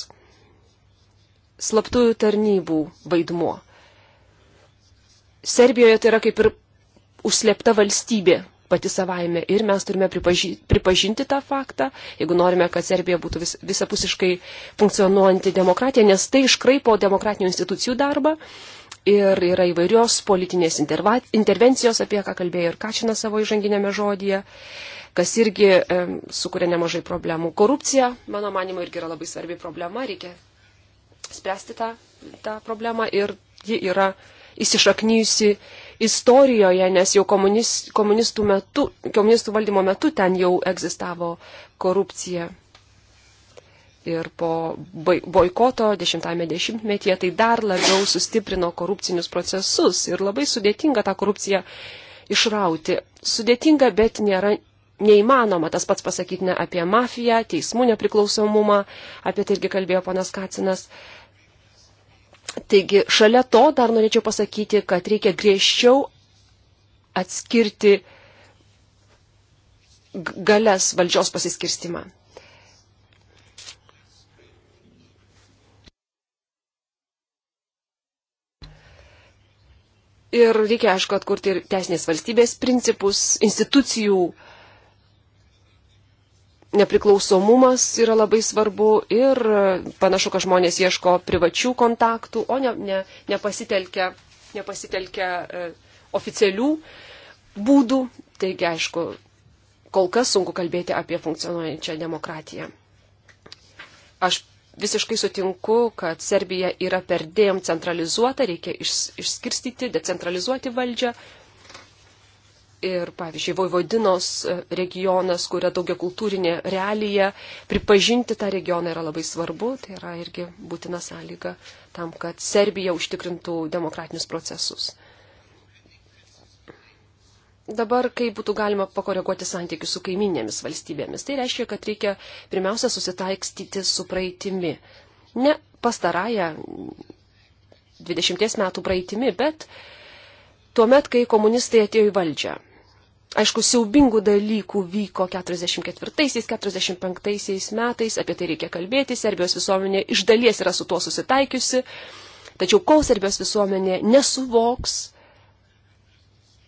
- slaptųjų tarnybų vaidmuo. Serbijoje tai yra kaip ir užslepta valstybė pati savaime. Ir mes turime pripaži pripažinti tą faktą, jeigu norime, kad Serbija būtų vis visapusiškai funkcionuojanti demokratija, nes tai iškraipo demokratinių institucijų darbą. Ir yra įvairios politinės intervencijos, apie ką kalbėjo ir Kačina savo įžanginėme žodėje, kas irgi e, sukuria nemažai problemų. Korupcija, mano manimo, irgi yra labai svarbi problema, reikia spręsti tą, tą problemą ir ji yra įsišaknyjusi istorijoje, nes jau komunis, komunistų, metu, komunistų valdymo metu ten jau egzistavo korupcija. Ir po boikoto dešimtame dešimtmetyje tai dar labiau sustiprino korupcinius procesus ir labai sudėtinga tą korupciją išrauti. Sudėtinga, bet nėra neįmanoma tas pats pasakyti ne apie mafiją, teismų nepriklausomumą, apie tai irgi kalbėjo ponas Kacinas. Taigi, šalia to dar norėčiau pasakyti, kad reikia griežčiau atskirti galės valdžios pasiskirstimą. Ir reikia, aišku, atkurti ir teisinės valstybės principus, institucijų uh, nepriklausomumas yra labai svarbu ir panašu, kad žmonės ieško privačių kontaktų, o ne, ne, nepasitelkia, nepasitelkia e, oficialių būdų. Taigi, aišku, kol kas sunku kalbėti apie funkcionuojančią demokratiją. Aš visiškai sutinku, kad Serbija yra perdėm centralizuota, reikia iš, išskirstyti, decentralizuoti valdžią, ir, pavyzdžiui, Vojvodinos regionas, kuria daugia kultūrinė realija, pripažinti tą regioną yra labai svarbu, tai yra irgi būtina sąlyga tam, kad Serbija užtikrintų demokratinius procesus. Dabar, kai būtų galima pakoreguoti santykius su kaiminėmis valstybėmis, tai reiškia, kad reikia pirmiausia susitaikstyti su praeitimi. Ne pastarąją 20 metų praeitimi, bet uh, tuomet, kai komunistai atėjo į valdžią. Aišku, siaubingų dalykų vyko 44-45 metais, apie tai reikia kalbėti, Serbijos visuomenė iš dalies yra su tuo susitaikiusi, tačiau kol Serbijos visuomenė nesuvoks,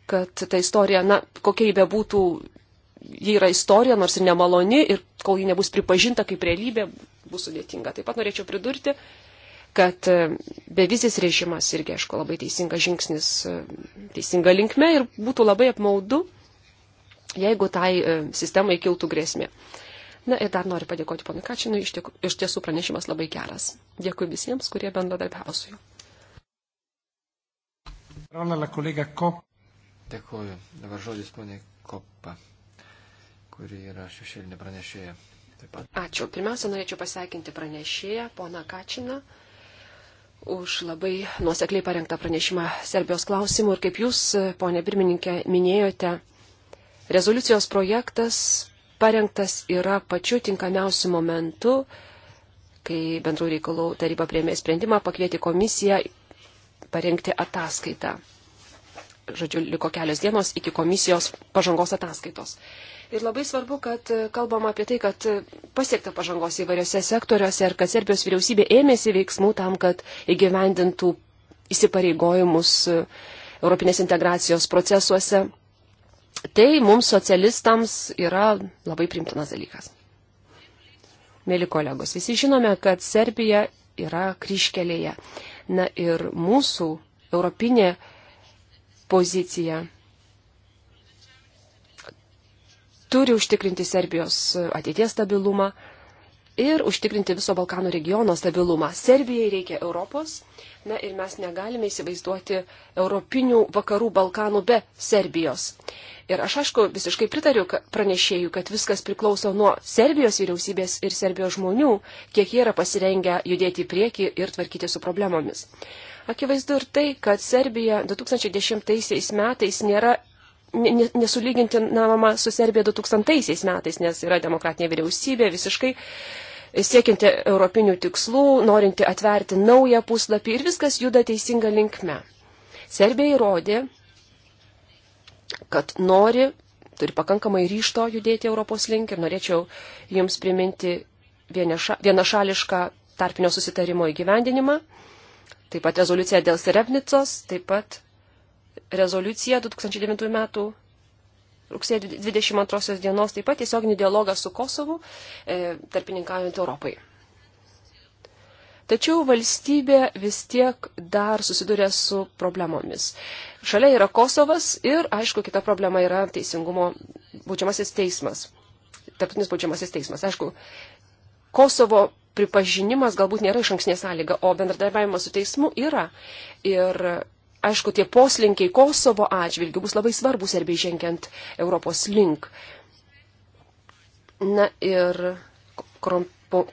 kad ta istorija, na, kokia jį bebūtų, ji yra istorija, nors ir nemaloni, ir kol ji nebus pripažinta kaip realybė, bus sudėtinga. Taip pat norėčiau pridurti, kad e, bevizis režimas irgi, aišku, labai teisingas žingsnis e, teisinga linkme ir būtų labai apmaudu, jeigu tai e, sistemai kiltų grėsmė. Na ir dar noriu padėkoti ponui Kačinui, iš, tiek, iš tiesų pranešimas labai geras. Dėkui visiems, kurie bendradarbiavo su juo. Dėkuoju. Dabar žodis ponė Kopa, kuri yra šešėlinė pranešėja. Ačiū. Pirmiausia, norėčiau pasveikinti pranešėją, poną Kačiną už labai nuosekliai parengtą pranešimą Serbijos klausimų. Ir kaip jūs, ponė pirmininkė, minėjote, rezoliucijos projektas parengtas yra pačiu tinkamiausiu momentu, kai bendrų reikalų taryba priemė sprendimą pakvieti komisiją parengti ataskaitą žodžiu, liko kelios dienos iki komisijos pažangos ataskaitos. Ir labai svarbu, kad e, kalbama apie tai, kad e, pasiekta pažangos įvairiose sektoriuose ir kad Serbijos vyriausybė ėmėsi veiksmų tam, kad įgyvendintų įsipareigojimus e, Europinės integracijos procesuose. Tai mums socialistams yra labai primtinas dalykas. Mėly kolegos, visi žinome, kad Serbija yra kryškelėje. Na ir mūsų europinė poziciją turi užtikrinti Serbijos ateities stabilumą ir užtikrinti viso Balkanų regiono stabilumą. Serbijai reikia Europos, na ir mes negalime įsivaizduoti europinių vakarų Balkanų be Serbijos. Ir aš aišku visiškai pritariu pranešėjų, kad viskas priklauso nuo Serbijos vyriausybės ir Serbijos žmonių, kiek jie yra pasirengę judėti į priekį ir tvarkyti su problemomis. Akivaizdu ir tai, kad Serbija 2010 metais nėra nesulygintinama su Serbija 2000 metais, nes yra demokratinė vyriausybė visiškai siekinti europinių tikslų, norinti atverti naują puslapį ir viskas juda teisinga linkme. Serbija įrodė, kad nori, turi pakankamai ryšto judėti Europos link ir norėčiau Jums priminti vienaša, vienašališką tarpinio susitarimo įgyvendinimą taip pat rezoliucija dėl Serebnicos, taip pat rezoliucija 2009 metų rugsėjo 22 dienos, taip pat tiesioginį dialogą su Kosovu, e, tarpininkaujant Europai. Tačiau valstybė vis tiek dar susiduria su problemomis. Šalia yra Kosovas ir, aišku, kita problema yra teisingumo būdžiamasis teismas. Tarptautinis būdžiamasis teismas. Aišku, Kosovo pripažinimas galbūt nėra iš anksnė sąlyga, o bendradarbiavimas su teismu yra. Ir aišku, tie poslinkiai Kosovo atžvilgių bus labai svarbus ir beižengiant Europos link. Na ir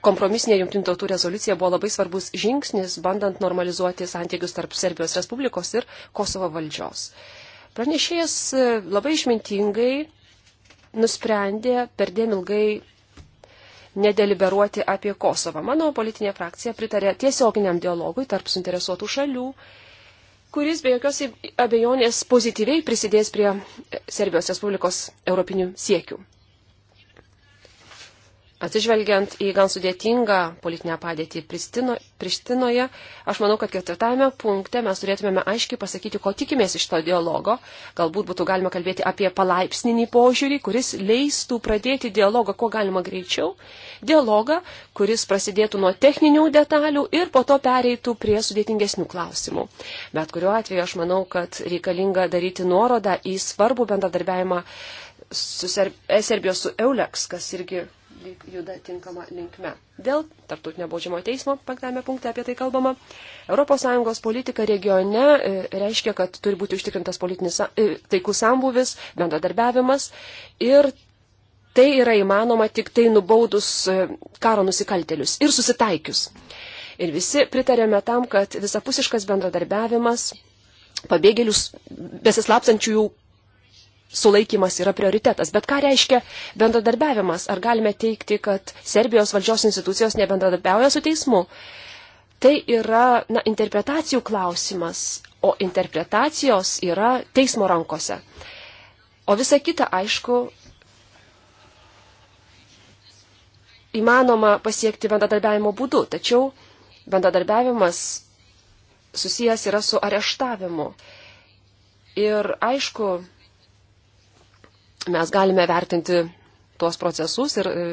kompromisinė jungtinių tautų rezoliucija buvo labai svarbus žingsnis, bandant normalizuoti santykius tarp Serbijos Respublikos ir Kosovo valdžios. Pranešėjas labai išmintingai nusprendė per dėm ilgai nedeliberuoti apie Kosovą. Mano politinė frakcija pritarė tiesioginiam dialogui tarp suinteresuotų šalių, kuris be jokios abejonės pozityviai prisidės prie Serbijos Respublikos europinių siekių. Atsižvelgiant į gan sudėtingą politinę padėtį Pristino, Prištinoje, aš manau, kad ketvirtame punkte mes turėtumėme aiškiai pasakyti, ko tikimės iš to dialogo. Galbūt būtų galima kalbėti apie palaipsninį požiūrį, kuris leistų pradėti dialogą kuo galima greičiau dialogą, kuris prasidėtų nuo techninių detalių ir po to pereitų prie sudėtingesnių klausimų. Bet kuriuo atveju aš manau, kad reikalinga daryti nuorodą į svarbų bendradarbiavimą su Ser e, Serbijos su Euleks, kas irgi juda tinkama linkme. Dėl tartutinio baudžiamo teismo penktame punkte apie tai kalbama. ES politika regione e, reiškia, kad turi būti užtikrintas politinis e, taikus sambuvis, bendradarbiavimas ir tai yra įmanoma tik tai nubaudus e, karo nusikaltelius ir susitaikius. Ir visi pritarėme tam, kad visapusiškas bendradarbiavimas, pabėgėlius besislapsančiųjų sulaikimas yra prioritetas. Bet ką reiškia bendradarbiavimas? Ar galime teikti, kad Serbijos valdžios institucijos nebendradarbiauja su teismu? Tai yra na, interpretacijų klausimas, o interpretacijos yra teismo rankose. O visa kita, aišku, įmanoma pasiekti bendradarbiavimo būdu, tačiau bendradarbiavimas susijęs yra su areštavimu. Ir aišku, mes galime vertinti tuos procesus ir e,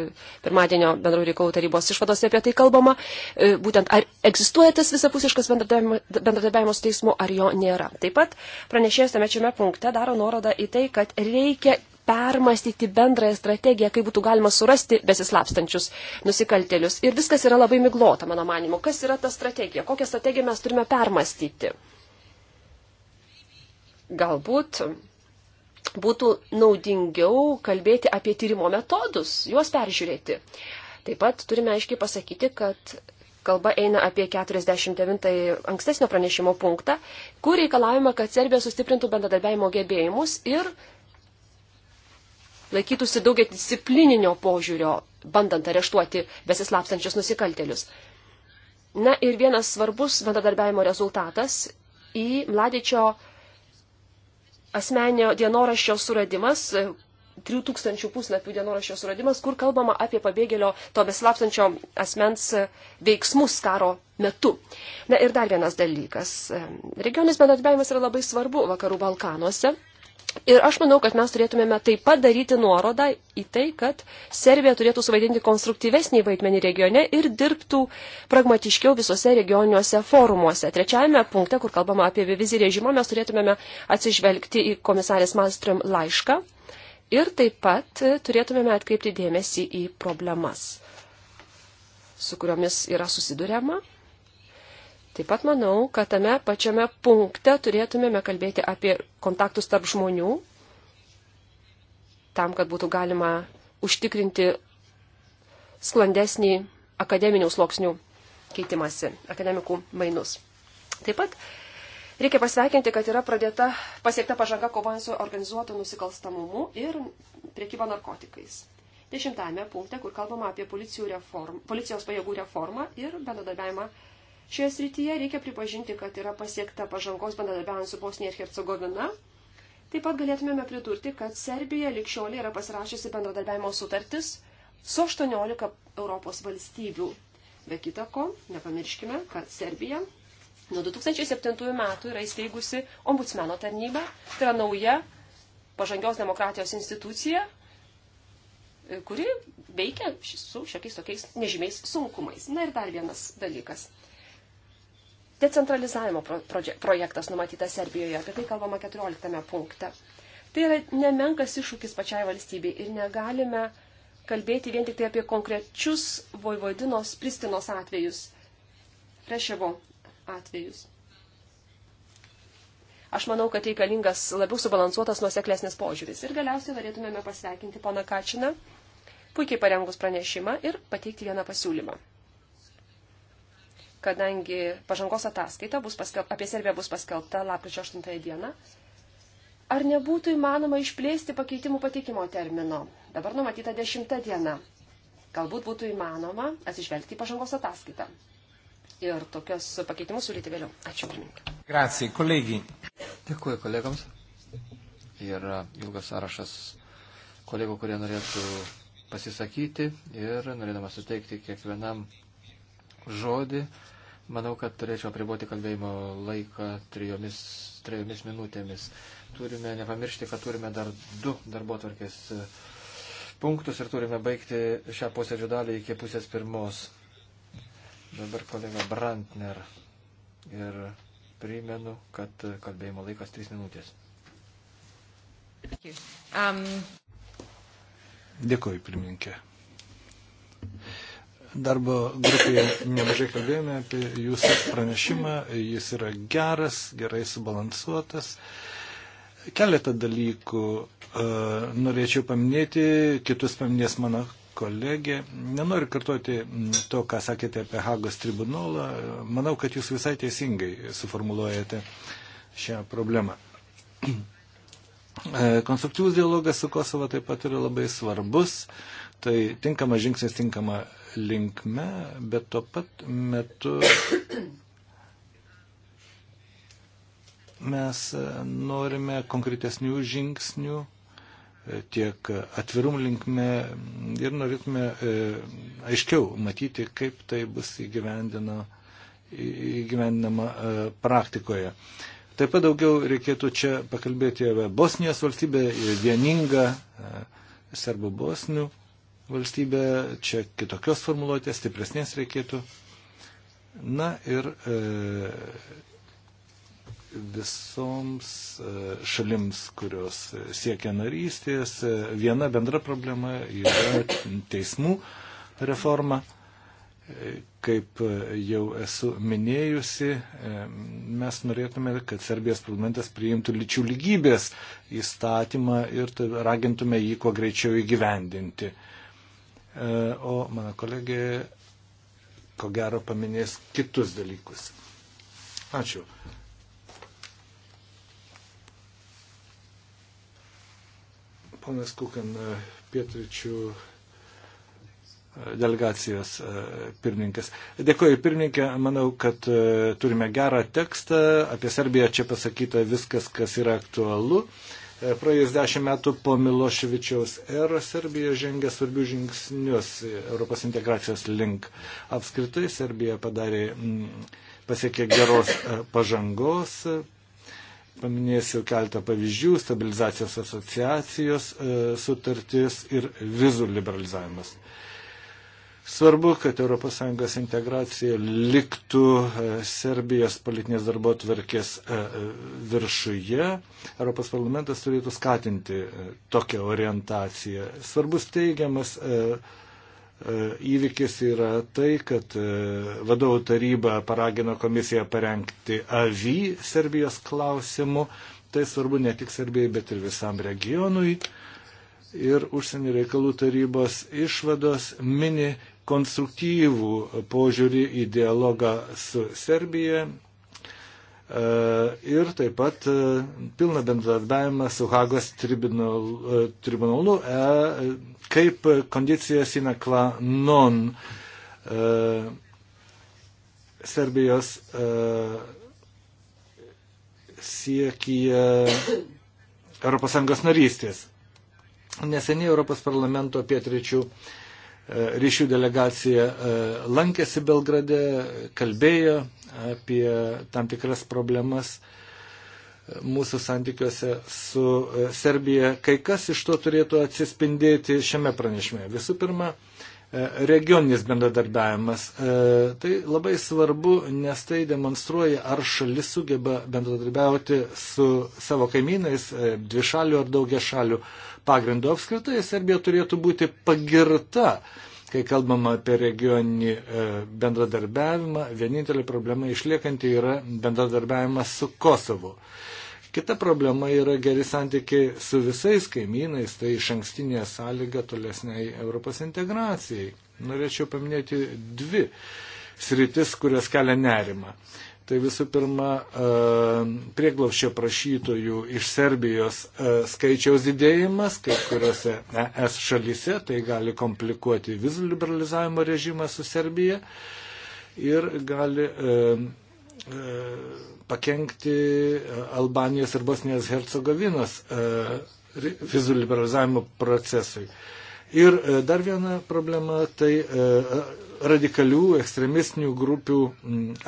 pirmadienio bendrų reikalų tarybos išvadose apie tai kalbama, e, būtent ar egzistuoja tas visapusiškas bendradarbiavimas teismu, ar jo nėra. Taip pat pranešėjas tame šiame punkte daro nuorodą į tai, kad reikia permastyti bendrąją strategiją, kaip būtų galima surasti besislapstančius nusikaltelius. Ir viskas yra labai miglota, mano manimu. Kas yra ta strategija? Kokią strategiją mes turime permastyti? Galbūt būtų naudingiau kalbėti apie tyrimo metodus, juos peržiūrėti. Taip pat turime aiškiai pasakyti, kad kalba eina apie 49 ankstesnio pranešimo punktą, kur reikalavima, kad Serbija sustiprintų bendradarbiavimo gebėjimus ir laikytųsi daugia disciplininio požiūrio, bandant areštuoti besislapstančius nusikaltelius. Na ir vienas svarbus bendradarbiavimo rezultatas į Mladičio asmenio dienoraščio suradimas, 3000 puslapių dienoraščio suradimas, kur kalbama apie pabėgėlio to beslapsančio asmens veiksmus karo metu. Na ir dar vienas dalykas. Regioninis bendradarbiavimas yra labai svarbu Vakarų Balkanuose. Ir aš manau, kad mes turėtumėme taip pat daryti nuorodą į tai, kad Serbija turėtų suvaidinti konstruktyvesnį vaidmenį regione ir dirbtų pragmatiškiau visose regioniuose forumuose. Trečiajame punkte, kur kalbama apie bevizį režimą, mes turėtumėme atsižvelgti į komisarės Malmström laišką ir taip pat turėtumėme atkreipti dėmesį į problemas, su kuriomis yra susidurėma Taip pat manau, kad tame pačiame punkte turėtumėme kalbėti apie kontaktus tarp žmonių, tam, kad būtų galima užtikrinti sklandesnį akademinių sloksnių keitimasi, akademikų mainus. Taip pat reikia pasveikinti, kad yra pradėta pasiekta pažanga kovojant su organizuotu nusikalstamumu ir priekyba narkotikais. Dešimtame punkte, kur kalbama apie reform, policijos pajėgų reformą ir bendradarbiavimą Šioje srityje reikia pripažinti, kad yra pasiekta pažangos bendradarbiaujant su Bosnija ir Hercegovina. Taip pat galėtumėme pridurti, kad Serbija likščiolė yra pasirašysi bendradarbiavimo sutartis su 18 Europos valstybių. Be kita ko, nepamirškime, kad Serbija nuo 2007 metų yra įsteigusi ombudsmeno tarnybą. Tai yra nauja pažangios demokratijos institucija, kuri veikia su šiokiais tokiais nežymiais sunkumais. Na ir dar vienas dalykas decentralizavimo projektas numatytas Serbijoje, apie tai kalbama 14 punkte. Tai yra nemenkas iššūkis pačiai valstybei ir negalime kalbėti vien tik tai apie konkrečius Vojvodinos Pristinos atvejus, Reševo atvejus. Aš manau, kad reikalingas labiau subalansuotas nuoseklesnis požiūris. Ir galiausiai norėtumėme pasveikinti poną Kačiną, puikiai parengus pranešimą ir pateikti vieną pasiūlymą kadangi pažangos ataskaita bus paskel... apie Serbiją bus paskelbta lapkričio 8 dieną. Ar nebūtų įmanoma išplėsti pakeitimų pateikimo termino? Dabar numatyta 10 diena. Galbūt būtų įmanoma atsižvelgti į pažangos ataskaitą. Ir tokios pakeitimus siūlyti vėliau. Ačiū, pirmininkai. Gracijai, kolegiai. Dėkuoju kolegams. Ir ilgas sąrašas kolegų, kurie norėtų pasisakyti ir norėdamas suteikti kiekvienam žodį Manau, kad turėčiau apriboti kalbėjimo laiką trijomis, trijomis minutėmis. Turime nepamiršti, kad turime dar du darbo tvarkės e, punktus ir turime baigti šią posėdžio dalį iki pusės pirmos. Dabar kolega Brantner. Ir primenu, kad kalbėjimo laikas trys minutės. Um... Dėkuoju, pirmininkė. Darbo grupėje nemažai kalbėjome apie jūsų pranešimą, jis yra geras, gerai subalansuotas. Keletą dalykų uh, norėčiau paminėti, kitus paminės mano kolegė. Nenoriu kartoti to, ką sakėte apie Hagos tribunolą. Manau, kad jūs visai teisingai suformuluojate šią problemą. E, konstruktyvus dialogas su Kosovo taip pat yra labai svarbus. Tai tinkamas žingsnis tinkama linkme, bet tuo pat metu mes norime konkretesnių žingsnių tiek atvirum linkme ir norėtume e, aiškiau matyti, kaip tai bus įgyvendinama e, praktikoje. Taip pat daugiau reikėtų čia pakalbėti apie Bosnijos valstybę, vieningą e, serbų bosnių valstybę, čia kitokios formuluotės, stipresnės reikėtų. Na ir e, visoms e, šalims, kurios siekia narystės, e, viena bendra problema yra teismų reforma. E, kaip jau esu minėjusi, mes norėtume, kad Serbijos parlamentas priimtų lyčių lygybės įstatymą ir ragintume jį kuo greičiau įgyvendinti. E, o mano kolegė ko gero paminės kitus dalykus. Ačiū. Ponas Kukan, e, pietričių e, delegacijos pirmininkas. Dėkuoju pirmininkė, manau, kad turime gerą tekstą, apie Serbiją čia pasakyta viskas, kas yra aktualu. Uh, E, praėjus dešimt metų po Miloševičiaus eros Serbija žengė svarbių žingsnius Europos integracijos link. Apskritai Serbija padarė, mm, pasiekė geros e, pažangos. Paminėsiu keltą pavyzdžių - stabilizacijos asociacijos e, sutartis ir vizų liberalizavimas. Svarbu, kad ES integracija liktų e, Serbijos politinės darbo tvarkės e, viršuje. Europos parlamentas turėtų skatinti e, tokią orientaciją. Svarbus teigiamas įvykis yra tai, kad vadovų taryba paragino komisiją parengti avį Serbijos klausimu. Tai svarbu ne tik Serbijai, bet ir visam regionui. Ir užsienio reikalų tarybos išvados mini konstruktyvų požiūrį į dialogą su Serbija e, ir taip pat e, pilną bendradarbiavimą su Hagos e, tribunolu, tribunolu kaip kondicija sine qua non Serbijos siekia ES narystės. Neseniai Europos parlamento pietryčių uh, ryšių delegacija e, lankėsi Belgrade, kalbėjo apie tam tikras problemas e, mūsų santykiuose su e, Serbija. Kai kas iš to turėtų atsispindėti šiame pranešime. Visų pirma, regioninis bendradarbiavimas. Tai labai svarbu, nes tai demonstruoja, ar šalis sugeba bendradarbiauti su savo kaimynais, dvišalių ar daugia šalių pagrindu. Apskritai, Serbija turėtų būti pagirta, kai kalbama apie regioninį e, bendradarbiavimą. Vienintelė problema išliekanti yra bendradarbiavimas su Kosovu. Kita problema yra geri santykiai su visais kaimynais, tai iš ankstinė sąlyga tolesniai Europos integracijai. Norėčiau paminėti dvi sritis, kurios kelia nerima. Tai visų pirma, e, prieglaušio prašytojų iš Serbijos e, skaičiaus didėjimas, kai kuriuose ES šalyse, tai gali komplikuoti vizų liberalizavimo režimą su Serbija ir gali e, pakengti Albanijos ir Bosnijos Hercegovinos vizų liberalizavimo procesui. E, Ir e, dar viena problema - tai e, radikalių ekstremistinių grupių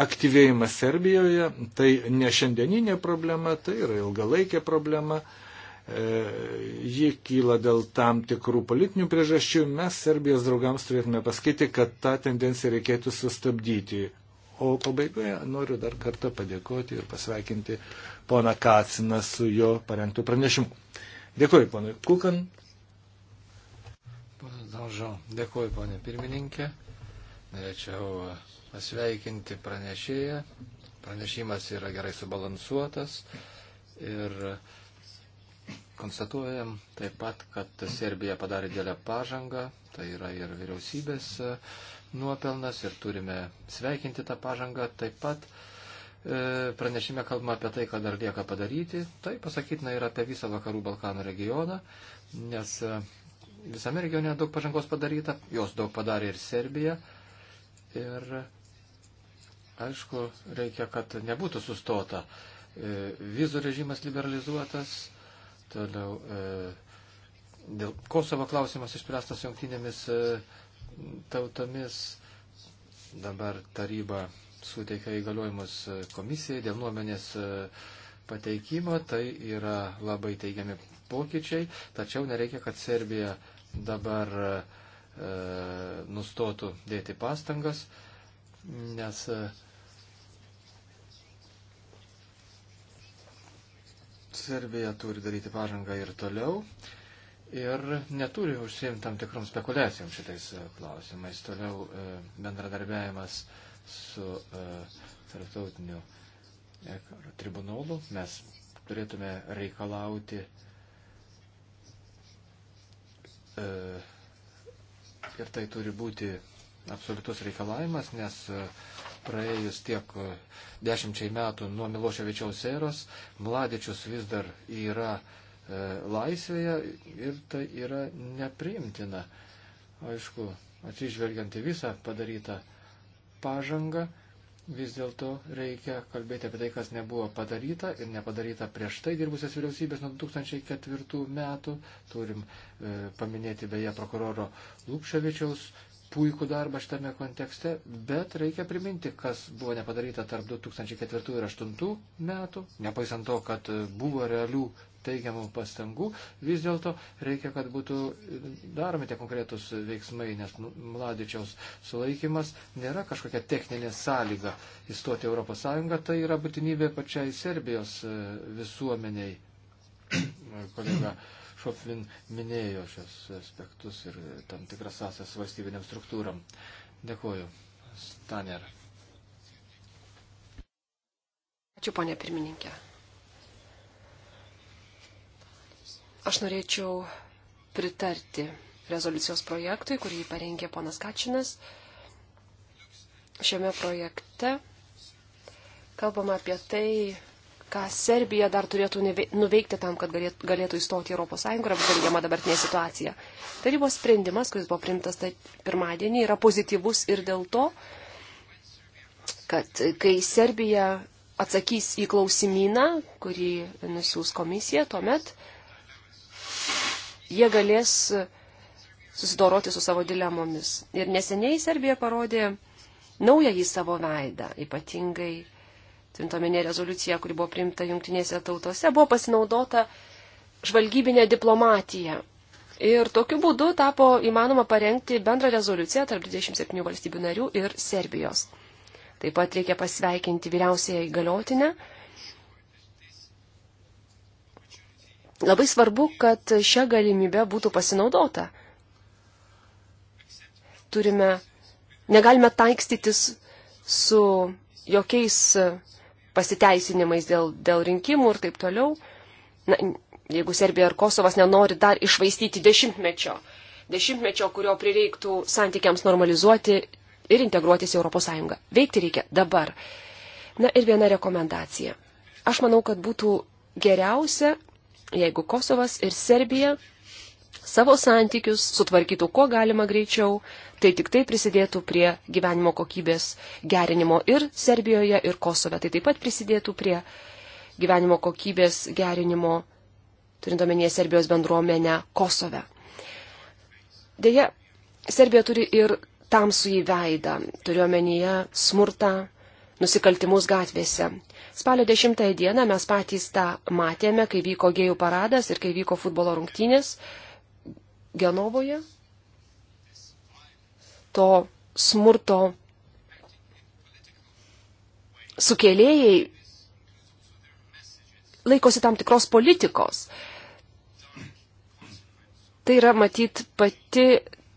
aktyvėjimas Serbijoje. Tai ne šiandieninė problema, tai yra ilgalaikė problema. E, ji kyla dėl tam tikrų politinių priežasčių. Mes Serbijos draugams turėtume pasakyti, kad tą tendenciją reikėtų sustabdyti. O pabaigoje noriu dar kartą padėkoti ir pasveikinti poną Kaciną su jo parengtų pranešimu. Dėkuoju, ponui Kukan. Danžo. Dėkuoju, ponė pirmininkė. Norėčiau e, pasveikinti pranešėją. Pranešimas yra gerai subalansuotas ir konstatuojam taip pat, kad Serbija padarė dėlę pažangą, tai yra ir vyriausybės e, nuopelnas ir turime sveikinti tą pažangą taip pat e, pranešime kalbama apie tai, ką dar lieka padaryti. Tai pasakytina ir apie visą vakarų Balkanų regioną, nes visame regione daug pažangos padaryta, jos daug padarė ir Serbija. Ir aišku, reikia, kad nebūtų sustota. E, vizų režimas liberalizuotas, toliau e, dėl Kosovo klausimas išspręstas jungtinėmis e, tautomis, dabar taryba suteikia įgaliojimus komisijai dėl nuomenės pateikimo, tai yra labai teigiami pokyčiai, tačiau nereikia, kad Serbija dabar e, e, nustotų dėti pastangas, nes e, Serbija turi daryti pažangą ir toliau ir neturi užsiimti tam tikrom spekulacijom šitais e, klausimais. Toliau e, bendradarbiavimas su e, tarptautiniu e, tribunolu mes turėtume reikalauti e, E, ir tai turi būti absoliutus reikalavimas, nes e, praėjus tiek e, dešimčiai metų nuo Miloševičiaus eros, Mladičius vis dar yra laisvėje ir tai yra nepriimtina. Aišku, atsižvelgiant į visą padarytą pažangą, vis dėlto reikia kalbėti apie tai, kas nebuvo padaryta ir nepadaryta prieš tai dirbusias vyriausybės nuo 2004 metų. Turim e, paminėti beje prokuroro Lukševičiaus puikų darbą šitame kontekste, bet reikia priminti, kas buvo nepadaryta tarp 2004 ir 2008 metų, nepaisant to, kad e, buvo realių teigiamų pastangų, vis dėlto reikia, kad būtų daromi tie konkretus veiksmai, nes Mladičiaus sulaikimas nėra kažkokia techninė sąlyga įstoti Europos Sąjungą, tai yra būtinybė pačiai Serbijos e, visuomeniai. [CLEARS THROAT] Kolega Šoflin minėjo šios aspektus ir tam tikras sąsas valstybiniam struktūram. Dėkuoju. Staner. Ačiū, ponė pirmininkė. Aš norėčiau pritarti rezoliucijos projektui, kurį parengė ponas Kačinas. Šiame projekte kalbama apie tai, ką Serbija dar turėtų nuveikti tam, kad galėtų įstoti į ES ir apžvelgiama dabartinė situacija. Tarybos sprendimas, kuris buvo primtas tai pirmadienį, yra pozityvus ir dėl to, kad kai Serbija atsakys į klausimyną, kurį nusiūs komisija, tuomet jie galės susidoroti su savo dilemomis. Ir neseniai Serbija parodė naująjį savo veidą, ypatingai tvintomenė rezoliucija, kuri buvo priimta jungtinėse tautose, buvo pasinaudota žvalgybinė diplomatija. Ir tokiu būdu tapo įmanoma parengti bendrą rezoliuciją tarp 27 valstybių narių ir Serbijos. Taip pat reikia pasveikinti vyriausiąją įgaliotinę Labai svarbu, kad šią galimybę būtų pasinaudota. Turime, negalime taikstytis su jokiais pasiteisinimais dėl, dėl rinkimų ir taip toliau. Na, jeigu Serbija ir Kosovas nenori dar išvaistyti dešimtmečio, dešimtmečio, kurio prireiktų santykiams normalizuoti ir integruotis į ES. Veikti reikia dabar. Na ir viena rekomendacija. Aš manau, kad būtų geriausia jeigu Kosovas ir Serbija savo santykius sutvarkytų kuo galima greičiau, tai tik tai prisidėtų prie gyvenimo kokybės gerinimo ir Serbijoje, ir Kosove. Tai taip pat prisidėtų prie gyvenimo kokybės gerinimo, turint omenyje Serbijos bendruomenę Kosove. Deja, Serbija turi ir tamsų įveidą, turiu omenyje smurtą, nusikaltimus gatvėse. Spalio 10 dieną mes patys tą matėme, kai vyko gėjų paradas ir kai vyko futbolo rungtynės Genovoje. To smurto sukėlėjai laikosi tam tikros politikos. Tai yra matyt pati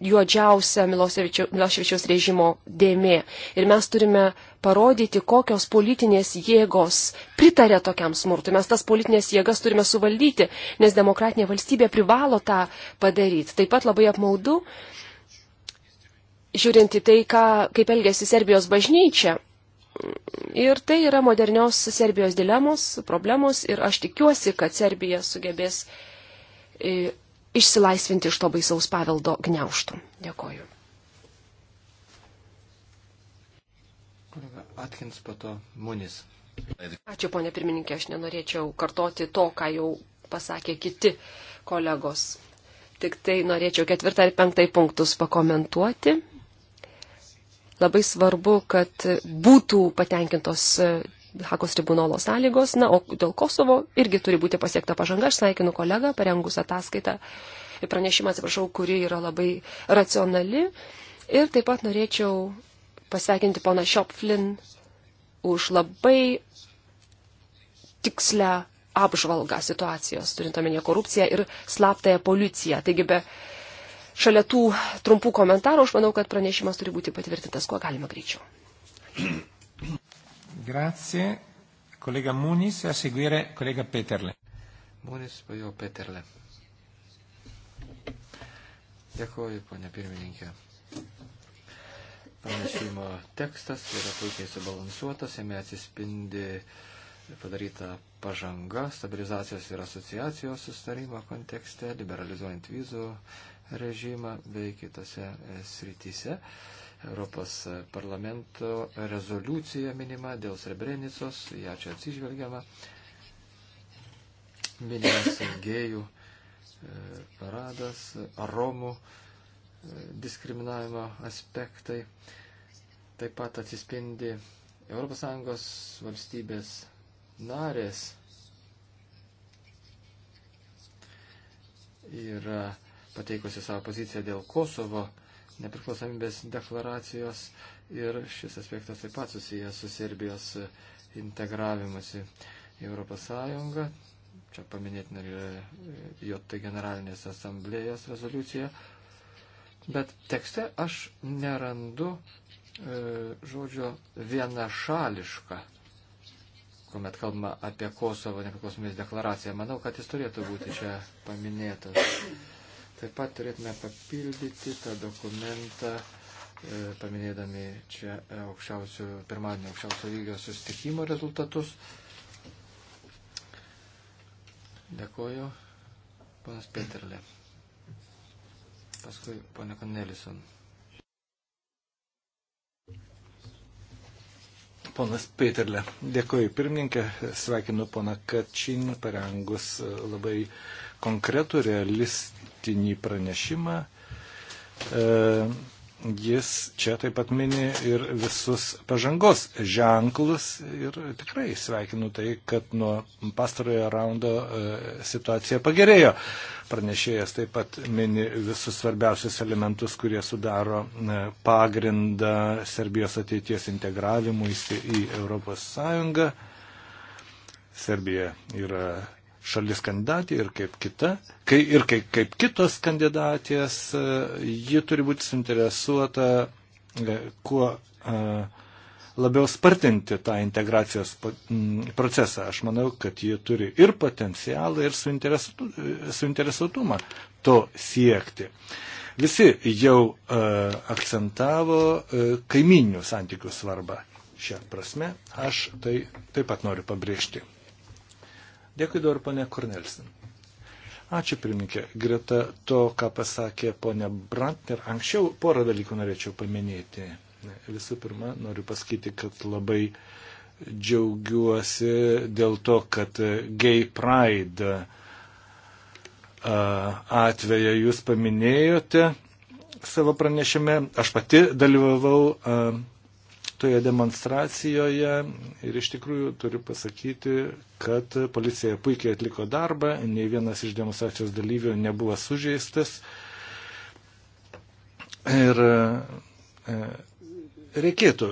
juodžiausia Miloševičiaus režimo dėmė. Ir mes turime parodyti, kokios politinės jėgos pritarė tokiam smurtui. Mes tas politinės jėgas turime suvaldyti, nes demokratinė valstybė privalo tą padaryti. Taip pat labai apmaudu, žiūrint į tai, ką, kaip elgėsi Serbijos bažnyčia. Ir tai yra modernios Serbijos dilemos, problemos ir aš tikiuosi, kad Serbija sugebės e, išsilaisvinti iš to baisaus paveldo gneuštų. Dėkoju. Atkins po to Munis. Ačiū, ponė pirmininkė, aš nenorėčiau kartoti to, ką jau pasakė kiti kolegos. Tik tai norėčiau ketvirtą ir penktąjį punktus pakomentuoti. Labai svarbu, kad būtų patenkintos Hakos tribunolo sąlygos, na, o dėl Kosovo irgi turi būti pasiekta pažanga. Aš sveikinu kolegą, parengus ataskaitą ir pranešimą, atsiprašau, kuri yra labai racionali. Ir taip pat norėčiau pasveikinti poną Šopflin už labai tikslę apžvalgą situacijos, turint omenyje korupciją ir slaptąją policiją. Taigi be šalia tų trumpų komentarų aš manau, kad pranešimas turi būti patvirtintas kuo galima greičiau. [COUGHS] Grazie. Collega Muniz e a seguire collega Peterle. Muniz, poi jau Peterle. Dėkuoju, ponia pirmininkė. Pranešimo tekstas yra puikiai subalansuotas, jame atsispindi padaryta pažanga stabilizacijos ir asociacijos sustarimo kontekste, liberalizuojant vizų režimą bei kitose e, srityse. E, Europos parlamento rezoliucija minima dėl Srebrenicos, ją čia atsižvelgiama, minimas gėjų e, paradas, romų e, diskriminavimo aspektai. Taip pat atsispindi ES valstybės narės yra pateikusi savo poziciją dėl Kosovo nepriklausomybės deklaracijos ir šis aspektas taip pat susijęs su Serbijos integravimasi į Europos Sąjungą. Čia paminėtina ir e, JT generalinės asamblėjos rezoliucija. Bet tekste aš nerandu e, žodžio vienašališka, kuomet kalbama apie Kosovo nepriklausomybės deklaraciją. Manau, kad jis turėtų būti čia paminėtas. Taip pat turėtume papildyti tą dokumentą, e, paminėdami čia aukščiausių, pirmadienio aukščiausio lygio sustikimo rezultatus. Dėkoju, panas Peterlė. Paskui ponė Konelison. Ponas Peterlė. Dėkoju, pirmininkė. Sveikinu poną Kačinį parengus labai konkretų realistą metinį pranešimą. E, jis čia taip pat mini ir visus pažangos ženklus ir tikrai sveikinu tai, kad nuo pastarojo raundo e, situacija pagerėjo. Pranešėjas taip pat mini visus svarbiausius elementus, kurie sudaro e, pagrindą Serbijos ateities integravimui į Europos Sąjungą. Serbija yra šalis kandidatė ir kaip kita, kai, ir kaip, kaip kitos kandidatės, e, ji turi būti suinteresuota e, kuo e, labiau spartinti tą integracijos procesą. Aš manau, kad ji turi ir potencialą, ir suinteresuotumą to siekti. Visi jau uh, akcentavo uh, kaiminių santykių svarbą. Šią prasme aš tai taip pat noriu pabrėžti. Dėkui dar, ponė Kornelsin. Ačiū, pirmininkė. Greta to, ką pasakė ponė Brantner, anksčiau porą dalykų norėčiau paminėti. Visų pirma, noriu pasakyti, kad labai džiaugiuosi dėl to, kad Gay Pride atveją jūs paminėjote savo pranešime. Aš pati dalyvavau toje demonstracijoje ir iš tikrųjų turiu pasakyti, kad policija puikiai atliko darbą, nei vienas iš demonstracijos dalyvių nebuvo sužeistas. Ir e, reikėtų,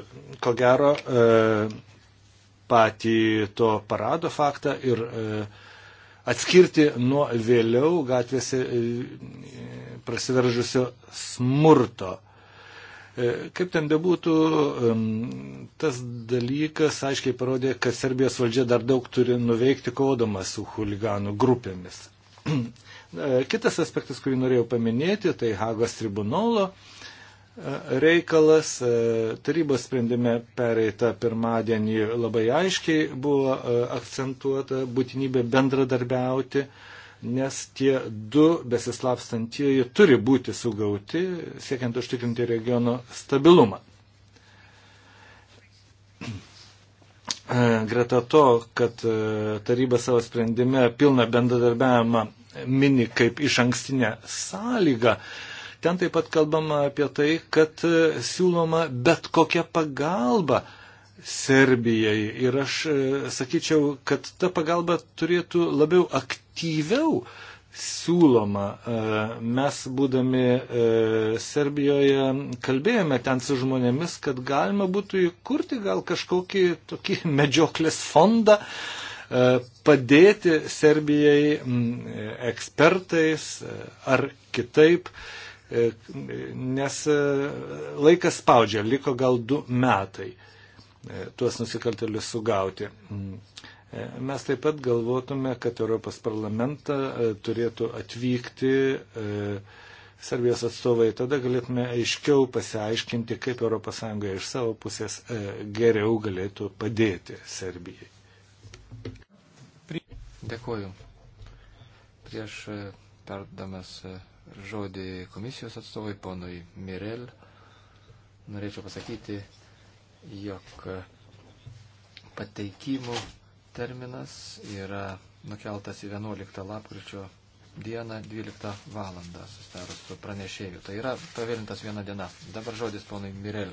ko gero, e, patį to parado faktą ir e, atskirti nuo vėliau gatvėse prasiveržusio smurto. E, kaip ten bebūtų, tas dalykas aiškiai parodė, kad Serbijos valdžia dar daug turi nuveikti kovodama su huliganų grupėmis. [CLEARS THROAT] E, kitas aspektas, kurį norėjau paminėti, tai Hagos tribunolo e, reikalas. Tarybos sprendime pereitą pirmadienį labai aiškiai buvo akcentuota būtinybė bendradarbiauti nes tie du besislapstantieji turi būti sugauti, siekiant užtikrinti regiono stabilumą. E, greta to, kad e, taryba savo sprendime pilną bendradarbiavimą mini kaip iš ankstinę sąlygą, ten taip pat kalbama apie tai, kad e, siūloma bet kokia pagalba Serbijai. Ir aš sakyčiau, kad ta pagalba turėtų labiau aktyviai aktyviau siūloma. E, mes, būdami e, Serbijoje, kalbėjome ten su žmonėmis, kad galima būtų įkurti gal kažkokį tokį [LAUGHS] medžioklės fondą, e, padėti Serbijai ekspertais ar kitaip, nes laikas spaudžia, liko gal du metai tuos nusikaltelius sugauti. Mm. E, mes taip pat galvotume, kad Europos parlamentą e, turėtų atvykti e, Serbijos atstovai, tada galėtume aiškiau pasiaiškinti, kaip ES iš savo pusės geriau galėtų padėti Serbijai. Dėkuoju. Prieš perdamas žodį komisijos atstovai ponui Mirel, norėčiau pasakyti, jog pateikimų terminas yra nukeltas į 11 lapkričio dieną 12 valandą susitarus su pranešėju. Tai yra pavėlintas viena diena. Dabar žodis ponui Mirel.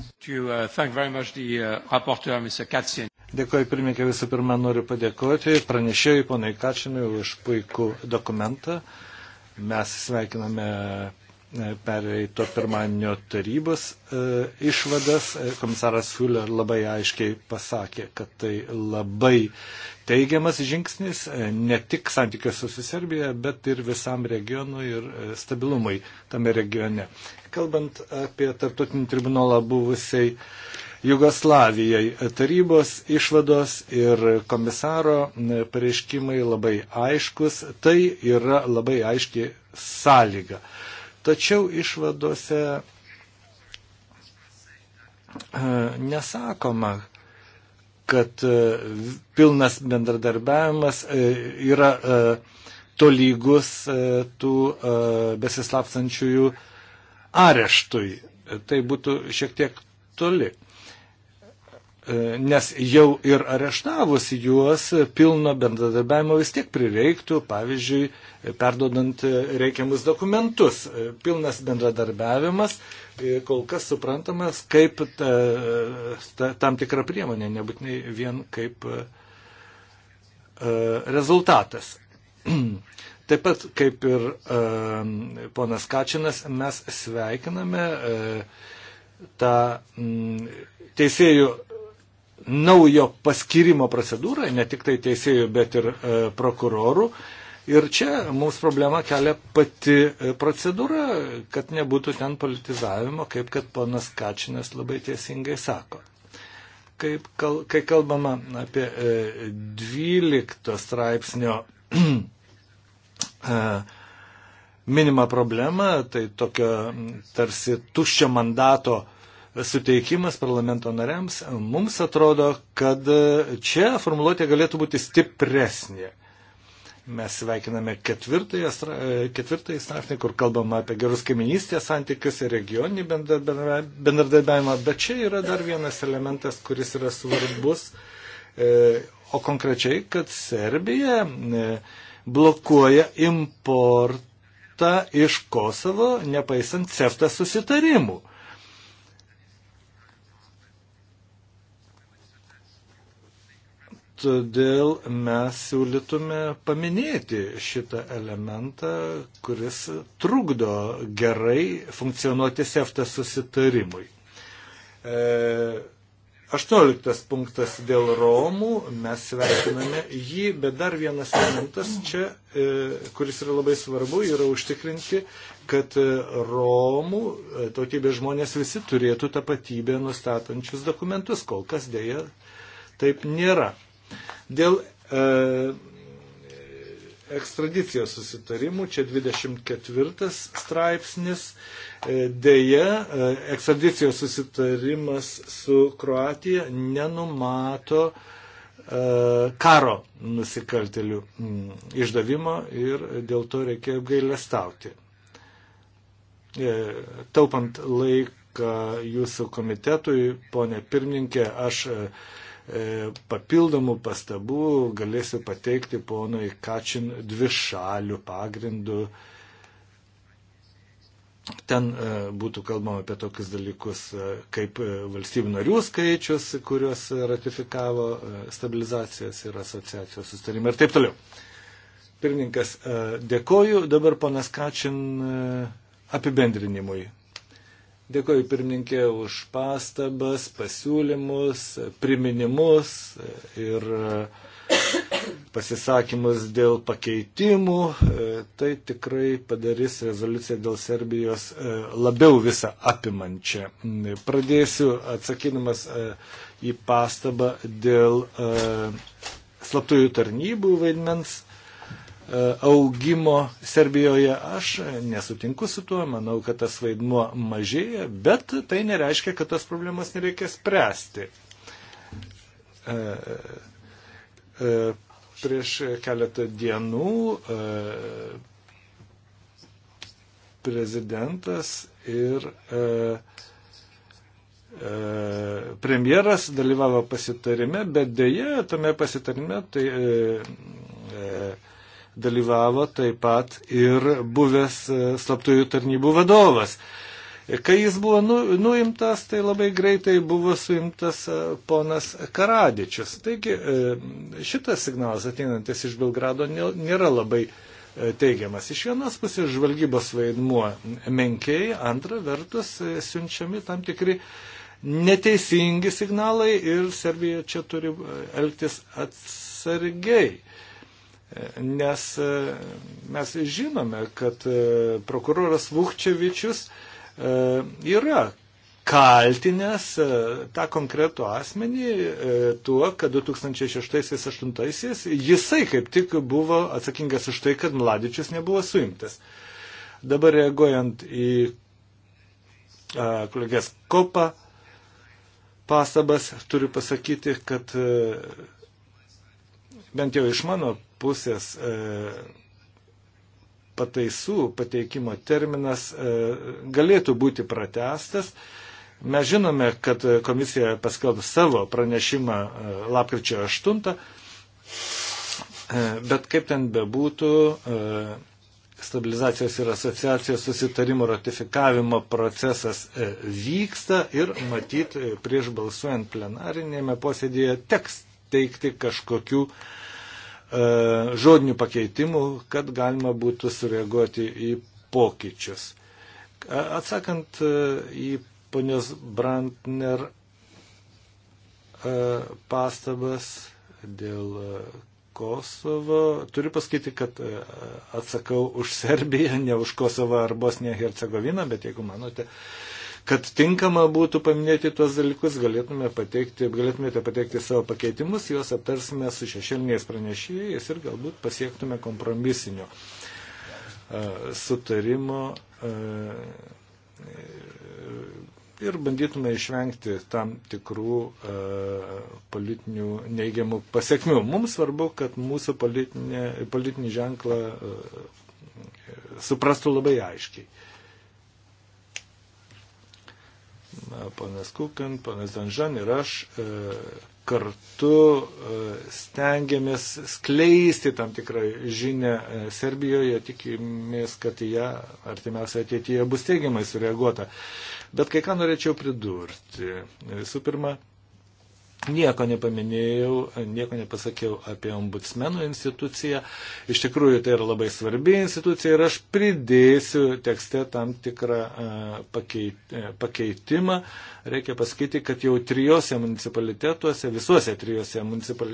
Uh, uh, Dėkuoju pirmininkai visų pirma, noriu padėkoti pranešėjui ponui Kačinui už puikų dokumentą. Mes sveikiname E, pereito pirmadienio tarybos e, išvadas. E, komisaras Fuller labai aiškiai pasakė, kad tai labai teigiamas žingsnis ne tik santykiuose su Serbija, bet ir visam regionui ir stabilumui tame regione. Kalbant apie tarptautinį tribunolą buvusiai Jugoslavijai, tarybos išvados ir komisaro pareiškimai labai aiškus, tai yra labai aiški sąlyga Tačiau išvadose e, nesakoma, kad e, pilnas bendradarbiavimas e, yra tolygus tų besislapsančiųjų areštui. Tai būtų šiek tiek toli. E, nes jau ir areštavus juos pilno bendradarbiavimo vis tiek prireiktų, pavyzdžiui, perdodant e, reikiamus dokumentus. E, pilnas bendradarbiavimas kol kas suprantamas kaip ta, ta, tam tikra priemonė, nebūtinai vien kaip rezultatas. [CLEARS THROAT] Taip pat, kaip ir ponas Kačinas, mes sveikiname tą teisėjų naujo paskirimo procedūrą, ne tik tai teisėjų, bet ir e, prokurorų. Ir čia mums problema kelia pati e, procedūra, kad nebūtų ten politizavimo, kaip kad ponas Kačinas labai teisingai sako. Kaip, kal, kai kalbama apie e, 12 straipsnio [CLEARS THROAT] e, minimą problemą, tai tokio tarsi tuščio mandato e, suteikimas parlamento nariams, mums atrodo, kad čia formuluotė galėtų būti stipresnė. Mes sveikiname ketvirtąjį straipsnį, kur kalbama apie gerus kaiminystės santykius ir regioninį bendradarbiavimą, bet čia yra dar vienas elementas, kuris yra svarbus, e, o konkrečiai, kad Serbija e, blokuoja importą iš Kosovo, nepaisant CEFTA susitarimų. Todėl mes siūlytume paminėti šitą elementą, kuris trukdo gerai funkcionuoti SEFTA susitarimui. E, 18 punktas dėl Romų, mes sveikiname jį, bet dar vienas elementas čia, e, kuris yra labai svarbu, yra užtikrinti, kad Romų e, tautybės žmonės visi turėtų tapatybę nustatančius dokumentus, kol kas dėja taip nėra. Dėl e, ekstradicijos susitarimų, čia 24 straipsnis, e, dėja, e, ekstradicijos susitarimas su Kroatija nenumato e, karo nusikaltelių mm, išdavimo ir dėl to reikia gailestauti. Taupant laiką jūsų komitetui, ponė pirmininkė, aš E, papildomų pastabų galėsiu pateikti ponui Kačin dvi šalių pagrindų. Ten e, būtų kalbama apie tokius dalykus e, kaip valstybių narių skaičius, kuriuos ratifikavo stabilizacijos ir asociacijos sustarimai ir taip toliau. Pirmininkas, dėkoju. Dabar ponas Kačin apibendrinimui Dėkoju pirmininkė už pastabas, pasiūlymus, priminimus ir e, pasisakymus dėl pakeitimų. E, tai tikrai padarys rezoliuciją dėl Serbijos e, labiau visą apimančią. Pradėsiu atsakydamas į pastabą dėl slaptųjų tarnybų vaidmens E, augimo Serbijoje. Aš nesutinku su tuo, manau, kad tas vaidmuo mažėja, bet tai nereiškia, kad tas problemas nereikia spręsti. E, e, prieš keletą dienų prezidentas ir premjeras dalyvavo pasitarime, bet dėje tame pasitarime tai e, e, dalyvavo taip pat ir buvęs e, slaptųjų tarnybų vadovas. Kai jis buvo nu, nuimtas, tai labai greitai buvo suimtas e, ponas Karadičius. Taigi e, šitas signalas ateinantis iš Belgrado nėra labai teigiamas. Iš vienos pusės žvalgybos vaidmuo menkiai, antra vertus siunčiami tam tikri neteisingi signalai ir Serbija čia turi elgtis atsargiai nes e, mes žinome, kad e, prokuroras Vukčevičius e, yra kaltinęs tą konkretų asmenį tuo, kad 2006-2008 jisai kaip tik buvo atsakingas už tai, kad Mladičius nebuvo suimtas. Dabar reaguojant į kolegės Kopą pastabas, turiu pasakyti, kad a, bent jau iš mano pusės e, pataisų pateikimo terminas e, galėtų būti pratestas. Mes žinome, kad komisija paskelbė savo pranešimą e, lapkričio 8, bet kaip ten bebūtų, stabilizacijos ir asociacijos susitarimo ratifikavimo procesas vyksta ir matyt prieš balsuojant plenarinėme posėdėje teks teikti kažkokių uh, E, žodinių pakeitimų, kad galima būtų sureaguoti į pokyčius. Atsakant e, į ponios Brandner e, pastabas dėl Kosovo, turiu pasakyti, kad atsakau už Serbiją, ne už Kosovą ar Bosniją Hercegoviną, bet jeigu manote, kad tinkama būtų paminėti tuos dalykus, galėtume pateikti, galėtumėte pateikti savo pakeitimus, juos aptarsime su šešėliniais pranešėjais ir galbūt pasiektume kompromisinio e, sutarimo e, ir bandytume išvengti tam tikrų e, politinių neigiamų pasiekmių. Mums svarbu, kad mūsų politinė, politinį ženklą e, suprastų labai aiškiai. ponas Kukan, ponas Danžan ir aš e, kartu e, stengiamės skleisti tam tikrą žinę e, Serbijoje, tikimės, kad į ją artimiausia ateityje bus teigiamai sureaguota. Bet kai ką norėčiau pridurti. Visų pirma, Nieko nepaminėjau, nieko nepasakiau apie ombudsmenų instituciją. Iš tikrųjų, tai yra labai svarbi institucija ir aš pridėsiu tekste tam tikrą e, pakeit, e, pakeitimą. Reikia pasakyti, kad jau trijose municipalitetuose, visuose trijose municipal,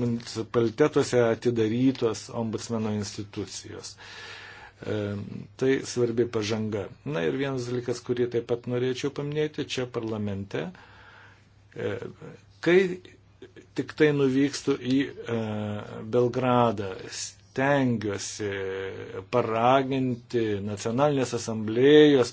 municipalitetuose atidarytos ombudsmeno institucijos. E, tai svarbi pažanga. Na ir vienas dalykas, kurį taip pat norėčiau paminėti čia parlamente Kai tik tai nuvykstu į e, Belgradą, stengiuosi paraginti nacionalinės asamblėjos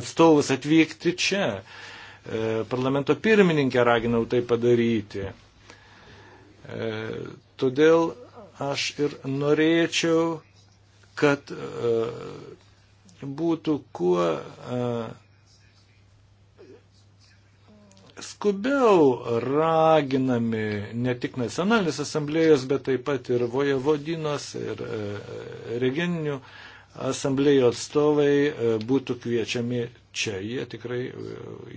atstovus atvykti čia. E, parlamento pirmininkę raginau tai padaryti. E, todėl aš ir norėčiau, kad būtų kuo skubiau raginami ne tik nacionalinės asamblėjos, bet taip pat ir vojevodinos ir e, regioninių asamblėjų atstovai e, būtų kviečiami čia. Jie tikrai e,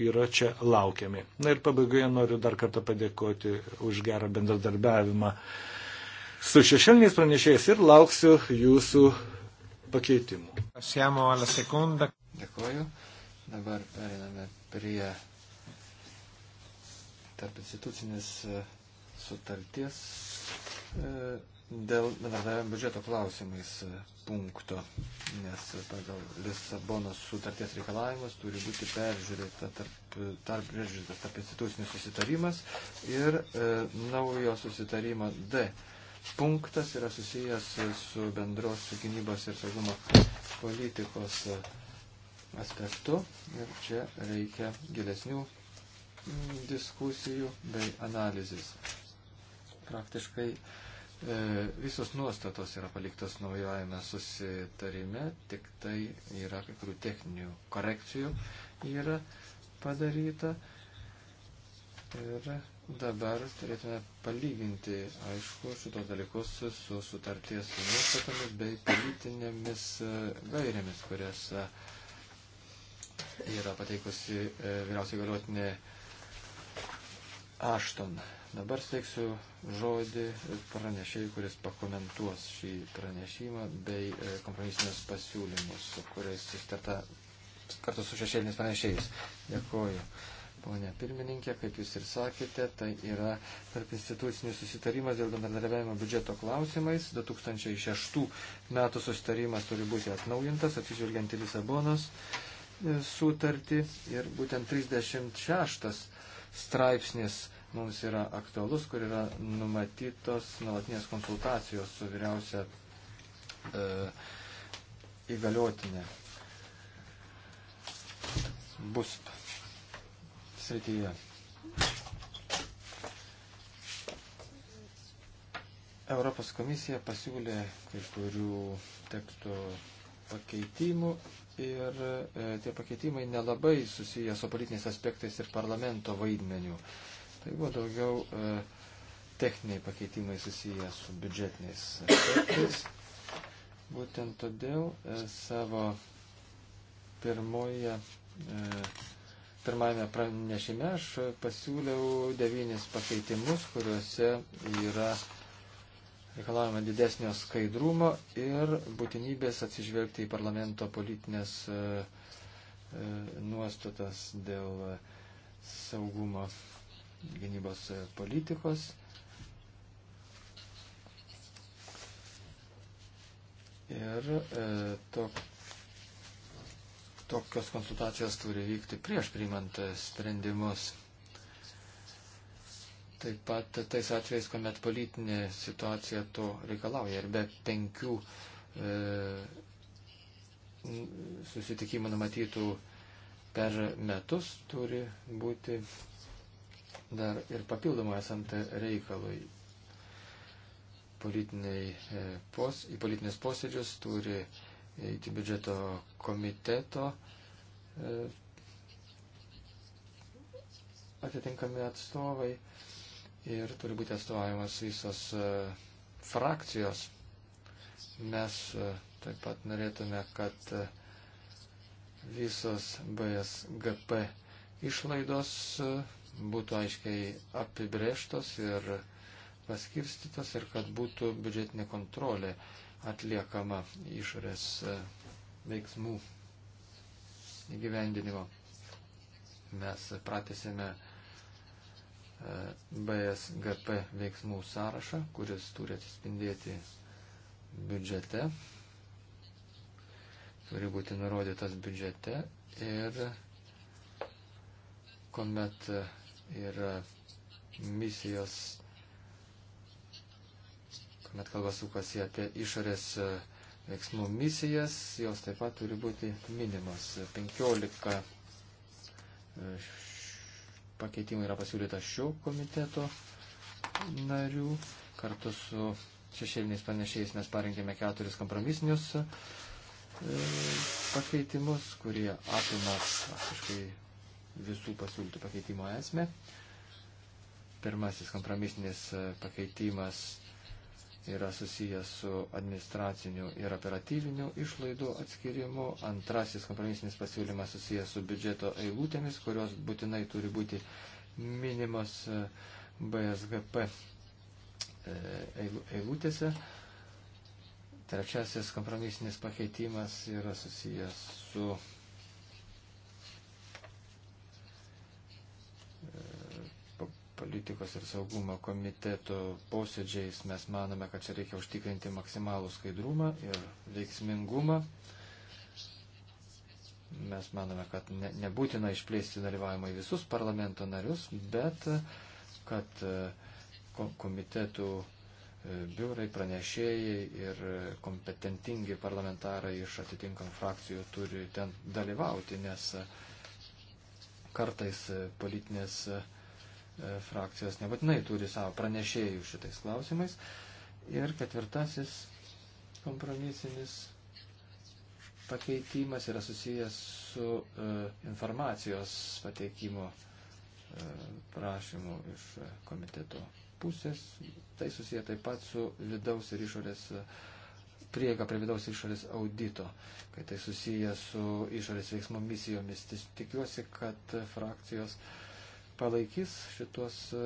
yra čia laukiami. Na ir pabaigoje noriu dar kartą padėkoti už gerą bendradarbiavimą su šešelniais pranešėjais ir lauksiu jūsų pakeitimų. Dėkuoju. Dabar periname prie tarp institucinės e, sutarties e, dėl bendradarbiavimo biudžeto klausimais e, punkto, nes pagal Lisabonos sutarties reikalavimus turi būti peržiūrėta tarp, tarp, peržiūrėtas tarp institucinis susitarimas ir e, naujo susitarimo D punktas yra susijęs su bendros gynybos ir saugumo politikos aspektu ir čia reikia gilesnių diskusijų bei analizės. Praktiškai e, visos nuostatos yra paliktos naujojame susitarime, tik tai yra kai kurių techninių korekcijų yra padaryta. Ir dabar turėtume palyginti, aišku, šitos dalykus su sutarties nuostatomis bei politinėmis e, gairėmis, kurias e, yra pateikusi vyriausiai galiotinė Ašton. Dabar steiksiu žodį pranešėjui, kuris pakomentuos šį pranešimą bei e, kompromisinius pasiūlymus, kuriais sustarta kartu su šešėlinis pranešėjais. Dėkoju. Pone pirmininkė, kaip jūs ir sakėte, tai yra tarp institucinis susitarimas dėl bendradarbiavimo biudžeto klausimais. 2006 metų susitarimas turi būti atnaujintas, atsižvelgiant į Lisabonos e, sutartį ir būtent 36 straipsnis mums yra aktualus, kur yra numatytos nuolatinės konsultacijos su vyriausia e, įgaliotinė bus srityje. Europos komisija pasiūlė kai kurių tekstų pakeitimų ir e, tie pakeitimai nelabai susiję su politiniais aspektais ir parlamento vaidmeniu. Tai buvo daugiau e, techniniai pakeitimai susiję su biudžetiniais aspektais. Būtent todėl e, savo pirmoje, pirmajame pranešime aš pasiūliau devynis pakeitimus, kuriuose yra reikalavome didesnio skaidrumo ir būtinybės atsižvelgti į parlamento politinės e, e, nuostatas dėl e, saugumo gynybos politikos. Ir e, to, tokios konsultacijos turi vykti prieš priimant sprendimus. Taip pat tais atvejais, kuomet politinė situacija to reikalauja ir be penkių e, susitikimų numatytų per metus turi būti dar ir papildomai esant reikalui. Politiniai, e, pos, į politinės posėdžius turi įti biudžeto komiteto e, atitinkami atstovai ir turi būti atstovavimas visos e, frakcijos. Mes e, taip pat norėtume, kad e, visos BSGP išlaidos būtų aiškiai apibrėžtos ir paskirstytos ir kad būtų biudžetinė kontrolė atliekama išorės veiksmų įgyvendinimo. Mes pratėsime uh, BSGP veiksmų sąrašą, kuris turi atsispindėti biudžete, turi būti nurodytas biudžete ir kuomet yra misijos, kuomet kalba sukasi apie išorės e, veiksmų misijas, jos taip pat turi būti minimas 15 pakeitimų yra pasiūlyta šio komiteto narių. Kartu su šešėliniais pranešėjais mes parengėme keturis kompromisinius e, pakeitimus, kurie apima praktiškai visų pasiūlytų pakeitimo esmę. Pirmasis kompromisinis e, pakeitimas yra susijęs su administraciniu ir operatyviniu išlaidų atskirimu. Antrasis kompromisinis pasiūlymas susijęs su biudžeto eilutėmis, kurios būtinai turi būti minimos e, BSGP e, eilutėse. Trečiasis kompromisinis pakeitimas yra susijęs su politikos ir saugumo komiteto posėdžiais mes manome, kad čia reikia užtikrinti maksimalų skaidrumą ir veiksmingumą. Mes manome, kad ne, nebūtina išplėsti dalyvavimą į visus parlamento narius, bet kad e, komitetų e, biurai, pranešėjai ir kompetentingi parlamentarai iš atitinkamų frakcijų turi ten dalyvauti, nes kartais politinės uh, E, frakcijos nebūtinai turi savo pranešėjų šitais klausimais. Ir ketvirtasis kompromisinis pakeitimas yra susijęs su e, informacijos pateikimo e, prašymų iš komiteto pusės. Tai susiję taip pat su vidaus ir išorės prieiga prie vidaus ir išorės audito, kai tai susiję su išorės veiksmo misijomis. Tikiuosi, kad frakcijos uh, palaikys šitos e,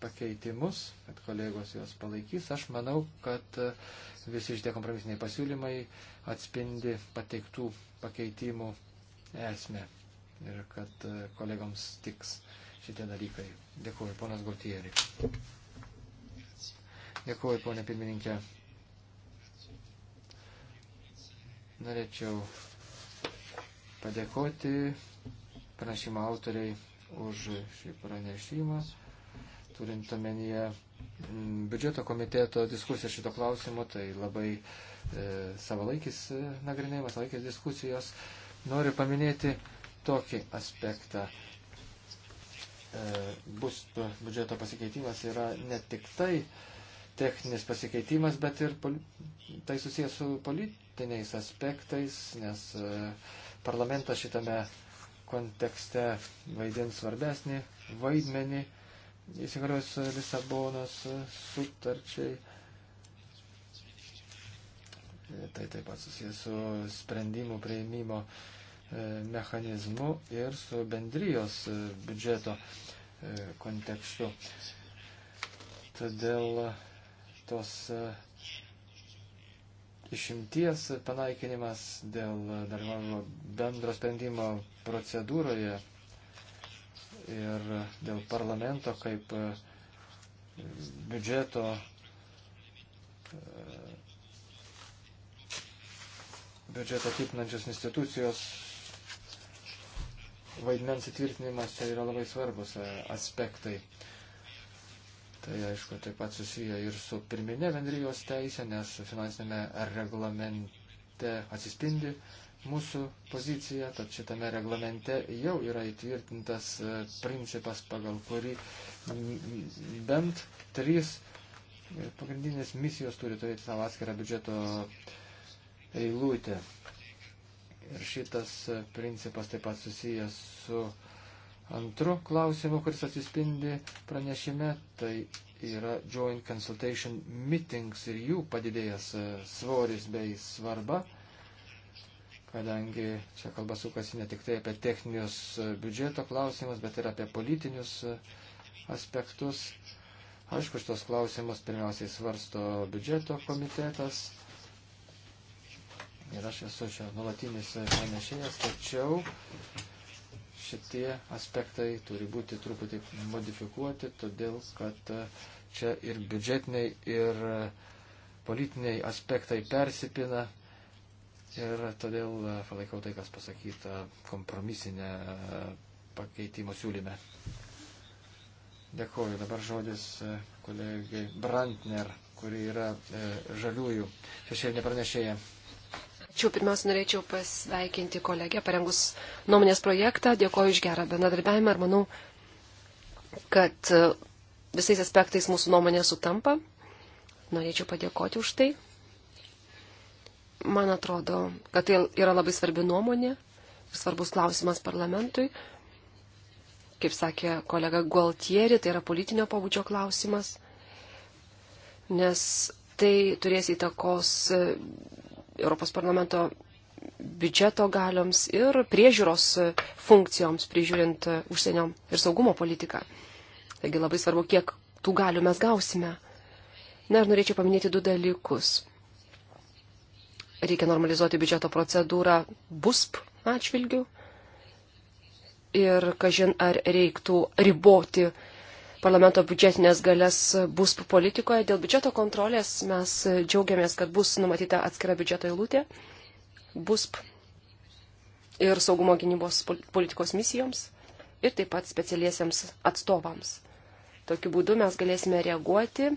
pakeitimus, kad kolegos juos palaikys. Aš manau, kad e, visi šitie kompromisiniai pasiūlymai atspindi pateiktų pakeitimų esmę ir kad e, kolegoms tiks šitie dalykai. Dėkuoju, ponas Gautieri. Dėkuoju, ponė pirmininkė. Norėčiau padėkoti pranešimo autoriai už šį pranešimą, turint omenyje biudžeto komiteto diskusiją šito klausimo, tai labai e, savalaikis e, nagrinėjimas, savalaikis diskusijos. Noriu paminėti tokį aspektą. E, bus biudžeto pasikeitimas yra ne tik tai techninis pasikeitimas, bet ir tai susijęs su politiniais aspektais, nes e, parlamentas šitame kontekste vaidins svarbesnį vaidmenį įsigalios Lisabonos sutarčiai. Tai taip pat susijęs su sprendimų prieimimo e, mechanizmu ir su bendrijos e, biudžeto e, kontekstu. Todėl tos išimties panaikinimas dėl dalyvavimo bendro sprendimo procedūroje ir dėl parlamento kaip e, biudžeto e, biudžetą tikrinančios institucijos vaidmens įtvirtinimas čia tai yra labai svarbus e, aspektai. Tai aišku, taip pat susiję ir su pirminė bendrijos teisė, nes finansinėme reglamente atsispindi mūsų pozicija, tad šitame reglamente jau yra įtvirtintas e, principas, pagal kurį bent trys e, pagrindinės misijos turi turėti savo atskirą biudžeto eilutę. Ir šitas e, principas taip pat susijęs su Antru klausimu, kuris atsispindi pranešime, tai yra joint consultation meetings ir jų padidėjęs e, svoris bei svarba, kadangi čia kalba sukasi ne tik tai apie techninius e, biudžeto klausimus, bet ir apie politinius e, aspektus. Aišku, šitos klausimus pirmiausiai svarsto biudžeto komitetas. Ir aš esu čia nuolatinis pranešėjas, tačiau šitie aspektai turi būti truputį modifikuoti, todėl kad e, čia ir biudžetiniai, ir e, politiniai aspektai persipina. Ir todėl e, palaikau tai, kas pasakyta kompromisinė pakeitimo siūlyme. Dėkuoju. Dabar žodis kolegai Brantner, kuri yra žaliųjų šešėlinė pranešėja. Tačiau pirmiausia, norėčiau pasveikinti kolegę, parengus nuomonės projektą. Dėkoju už gerą bendradarbiavimą ir manau, kad e, visais aspektais mūsų nuomonė sutampa. Norėčiau padėkoti už tai. Man atrodo, kad tai yra labai svarbi nuomonė ir svarbus klausimas parlamentui. Kaip sakė kolega Gualtieri, tai yra politinio pabudžio klausimas, nes tai turės įtakos e, Europos parlamento biudžeto galioms ir priežiūros funkcijoms, prižiūrint užsienio ir saugumo politiką. Taigi labai svarbu, kiek tų galių mes gausime. Na ir norėčiau paminėti du dalykus. Reikia normalizuoti biudžeto procedūrą BUSP atšvilgių ir kažin ar reiktų riboti parlamento biudžetinės galės bus politikoje. Dėl biudžeto kontrolės mes džiaugiamės, kad bus numatyta atskira biudžeto eilutė, bus ir saugumo gynybos politikos misijoms ir taip pat specialiesiems atstovams. Tokiu būdu mes galėsime reaguoti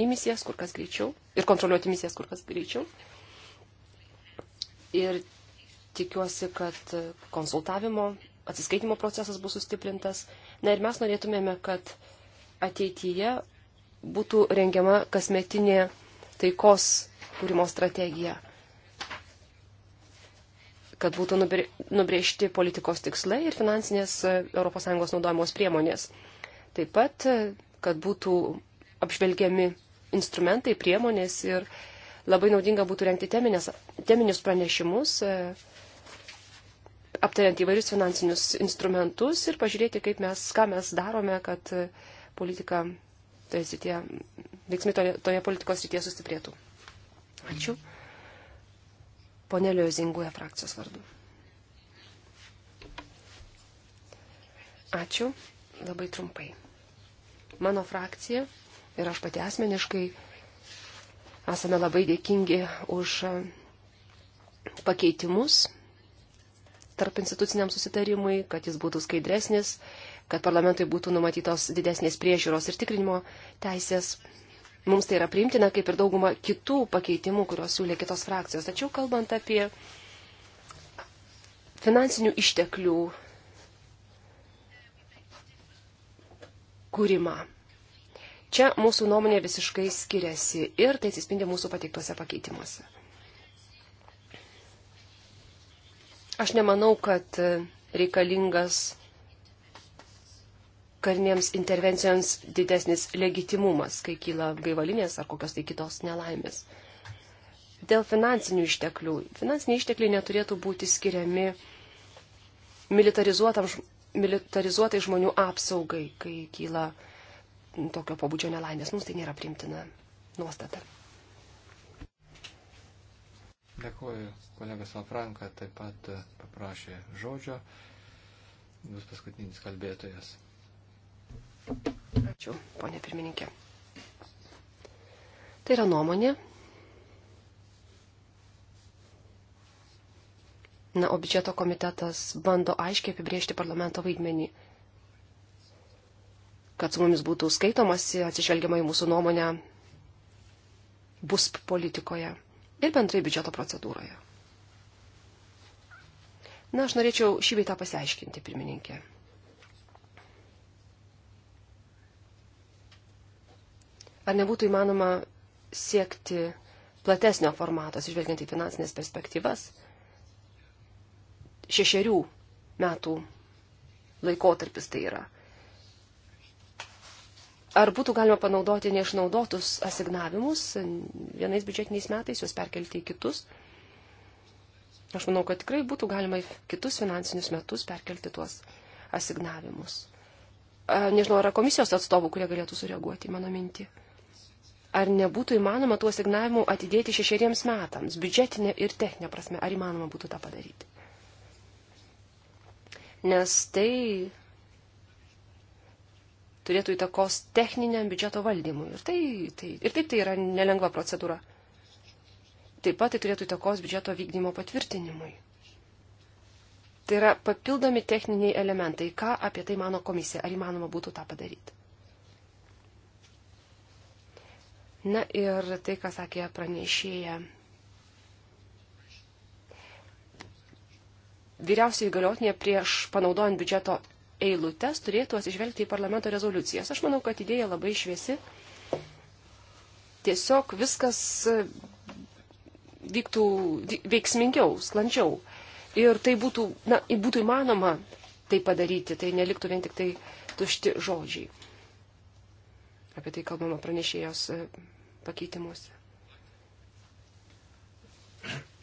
į misijas kur kas greičiau ir kontroliuoti misijas kur kas greičiau. Ir tikiuosi, kad konsultavimo, atsiskaitimo procesas bus sustiprintas Na ir mes norėtumėme, kad ateityje būtų rengiama kasmetinė taikos kūrimo strategija, kad būtų nubriežti politikos tikslai ir finansinės e, ES naudojamos priemonės. Taip pat, e, kad būtų apžvelgiami instrumentai, priemonės ir labai naudinga būtų renkti teminės, teminius pranešimus e, aptariant įvairius finansinius instrumentus ir pažiūrėti, kaip mes, ką mes darome, kad e, politika, toje srityje, veiksmai toje, toje politikos srityje sustiprėtų. Ačiū. Pone Liozinguoja frakcijos vardu. Ačiū. Labai trumpai. Mano frakcija ir aš pati asmeniškai esame labai dėkingi už e, pakeitimus tarp instituciniam susitarimui, kad jis būtų skaidresnis, kad parlamentui būtų numatytos didesnės priežiūros ir tikrinimo teisės. Mums tai yra priimtina, kaip ir dauguma kitų pakeitimų, kuriuos siūlė kitos frakcijos. Tačiau kalbant apie finansinių išteklių kūrimą. Čia mūsų nuomonė visiškai skiriasi ir tai atsispindi mūsų pateiktuose pakeitimuose. Aš nemanau, kad e, reikalingas karinėms intervencijoms didesnis legitimumas, kai kyla gaivalinės ar kokios tai kitos nelaimės. Dėl finansinių išteklių. Finansiniai ištekliai neturėtų būti skiriami militarizuotai žmonių apsaugai, kai kyla tokio pabudžio nelaimės. Mums tai nėra primtina nuostata. Dėkuoju, kolega Salfranka taip pat e, paprašė žodžio. Jūs paskutinis kalbėtojas. Ačiū, ponė pirmininkė. Tai yra nuomonė. Na, o biudžeto komitetas bando aiškiai apibriežti parlamento vaidmenį kad su mumis būtų skaitomasi, atsižvelgiama į mūsų nuomonę, bus politikoje ir bendrai biudžeto procedūroje. Na, aš norėčiau šį beitą pasiaiškinti, pirmininkė. Ar nebūtų įmanoma siekti platesnio formato, išvelgiant į finansinės perspektyvas, šešerių metų laikotarpis tai yra – ar būtų galima panaudoti neišnaudotus asignavimus vienais biudžetiniais metais, juos perkelti į kitus. Aš manau, kad tikrai būtų galima į kitus finansinius metus perkelti tuos asignavimus. Nežinau, ar komisijos atstovų, kurie galėtų sureaguoti į mano mintį. Ar nebūtų įmanoma tuos asignavimų atidėti šešeriems metams, biudžetinė ir techninė prasme, ar įmanoma būtų tą padaryti? Nes tai turėtų įtakos techniniam biudžeto valdymui. Ir, tai, tai, ir taip tai yra nelengva procedūra. Taip pat tai turėtų įtakos biudžeto vykdymo patvirtinimui. Tai yra papildomi techniniai elementai. Ką apie tai mano komisija? Ar įmanoma būtų tą padaryti? Na ir tai, ką sakė pranešėja. Vyriausiai įgaliotinė prieš panaudojant biudžeto eilutes turėtų atsižvelgti į parlamento rezoliucijas. Aš manau, kad idėja labai šviesi. Tiesiog viskas e, vyktų veiksmingiau, sklančiau. Ir tai būtų, na, būtų įmanoma tai padaryti, tai neliktų vien tik tai tušti žodžiai. Apie tai kalbama pranešėjos e, pakeitimuose.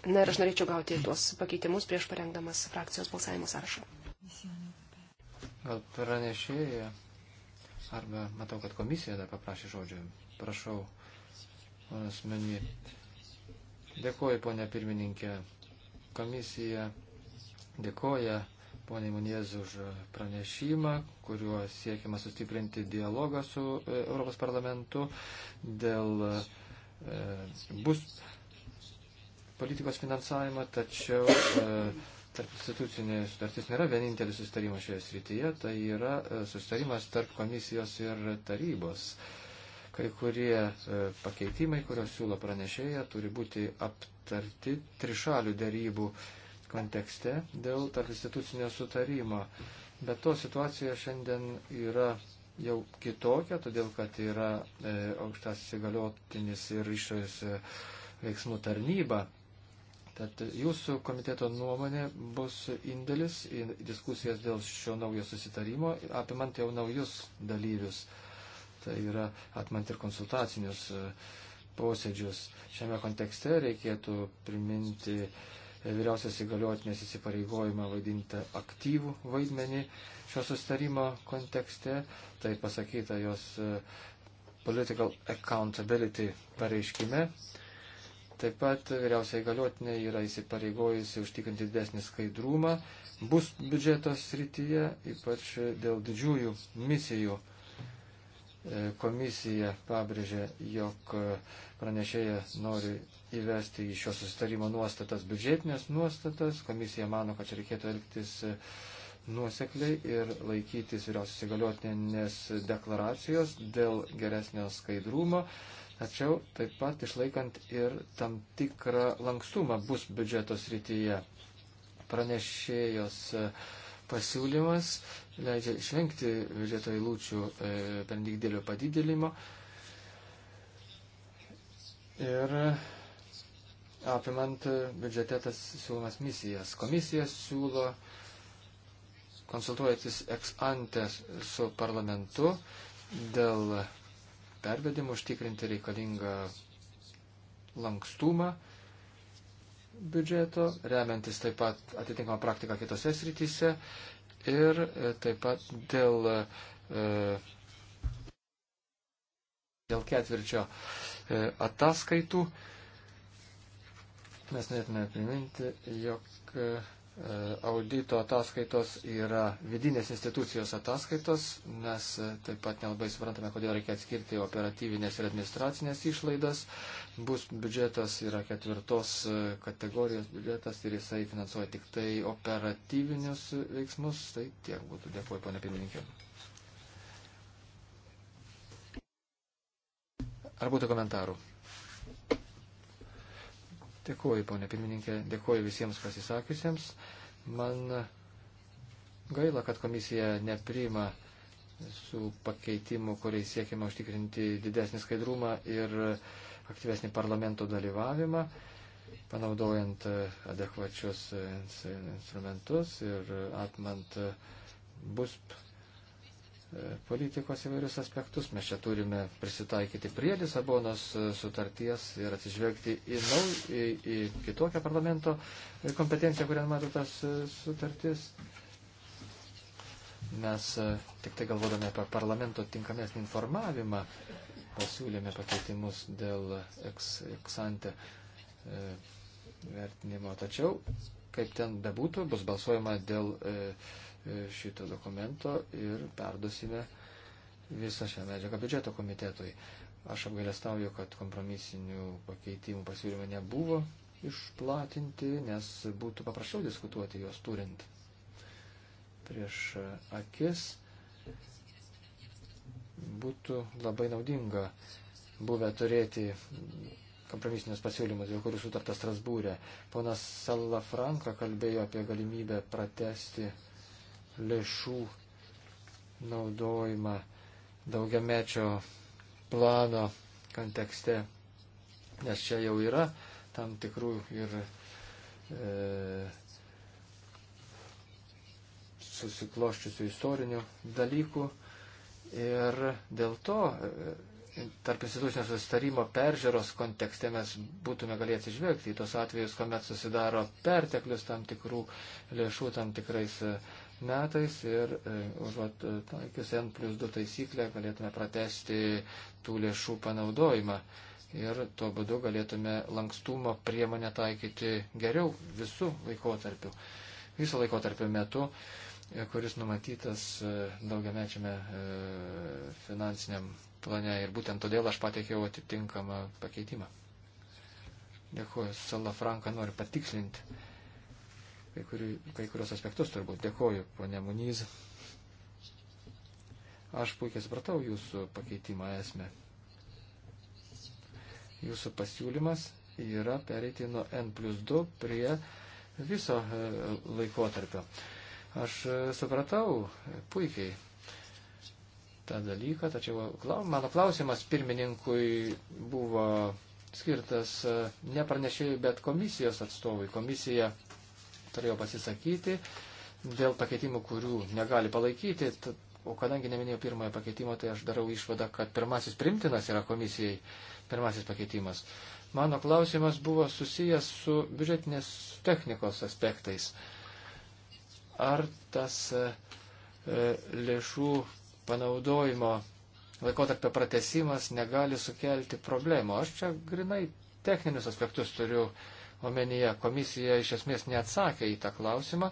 Na ir aš norėčiau gauti tuos pakeitimus prieš parengdamas frakcijos balsavimo sąrašą. Misijonė. Gal pranešėja, arba matau, kad komisija dar paprašė žodžio. Prašau, manas meni. Dėkuoju, ponia pirmininkė. Komisija dėkoja poniai Muniez už pranešimą, kuriuo siekiama sustiprinti dialogą su e, Europos parlamentu dėl e, bus politikos finansavimo, tačiau e, Tarp institucinė sutartis nėra vienintelis sustarimas šioje srityje, tai yra e, sustarimas tarp komisijos ir tarybos. Kai kurie e, pakeitimai, kurios siūlo pranešėja, turi būti aptarti trišalių dėrybų kontekste dėl tarp institucinio sutarimo. Bet to situacija šiandien yra jau kitokia, todėl kad yra e, aukštas įgaliotinis ir išorės e, veiksmų tarnyba Tad jūsų komiteto nuomonė bus indėlis į diskusijas dėl šio naujo susitarimo, apimant jau naujus dalyvius. Tai yra atmant ir konsultacinius e, posėdžius. Šiame kontekste reikėtų priminti e, vyriausias įgaliotinės įsipareigojimą vaidinti aktyvų vaidmenį šio sustarimo kontekste. Tai pasakyta jos e, political accountability pareiškime. Taip pat vyriausiai galiotinė yra įsipareigojusi užtikrinti didesnį skaidrumą, bus biudžetos srityje, ypač dėl didžiųjų misijų. E, komisija pabrėžė, jog pranešėja nori įvesti į šio sustarimo nuostatas biudžetinės nuostatas. Komisija mano, kad čia reikėtų elgtis nuosekliai ir laikytis vyriausios įgaliotinės deklaracijos dėl geresnio skaidrumo tačiau taip pat išlaikant ir tam tikrą lankstumą bus biudžetos rytyje. Pranešėjos e, pasiūlymas leidžia išvengti biudžeto įlūčių e, per didelio padidėlimo ir e, apimant biudžetetas siūlomas misijas. Komisija siūlo konsultuojantis ex ante su parlamentu dėl pervedimų, užtikrinti reikalingą lankstumą biudžeto, remiantis taip pat atitinkamą praktiką kitose srityse ir e, taip pat dėl, e, dėl ketvirčio e, ataskaitų mes norėtume priminti, jog E, audito ataskaitos yra vidinės institucijos ataskaitos. Mes e, taip pat nelabai suprantame, kodėl reikia atskirti operatyvinės ir administracinės išlaidas. Bus biudžetas yra ketvirtos e, kategorijos biudžetas ir jisai finansuoja tik tai operatyvinius veiksmus. Tai tiek būtų. Dėkuoju, ponė pirmininkė. Ar būtų komentarų? Dėkuoju, ponė pirmininkė, dėkuoju visiems pasisakiusiems. Man gaila, kad komisija nepriima su pakeitimu, kuriais siekime užtikrinti didesnį skaidrumą ir aktyvesnį parlamento dalyvavimą, panaudojant adekvačius instrumentus ir atmant bus E, politikos įvairius aspektus. Mes čia turime prisitaikyti prie Lisabonos e, sutarties ir atsižvelgti į, nau, į, į kitokią parlamento e, kompetenciją, kurią mato tas sutartis. Mes tik tai galvodami apie parlamento tinkamesnį informavimą pasiūlėme pakeitimus dėl eksante vertinimo. Tačiau, kaip ten bebūtų, bus balsuojama dėl. E, E, šito dokumento ir perdusime visą šią medžiagą biudžeto komitetui. Aš apgailestauju, kad kompromisinių pakeitimų pasiūlymų nebuvo išplatinti, nes būtų paprasčiau diskutuoti juos turint prieš akis. Būtų labai naudinga buvę turėti kompromisinius pasiūlymus, dėl kurių sutarta Strasbūrė. Ponas Salafranka kalbėjo apie galimybę pratesti lėšų naudojimą daugiamečio plano kontekste, nes čia jau yra tam tikrų ir e, susikloščiusių istorinių dalykų ir dėl to e, tarp institucinio susitarimo peržiūros kontekste mes būtume galėję atsižvelgti į tos atvejus, kuomet susidaro perteklius tam tikrų lėšų tam tikrais e, metais ir e, užuot e, taikius N plus 2 taisyklę galėtume pratesti tų lėšų panaudojimą. Ir tuo būdu galėtume lankstumo priemonę taikyti geriau visų laikotarpių. Viso laikotarpio metu, e, kuris numatytas daugiamečiame finansiniam plane. Ir būtent todėl aš pateikiau atitinkamą pakeitimą. Dėkuoju, Salafranka nori patikslinti kai, kurių, kai kurios aspektus turbūt. Dėkoju, ponė Muniz. Aš puikiai supratau jūsų pakeitimą esmę. Jūsų pasiūlymas yra pereiti nuo N plus 2 prie viso e, laikotarpio. Aš e, supratau puikiai tą dalyką, tačiau mano klausimas pirmininkui buvo skirtas e, ne pranešėjui, bet komisijos atstovui. Komisija turėjo pasisakyti dėl pakeitimų, kurių negali palaikyti. O kadangi neminėjau pirmojo pakeitimo, tai aš darau išvadą, kad pirmasis primtinas yra komisijai pirmasis pakeitimas. Mano klausimas buvo susijęs su biudžetinės technikos aspektais. Ar tas e, e lėšų panaudojimo laikotarpio pratesimas negali sukelti problemų? Aš čia grinai techninius aspektus turiu e, omenyje. Komisija iš esmės neatsakė į tą klausimą.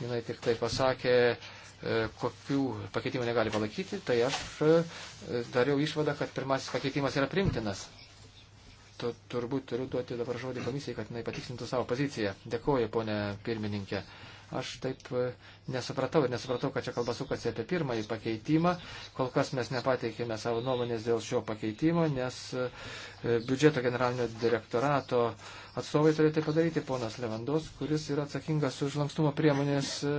Jis tik tai pasakė, e, kokių pakeitimų negali palaikyti, tai aš e, dariau išvadą, kad pirmasis pakeitimas yra primtinas. Tu, turbūt turiu duoti dabar žodį komisijai, kad jinai patikslintų savo poziciją. Dėkuoju, ponė pirmininkė. Uh, Aš taip e, nesupratau ir nesupratau, kad čia kalba sukasi apie pirmąjį pakeitimą. Kol kas mes nepateikėme savo nuomonės dėl šio pakeitimo, nes e, biudžeto generalinio direktorato atstovai turi tai padaryti, ponas Levandos, kuris yra atsakingas už lankstumo priemonės e,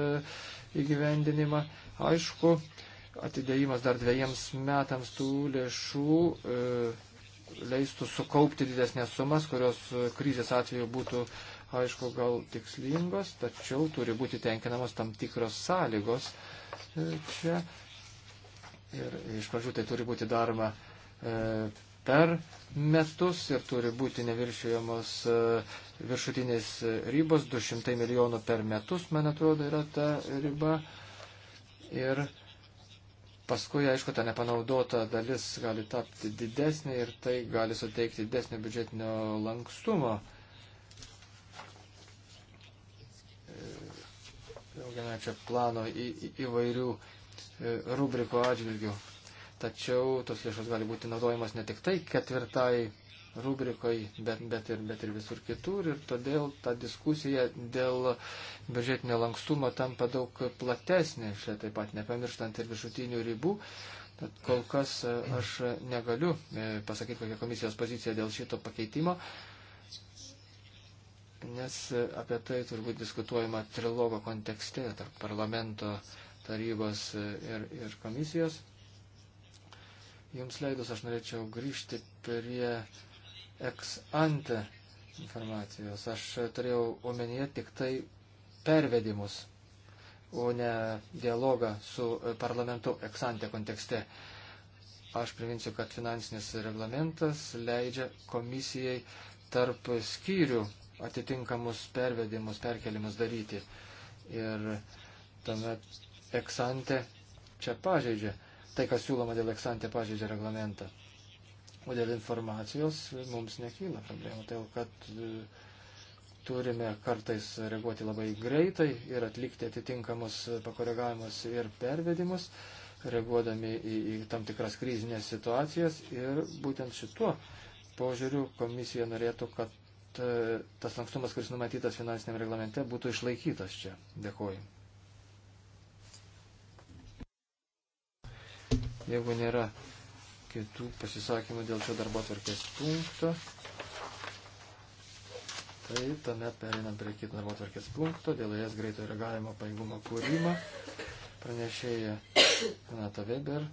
įgyvendinimą. Aišku, atidėjimas dar dviejiems metams tų lėšų e, leistų sukaupti didesnės sumas, kurios krizės atveju būtų aišku, gal tikslingos, tačiau turi būti tenkinamos tam tikros sąlygos e, čia. Ir iš pradžių tai turi būti daroma e, per metus ir turi būti neviršijamos e, viršutinės ribos, 200 milijonų per metus, man atrodo, yra ta riba. Ir Paskui, aišku, ta nepanaudota dalis gali tapti didesnė ir tai gali suteikti didesnio biudžetinio lankstumo ilgamečio plano į, į, įvairių e, rubrikų atžvilgių. Tačiau tos lėšos gali būti naudojamos ne tik tai ketvirtai rubrikoje, bet, bet, ir, bet ir visur kitur. Ir todėl ta diskusija dėl biudžetinio lankstumo tampa daug platesnė, čia taip pat nepamirštant ir viršutinių ribų. Tad kol kas e, aš negaliu e, pasakyti, kokia komisijos pozicija dėl šito pakeitimo. Uh, nes e, apie tai turbūt diskutuojama trilogo kontekste tarp parlamento tarybos e, ir, ir komisijos. Jums leidus aš norėčiau grįžti prie ex ante informacijos. Aš turėjau omenyje tik tai pervedimus, o ne dialogą su e, parlamentu ex ante kontekste. Aš priminsiu, kad finansinis reglamentas leidžia komisijai tarp skyrių atitinkamus pervedimus, perkelimus daryti. Ir tuomet eksante čia pažeidžia, tai kas siūloma dėl eksante pažeidžia reglamentą. O dėl informacijos mums nekyla problemų, dėl tai, kad e, turime kartais reaguoti labai greitai ir atlikti atitinkamus pakoregavimus ir pervedimus reaguodami į, į tam tikras krizinės situacijas ir būtent šituo požiūriu komisija norėtų, kad E, tas lankstumas, kuris numatytas finansiniam reglamente, būtų išlaikytas čia. Dėkuoju. Jeigu nėra kitų pasisakymų dėl šio darbo tvarkės punkto, tai tuomet perinam prie kito darbo tvarkės punkto, dėl jas greito reagavimo paėgumo kūrimo pranešėja Renata Weber.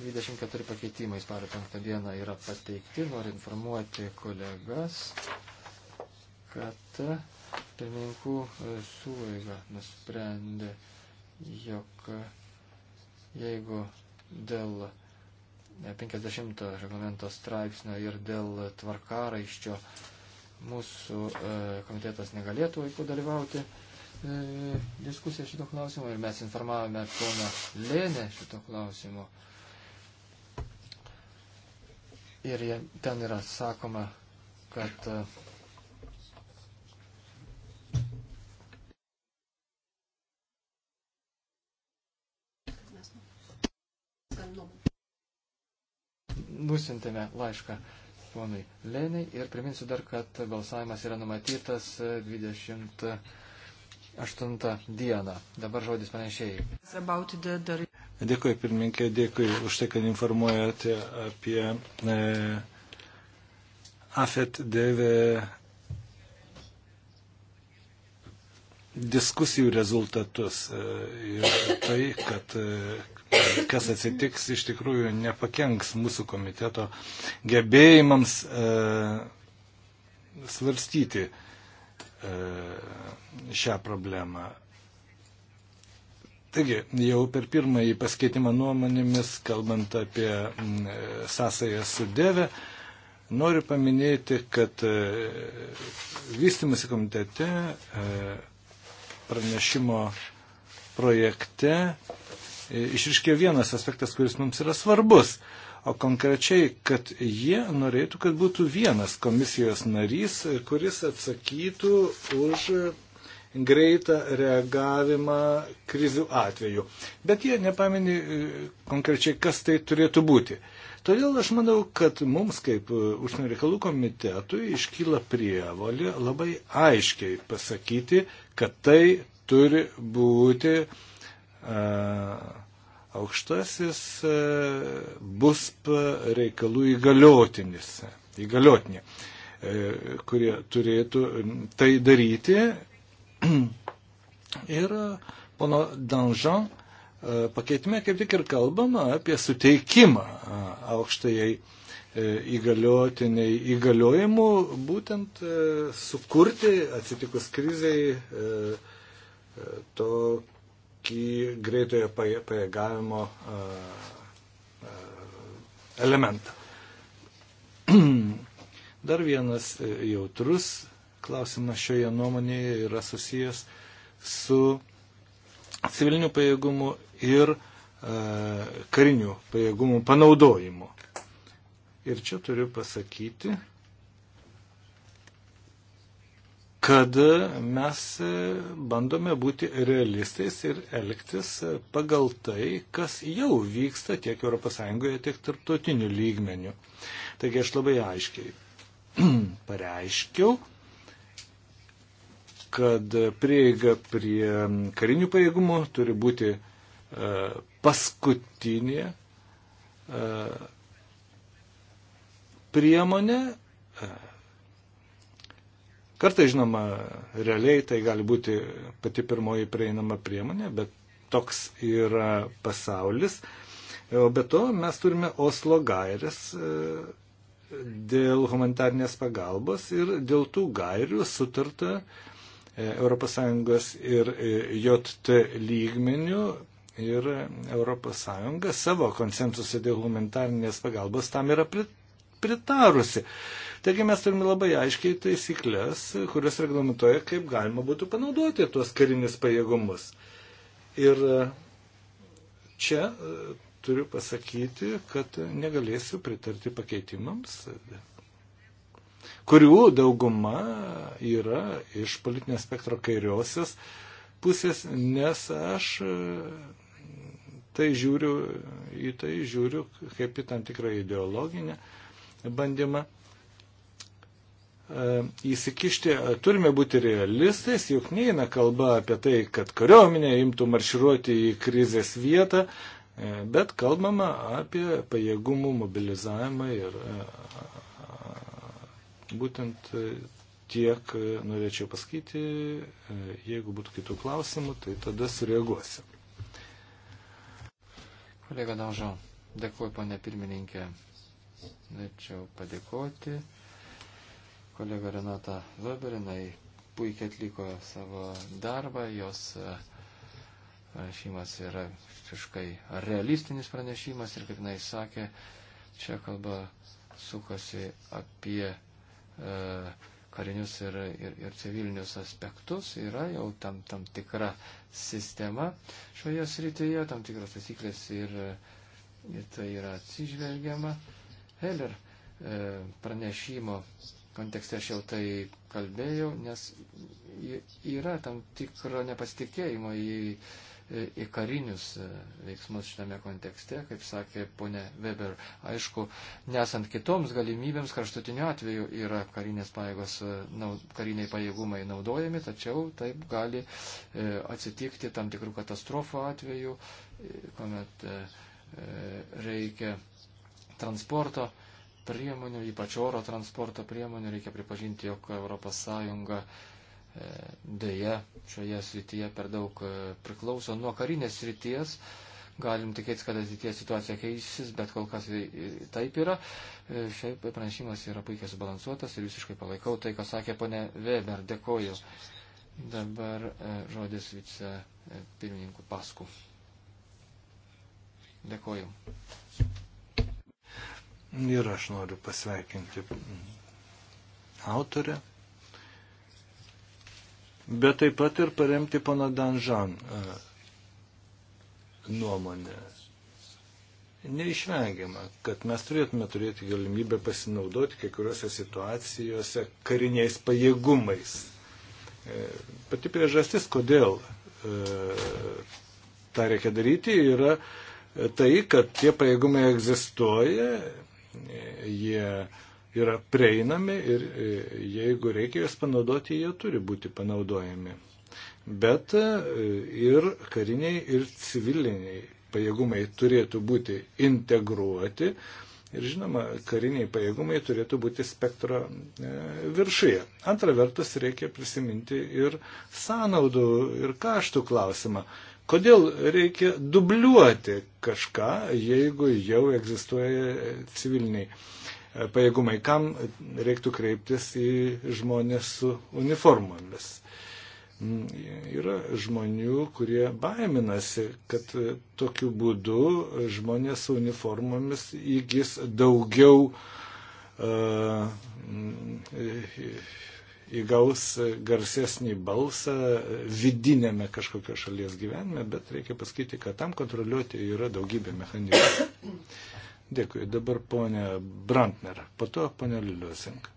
24 pakeitimai spalio 5 dieną yra pateikti, noriu informuoti kolegas, kad pirmininkų e, suvaiga nusprendė, jog e, jeigu dėl 50 reglamento straipsnio ir dėl tvarkaraiščio mūsų e, komitetas negalėtų vaikų dalyvauti diskusiją šito klausimo ir mes informavome poną Lėnę šito klausimo. Ir ten yra sakoma, kad uh, nusintėme laišką ponui Leniai ir priminsiu dar, kad balsavimas yra numatytas 28 e, dieną. Dabar žodis pranešėjai. Dėkui, pirmininkė, dėkui už tai, kad informuojate apie e, AFET DV diskusijų rezultatus e, ir tai, kad e, kas atsitiks, iš tikrųjų nepakenks mūsų komiteto gebėjimams e, svarstyti e, šią problemą. Taigi, jau per pirmąjį paskaitimą nuomonėmis, kalbant apie e, sąsąją su Deve, noriu paminėti, kad e, vystimasi komitete e, pranešimo projekte E, išriškėjo vienas aspektas, kuris mums yra svarbus, o konkrečiai, kad jie norėtų, kad būtų vienas komisijos narys, e, kuris atsakytų už greitą reagavimą krizių atveju. Bet jie nepaminė e, konkrečiai, kas tai turėtų būti. Todėl aš manau, kad mums kaip užsienio reikalų komitetui iškyla prievalė labai aiškiai pasakyti, kad tai turi būti uh, aukštasis bus reikalų įgaliotinis, įgaliotinė, kurie turėtų tai daryti. [CLEARS THROAT] Ir pono Danžan pakeitime kaip tik ir kalbama apie suteikimą aukštajai e, įgaliotiniai įgaliojimų, būtent e, sukurti atsitikus kriziai e, to tokį greitojo pajėgavimo elementą. [CLEARS THROAT] Dar vienas jautrus klausimas šioje nuomonėje yra susijęs su civilinių pajėgumų ir e, karinių pajėgumų panaudojimu. Ir čia turiu pasakyti, kad mes bandome būti realistais ir elgtis pagal tai, kas jau vyksta tiek ES, tiek tarptautiniu lygmeniu. Taigi aš labai aiškiai [CLEARS THROAT] pareiškiau, kad prieiga prie karinių pajėgumų turi būti e, paskutinė e, priemonė e, Kartai, žinoma, realiai tai gali būti pati pirmoji prieinama priemonė, bet toks yra pasaulis. E, o be to mes turime Oslo gairės e, dėl humanitarnės pagalbos ir dėl tų gairių sutarta ES ir e, JT lygmenių ir ES savo konsensusą dėl humanitarnės pagalbos tam yra pritarusi. Taigi mes turime labai aiškiai taisyklės, kurios reglamentoja, kaip galima būtų panaudoti tuos karinius pajėgumus. Ir e, čia e, turiu pasakyti, kad negalėsiu pritarti pakeitimams, kurių dauguma yra iš politinio spektro kairiosios pusės, nes aš e, tai žiūriu, į tai žiūriu kaip į tam tikrą ideologinę bandymą E, įsikišti, e, turime būti realistais, juk neina kalba apie tai, kad kariuomenė imtų marširuoti į krizės vietą, e, bet kalbama apie pajėgumų mobilizavimą ir būtent tiek norėčiau pasakyti, jeigu būtų kitų klausimų, tai tada sureaguosiu. Kolega Daužo, dėkuoju, ponė pirmininkė. Norėčiau padėkoti kolega Renata Weberinai puikiai atliko savo darbą, jos e, pranešimas yra visiškai realistinis pranešimas ir kaip jinai sakė, čia kalba sukasi apie e, karinius ir, ir, ir civilinius aspektus, yra jau tam, tam tikra sistema šioje srityje, tam tikros taisyklės ir, ir tai yra atsižvelgiama. Heller e, pranešimo kontekste aš jau tai kalbėjau, nes yra tam tikro nepasitikėjimo į, į karinius e, veiksmus šitame kontekste, kaip sakė ponė Weber. Aišku, nesant kitoms galimybėms, kraštutiniu atveju yra karinės pajėgos, e, kariniai pajėgumai naudojami, tačiau taip gali e, atsitikti tam tikrų katastrofų atveju, kuomet reikia transporto priemonių, ypač oro transporto priemonių, reikia pripažinti, jog ES e, dėja šioje srityje per daug e, priklauso nuo karinės srities. Galim tikėtis, kad ateitie situacija keisis, bet kol kas tai, e, taip yra. Šiaip pranešimas yra puikiai subalansuotas ir visiškai palaikau tai, ką sakė ponė Weber. Dėkoju. Dabar žodis vice pirmininkų paskų. Dėkoju. Ir aš noriu pasveikinti autorę, bet taip pat ir paremti pana Danžan e, nuomonę. Neišvengiama, kad mes turėtume turėti galimybę pasinaudoti kai kuriuose situacijose kariniais pajėgumais. E, pati priežastis, kodėl e, tą reikia daryti, yra tai, kad tie pajėgumai egzistuoja Jie yra prieinami ir e, jeigu reikia juos panaudoti, jie turi būti panaudojami. Bet e, ir kariniai, ir civiliniai pajėgumai turėtų būti integruoti ir žinoma, kariniai pajėgumai turėtų būti spektro e, viršuje. Antra vertus, reikia prisiminti ir sąnaudų ir kaštų klausimą. Kodėl reikia dubliuoti kažką, jeigu jau egzistuoja civiliniai e, pajėgumai, kam reiktų kreiptis į žmonės su uniformomis. Mm, yra žmonių, kurie baiminasi, kad e, tokiu būdu žmonės su uniformomis įgis daugiau uh, įgaus garsesnį balsą vidinėme kažkokio šalies gyvenime, bet reikia pasakyti, kad tam kontroliuoti yra daugybė mechanizmų. Dėkui. Dabar ponė Brantner, po to ponė Liliusink.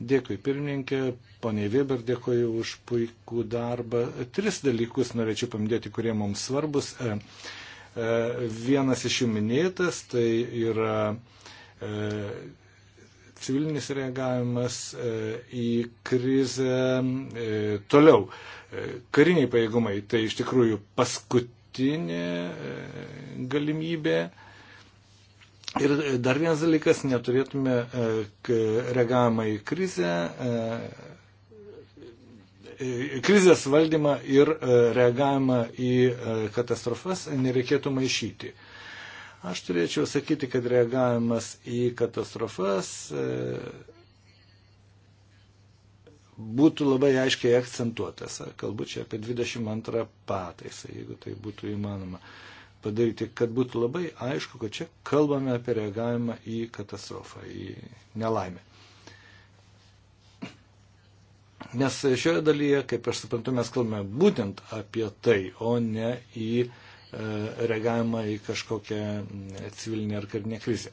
Dėkui pirmininkė, ponė Weber, dėkoju už puikų darbą. Tris dalykus norėčiau paminėti, kurie mums svarbus. E, e, vienas iš jų minėtas, tai yra e, civilinis reagavimas e, į krizę. E, toliau, e, kariniai pajėgumai tai iš tikrųjų paskutinė galimybė. Ir dar vienas dalykas, neturėtume reagavimą į krizę, krizės valdymą ir reagavimą į katastrofas nereikėtų maišyti. Aš turėčiau sakyti, kad reagavimas į katastrofas e, būtų labai aiškiai akcentuotas. Kalbu čia apie 22 pataisą, jeigu tai būtų įmanoma padaryti, kad būtų labai aišku, kad čia kalbame apie reagavimą į katastrofą, į nelaimę. Nes šioje dalyje, kaip aš suprantu, mes kalbame būtent apie tai, o ne į uh, E, reagavimą į kažkokią civilinę ar karinę krizę.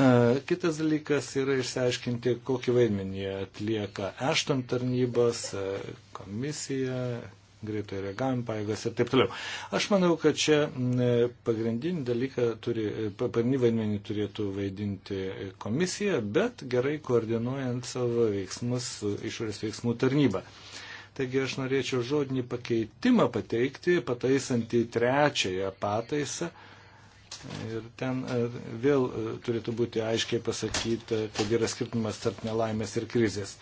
E, kitas dalykas yra išsiaiškinti, kokį vaidmenį atlieka Ešton tarnybos, e, komisija, greito reagavimo paėgas ir taip toliau. Aš manau, kad čia pagrindinį dalyką, turi, pagrindinį vaidmenį turėtų vaidinti komisija, bet gerai koordinuojant savo veiksmus su išorės veiksmų tarnyba. Uh, Taigi aš norėčiau žodinį pakeitimą pateikti, pataisantį trečiąją pataisą. Ir ten e, vėl e, turėtų būti aiškiai pasakyta, kad yra skirtumas tarp nelaimės ir krizės.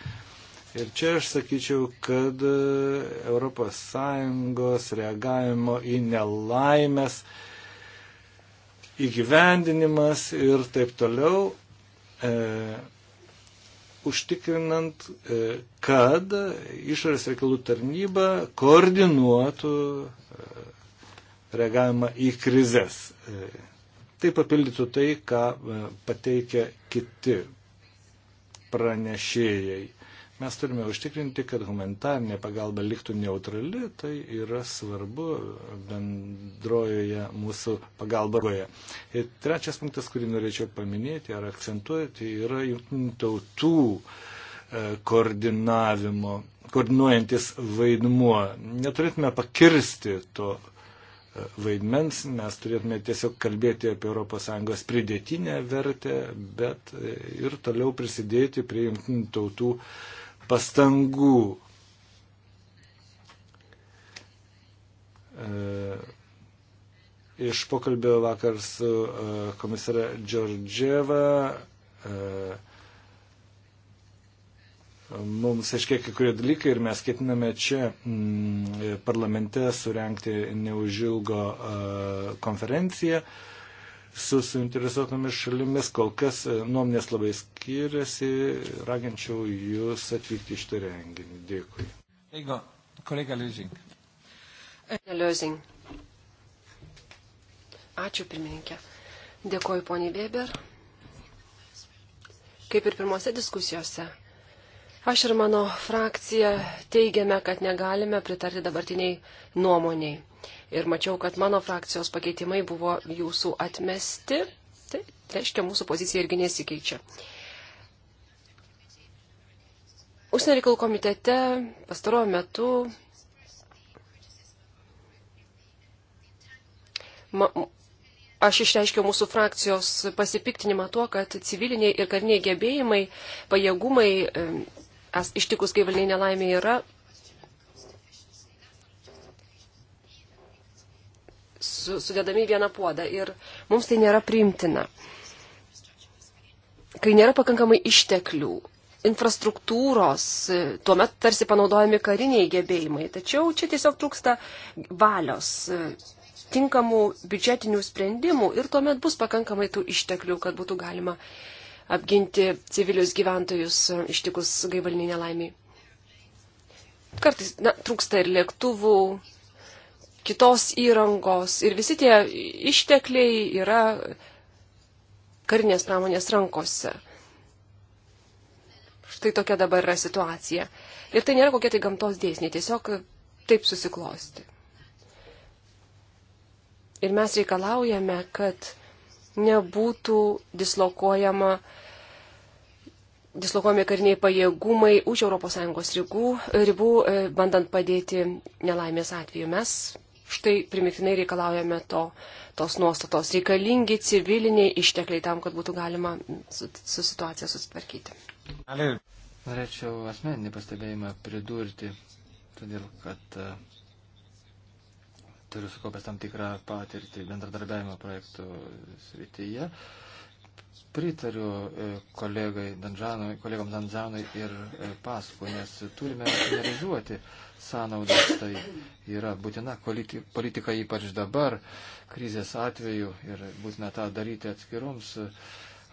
Ir čia aš sakyčiau, kad ES reagavimo į nelaimės įgyvendinimas ir taip toliau e, užtikrinant, e, kad išorės reikalų tarnyba koordinuotų e, reagavimą į krizės. E, tai papildytų tai, ką pateikia kiti pranešėjai. Mes turime užtikrinti, kad humanitarinė pagalba liktų neutrali, tai yra svarbu bendrojoje mūsų pagalboje. Ir trečias punktas, kurį norėčiau paminėti ar akcentuoti, yra jungtinių tautų e, koordinavimo, koordinuojantis vaidmuo. Neturėtume pakirsti to e, vaidmens, mes turėtume tiesiog kalbėti apie ES pridėtinę vertę, bet e, ir toliau prisidėti prie jungtinių tautų uh, pastangų. E, iš pokalbio vakar su e, komisare Džordževa e, mums aiškiai kai kurie dalykai ir mes ketiname čia mm, parlamente surenkti neužilgo konferenciją su suinteresuotomis šalimis. Kol kas e, nuomonės labai skiriasi. Raginčiau jūs atvykti iš tą renginį. Dėkui. Eigo, kolega Liuzing. E, Liuzing. Ačiū pirmininkė. Dėkoju poniai Weber. Kaip ir pirmose diskusijose, Aš ir mano frakcija teigiame, kad negalime pritarti dabartiniai nuomoniai. Ir mačiau, kad mano frakcijos pakeitimai buvo jūsų atmesti. Tai reiškia, mūsų pozicija irgi nesikeičia. Užsienio reikalų komitete pastaruoju metu ma, aš išreiškiau mūsų frakcijos pasipiktinimą tuo, kad civiliniai ir kariniai gebėjimai, pajėgumai ištikus gaivaliniai nelaimė yra sudedami vieną puodą ir mums tai nėra priimtina. Kai nėra pakankamai išteklių, infrastruktūros, tuomet tarsi panaudojami kariniai gebėjimai, tačiau čia tiesiog trūksta valios, tinkamų biudžetinių sprendimų ir tuomet bus pakankamai tų išteklių, kad būtų galima uh, apginti civilius gyventojus e, ištikus gaivaliniai nelaimiai. Kartais na, trūksta ir lėktuvų, kitos įrangos ir visi tie ištekliai yra karinės pramonės rankose. Štai tokia dabar yra situacija. Ir tai nėra kokie tai gamtos dėsniai, tiesiog taip susiklosti. Ir mes reikalaujame, kad nebūtų dislokuojama, dislokuojami kariniai pajėgumai už ES ribų, ribų, e, bandant padėti nelaimės atveju. Mes štai primiktinai reikalaujame to, tos nuostatos. Reikalingi civiliniai ištekliai tam, kad būtų galima su, su situacija susitvarkyti. Norėčiau asmeninį pastebėjimą pridurti, todėl kad uh, turiu sukaupęs tam tikrą patirtį bendradarbiavimo projektų srityje. Pritariu e, kolegai Danžanui, kolegom Danžanui ir e, Paskui, nes turime minimizuoti sąnaudas. Tai yra būtina politika ypač dabar, krizės atveju ir būtina tą daryti atskiroms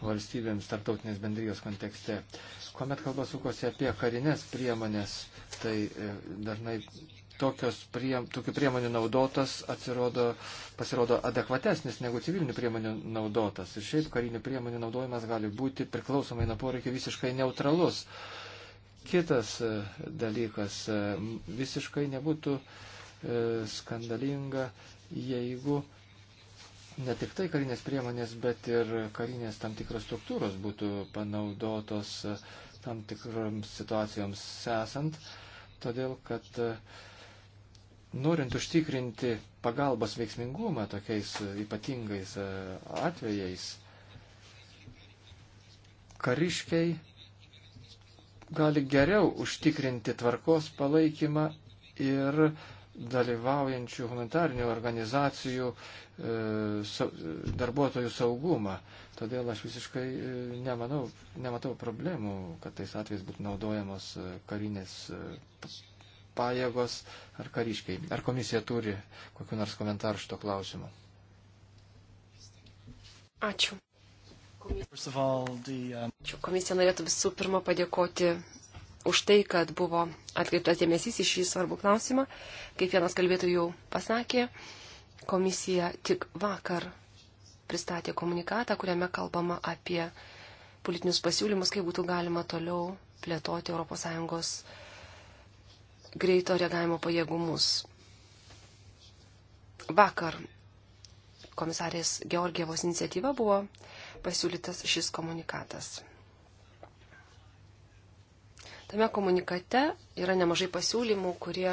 valstybėms tarptautinės bendrijos kontekste. Kuomet kalba sukosi apie karinės priemonės, tai e, dažnai prie, tokių priemonių naudotas atsirodo, pasirodo adekvatesnis negu civilinių priemonių naudotas. Ir šiaip karinių priemonių naudojimas gali būti priklausomai nuo poreikio visiškai neutralus. Kitas e, dalykas e, visiškai nebūtų e, skandalinga, jeigu ne tik tai karinės priemonės, bet ir karinės tam tikros struktūros būtų panaudotos tam tikroms situacijoms esant, todėl kad uh, norint užtikrinti pagalbos veiksmingumą tokiais ypatingais e, atvejais, kariškiai gali geriau užtikrinti tvarkos palaikymą ir dalyvaujančių humanitarnių organizacijų e, darbuotojų saugumą. Todėl aš visiškai e, nemanau, nematau problemų, kad tais atvejais būtų naudojamos karinės pajėgos ar kariškiai. Ar komisija turi kokiu nors komentaru šito klausimu? Ačiū. Um, Ačiū. Komisija norėtų visų pirma padėkoti už tai, kad buvo atkreiptas dėmesys į šį svarbų klausimą. Kaip vienas kalbėtojų jau pasakė, komisija tik vakar pristatė komunikatą, kuriame kalbama apie politinius pasiūlymus, kaip būtų galima toliau plėtoti ES greito reagavimo pajėgumus. Vakar komisarės Georgievos iniciatyva buvo pasiūlytas šis komunikatas. Tame komunikate yra nemažai pasiūlymų, kurie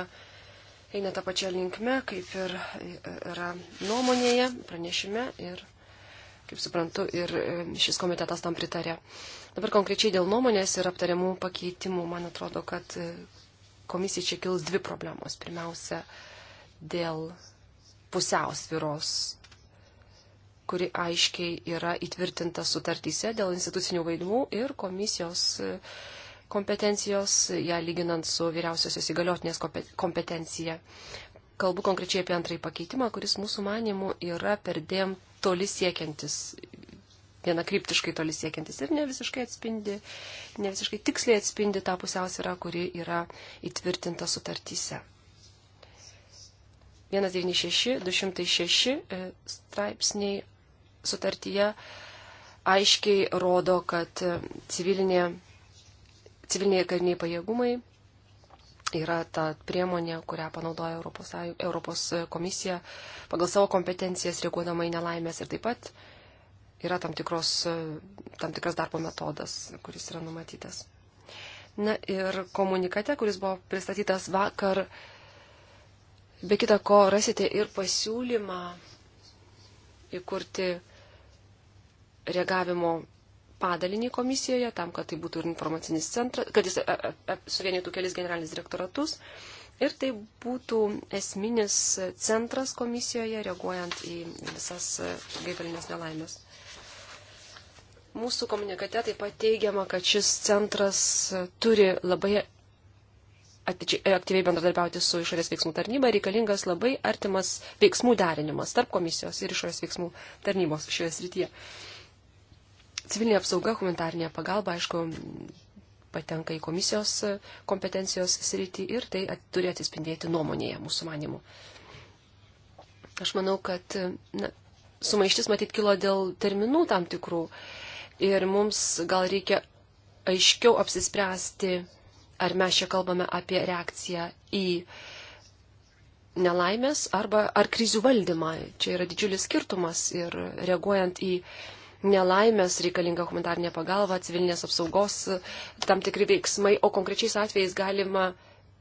eina tą pačią linkmę, kaip ir yra nuomonėje, pranešime ir, kaip suprantu, ir šis komitetas tam pritarė. Dabar konkrečiai dėl nuomonės ir aptariamų pakeitimų, man atrodo, kad komisijai čia kils dvi problemos. Pirmiausia, dėl pusiausviros, kuri aiškiai yra įtvirtinta sutartyse dėl institucinių vaidmų ir komisijos e, kompetencijos, ją lyginant su vyriausiosios įgaliotinės kompetencija. Kalbu konkrečiai apie antrąjį pakeitimą, kuris mūsų manimų yra perdėm toli siekiantis viena kryptiškai toli siekiantis ir ne visiškai atspindi, ne visiškai tiksliai atspindi tą pusiausvyrą, kuri yra įtvirtinta sutartyse. 196, 206 e, straipsniai sutartyje aiškiai rodo, kad e, civilinė, civiliniai kariniai pajėgumai yra ta priemonė, kurią panaudoja Europos, Europos e, komisija pagal savo kompetencijas reaguodama į nelaimės ir taip pat yra tam, tikros, tam tikras darbo metodas, kuris yra numatytas. Na ir komunikate, kuris buvo pristatytas vakar, be kita ko rasite ir pasiūlymą įkurti reagavimo padalinį komisijoje, tam, kad tai būtų ir informacinis centras, kad jis suvienytų kelis generalinis direktoratus. Ir tai būtų esminis centras komisijoje, reaguojant į visas gaivalinės nelaimės. Mūsų komunikate taip pat teigiama, kad šis centras turi labai e, aktyviai bendradarbiauti su išorės veiksmų tarnyba, reikalingas labai artimas veiksmų derinimas tarp komisijos ir išorės veiksmų tarnybos šioje srityje. Civilinė apsauga, humanitarinė pagalba, aišku, patenka į komisijos kompetencijos sritį ir tai at, turi atsispindėti nuomonėje mūsų manimų. Aš manau, kad na, sumaištis matyt kilo dėl terminų tam tikrų. Uh, ir mums gal reikia aiškiau apsispręsti, ar mes čia kalbame apie reakciją į nelaimės arba ar krizių valdymą. Čia yra didžiulis skirtumas ir reaguojant į nelaimės reikalinga humanitarnė pagalba, civilinės apsaugos tam tikri veiksmai, o konkrečiais atvejais galima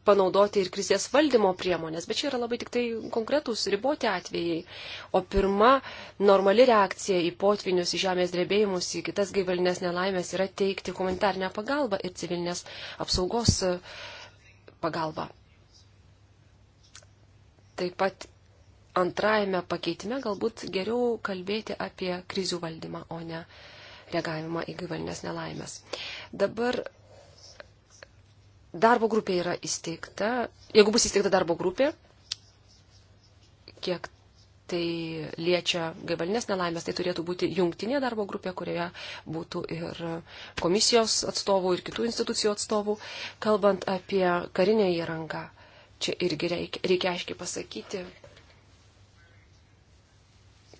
panaudoti ir krizės valdymo priemonės, bet čia yra labai tik tai konkretūs riboti atvejai. O pirma normali reakcija į potvinius, į žemės drebėjimus, į kitas gaivalinės nelaimės yra teikti humanitarnę pagalbą ir civilinės apsaugos e, pagalbą. Taip pat antrajame pakeitime galbūt geriau kalbėti apie krizių valdymą, o ne reagavimą į gaivalinės nelaimės. Dabar Darbo grupė yra įsteigta. Jeigu bus įsteigta darbo grupė, kiek tai liečia gaivalinės nelaimės, tai turėtų būti jungtinė darbo grupė, kurioje būtų ir komisijos atstovų, ir kitų institucijų atstovų. Kalbant apie karinę įrangą, čia irgi reikia, reikia aiškiai pasakyti,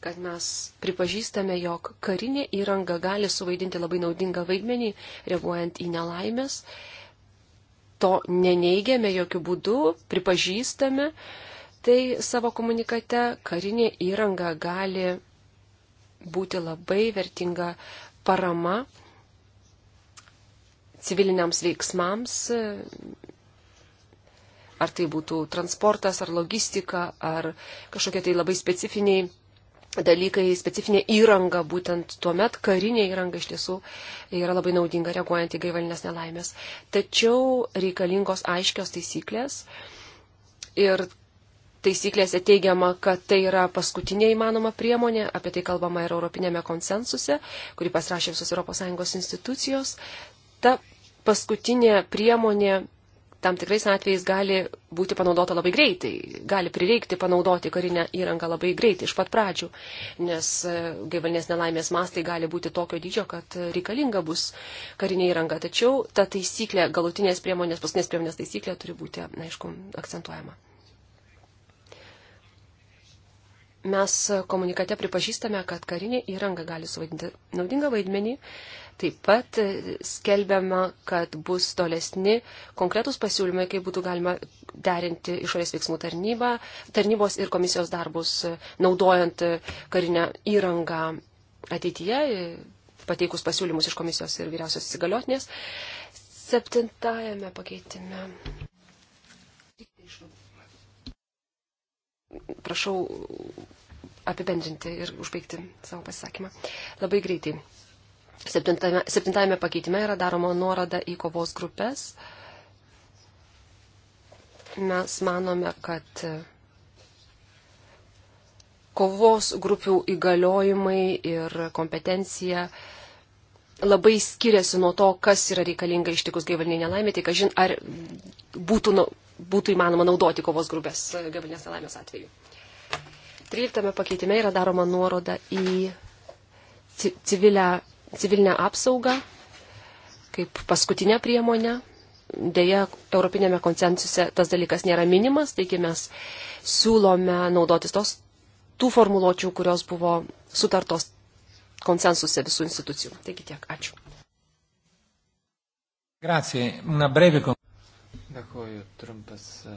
kad mes pripažįstame, jog karinė įranga gali suvaidinti labai naudingą vaidmenį, reaguojant į nelaimės, to neneigiame jokių būdų, pripažįstame, tai savo komunikate karinė įranga gali būti labai vertinga parama civiliniams veiksmams, ar tai būtų transportas, ar logistika, ar kažkokie tai labai specifiniai dalykai, specifinė įranga, būtent tuo met karinė įranga iš tiesų yra labai naudinga reaguojant į gaivalinės nelaimės. Tačiau reikalingos aiškios taisyklės ir taisyklėse teigiama, kad tai yra paskutinė įmanoma priemonė, apie tai kalbama ir Europinėme konsensuse, kurį pasirašė visos ES institucijos. Ta paskutinė priemonė tam tikrais atvejais gali būti panaudota labai greitai, gali prireikti panaudoti karinę įrangą labai greitai iš pat pradžių, nes e, gaivalinės nelaimės mastai gali būti tokio dydžio, kad reikalinga bus karinė įranga. Tačiau ta taisyklė, galutinės priemonės, paskutinės priemonės taisyklė turi būti, aišku, akcentuojama. Mes komunikate pripažįstame, kad karinė įranga gali suvaidinti naudingą vaidmenį, Taip pat e, skelbiama, kad bus tolesni konkretus pasiūlymai, kaip būtų galima derinti išorės veiksmų tarnybą, tarnybos ir komisijos darbus, e, naudojant e, karinę įrangą ateityje, pateikus pasiūlymus iš komisijos ir vyriausios įsigaliotinės. Septintajame pakeitime. Prašau apibendrinti ir užbaigti savo pasisakymą. Labai greitai. Septintame, septintame pakeitime yra daroma nuorada į kovos grupės. Mes manome, kad kovos grupių įgaliojimai ir kompetencija labai skiriasi nuo to, kas yra reikalinga ištikus gaivaliniai nelaimė, tai kažin ar būtų, nu, būtų įmanoma naudoti kovos grupės gaivalinės nelaimės atveju. 13 pakeitime yra daroma nuoroda į civilę civilinę apsaugą kaip paskutinę priemonę. Deja, Europinėme konsensuse tas dalykas nėra minimas, taigi mes siūlome naudotis tos, tų formuluočių, kurios buvo sutartos konsensuse visų institucijų. Taigi tiek, ačiū. Grazie, una breve. Dėkuoju, trumpas e,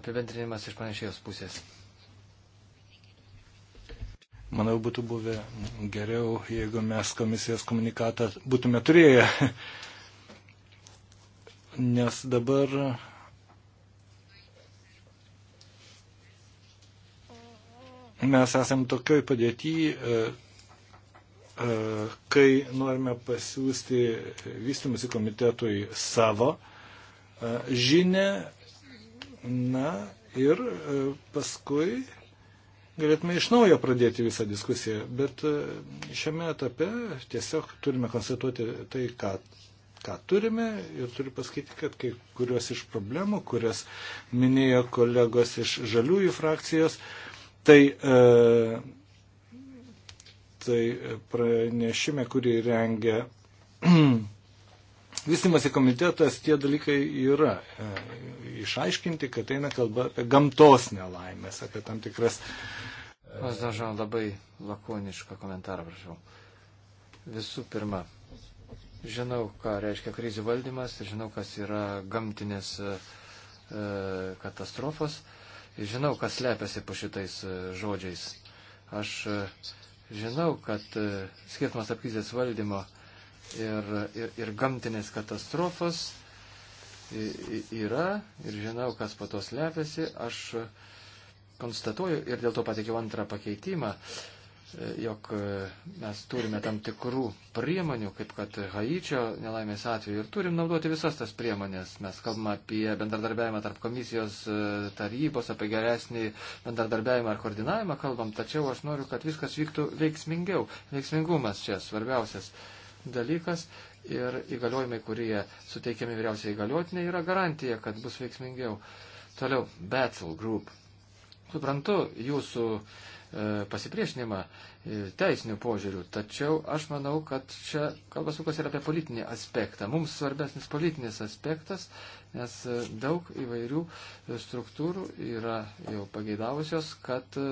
apibendrinimas iš panašios pusės. Manau, būtų buvę geriau, jeigu mes komisijos komunikatą būtume turėję. [LAUGHS] Nes dabar mes esam tokioj padėtyj, e, e, kai norime pasiūsti vystymusi komitetui savo e, žinę, na ir paskui galėtume iš naujo pradėti visą diskusiją, bet e, šiame etape tiesiog turime konstatuoti tai, ką, ką turime ir turiu pasakyti, kad kai kurios iš problemų, kurias minėjo kolegos iš žaliųjų frakcijos, tai, e, tai pranešime, kurį rengia [CLEARS THROAT] e, vystimasi komitetas tie dalykai yra e, išaiškinti, kad eina kalba apie gamtos nelaimės, apie tam tikras. E, Aš dažau labai lakonišką komentarą, prašau. Visų pirma, žinau, ką reiškia krizių valdymas ir žinau, kas yra gamtinės e, katastrofos. Žinau, kas slepiasi po šitais žodžiais. Aš žinau, kad skirtumas tarp krizės valdymo ir, ir, ir gamtinės katastrofos yra ir žinau, kas po to slepiasi. Aš konstatuoju ir dėl to pateikiau antrą pakeitimą, e, jog e, mes turime tam tikrų priemonių, kaip kad Haičio nelaimės atveju, ir turim naudoti visas tas priemonės. Mes kalbame apie bendradarbiavimą tarp komisijos e, tarybos, apie geresnį bendradarbiavimą ar koordinavimą kalbam, tačiau aš noriu, kad viskas vyktų veiksmingiau. Veiksmingumas čia svarbiausias dalykas ir įgaliojimai, kurie suteikiami vyriausiai įgaliotinė, yra garantija, kad bus veiksmingiau. Toliau, Battle Group. Suprantu jūsų e, pasipriešinimą e, teisinių požiūrių, tačiau aš manau, kad čia kalba sukasi ir apie politinį aspektą. Mums svarbesnis politinis aspektas, nes e, daug įvairių e, struktūrų yra jau pageidavusios, kad e,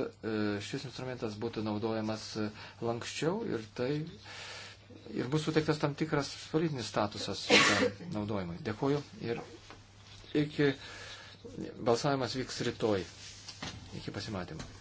šis instrumentas būtų naudojamas e, lankščiau ir tai. E, ir bus suteiktas tam tikras politinis statusas naudojimui. Dėkuoju ir iki balsavimas vyks rytoj, iki pasimatymo.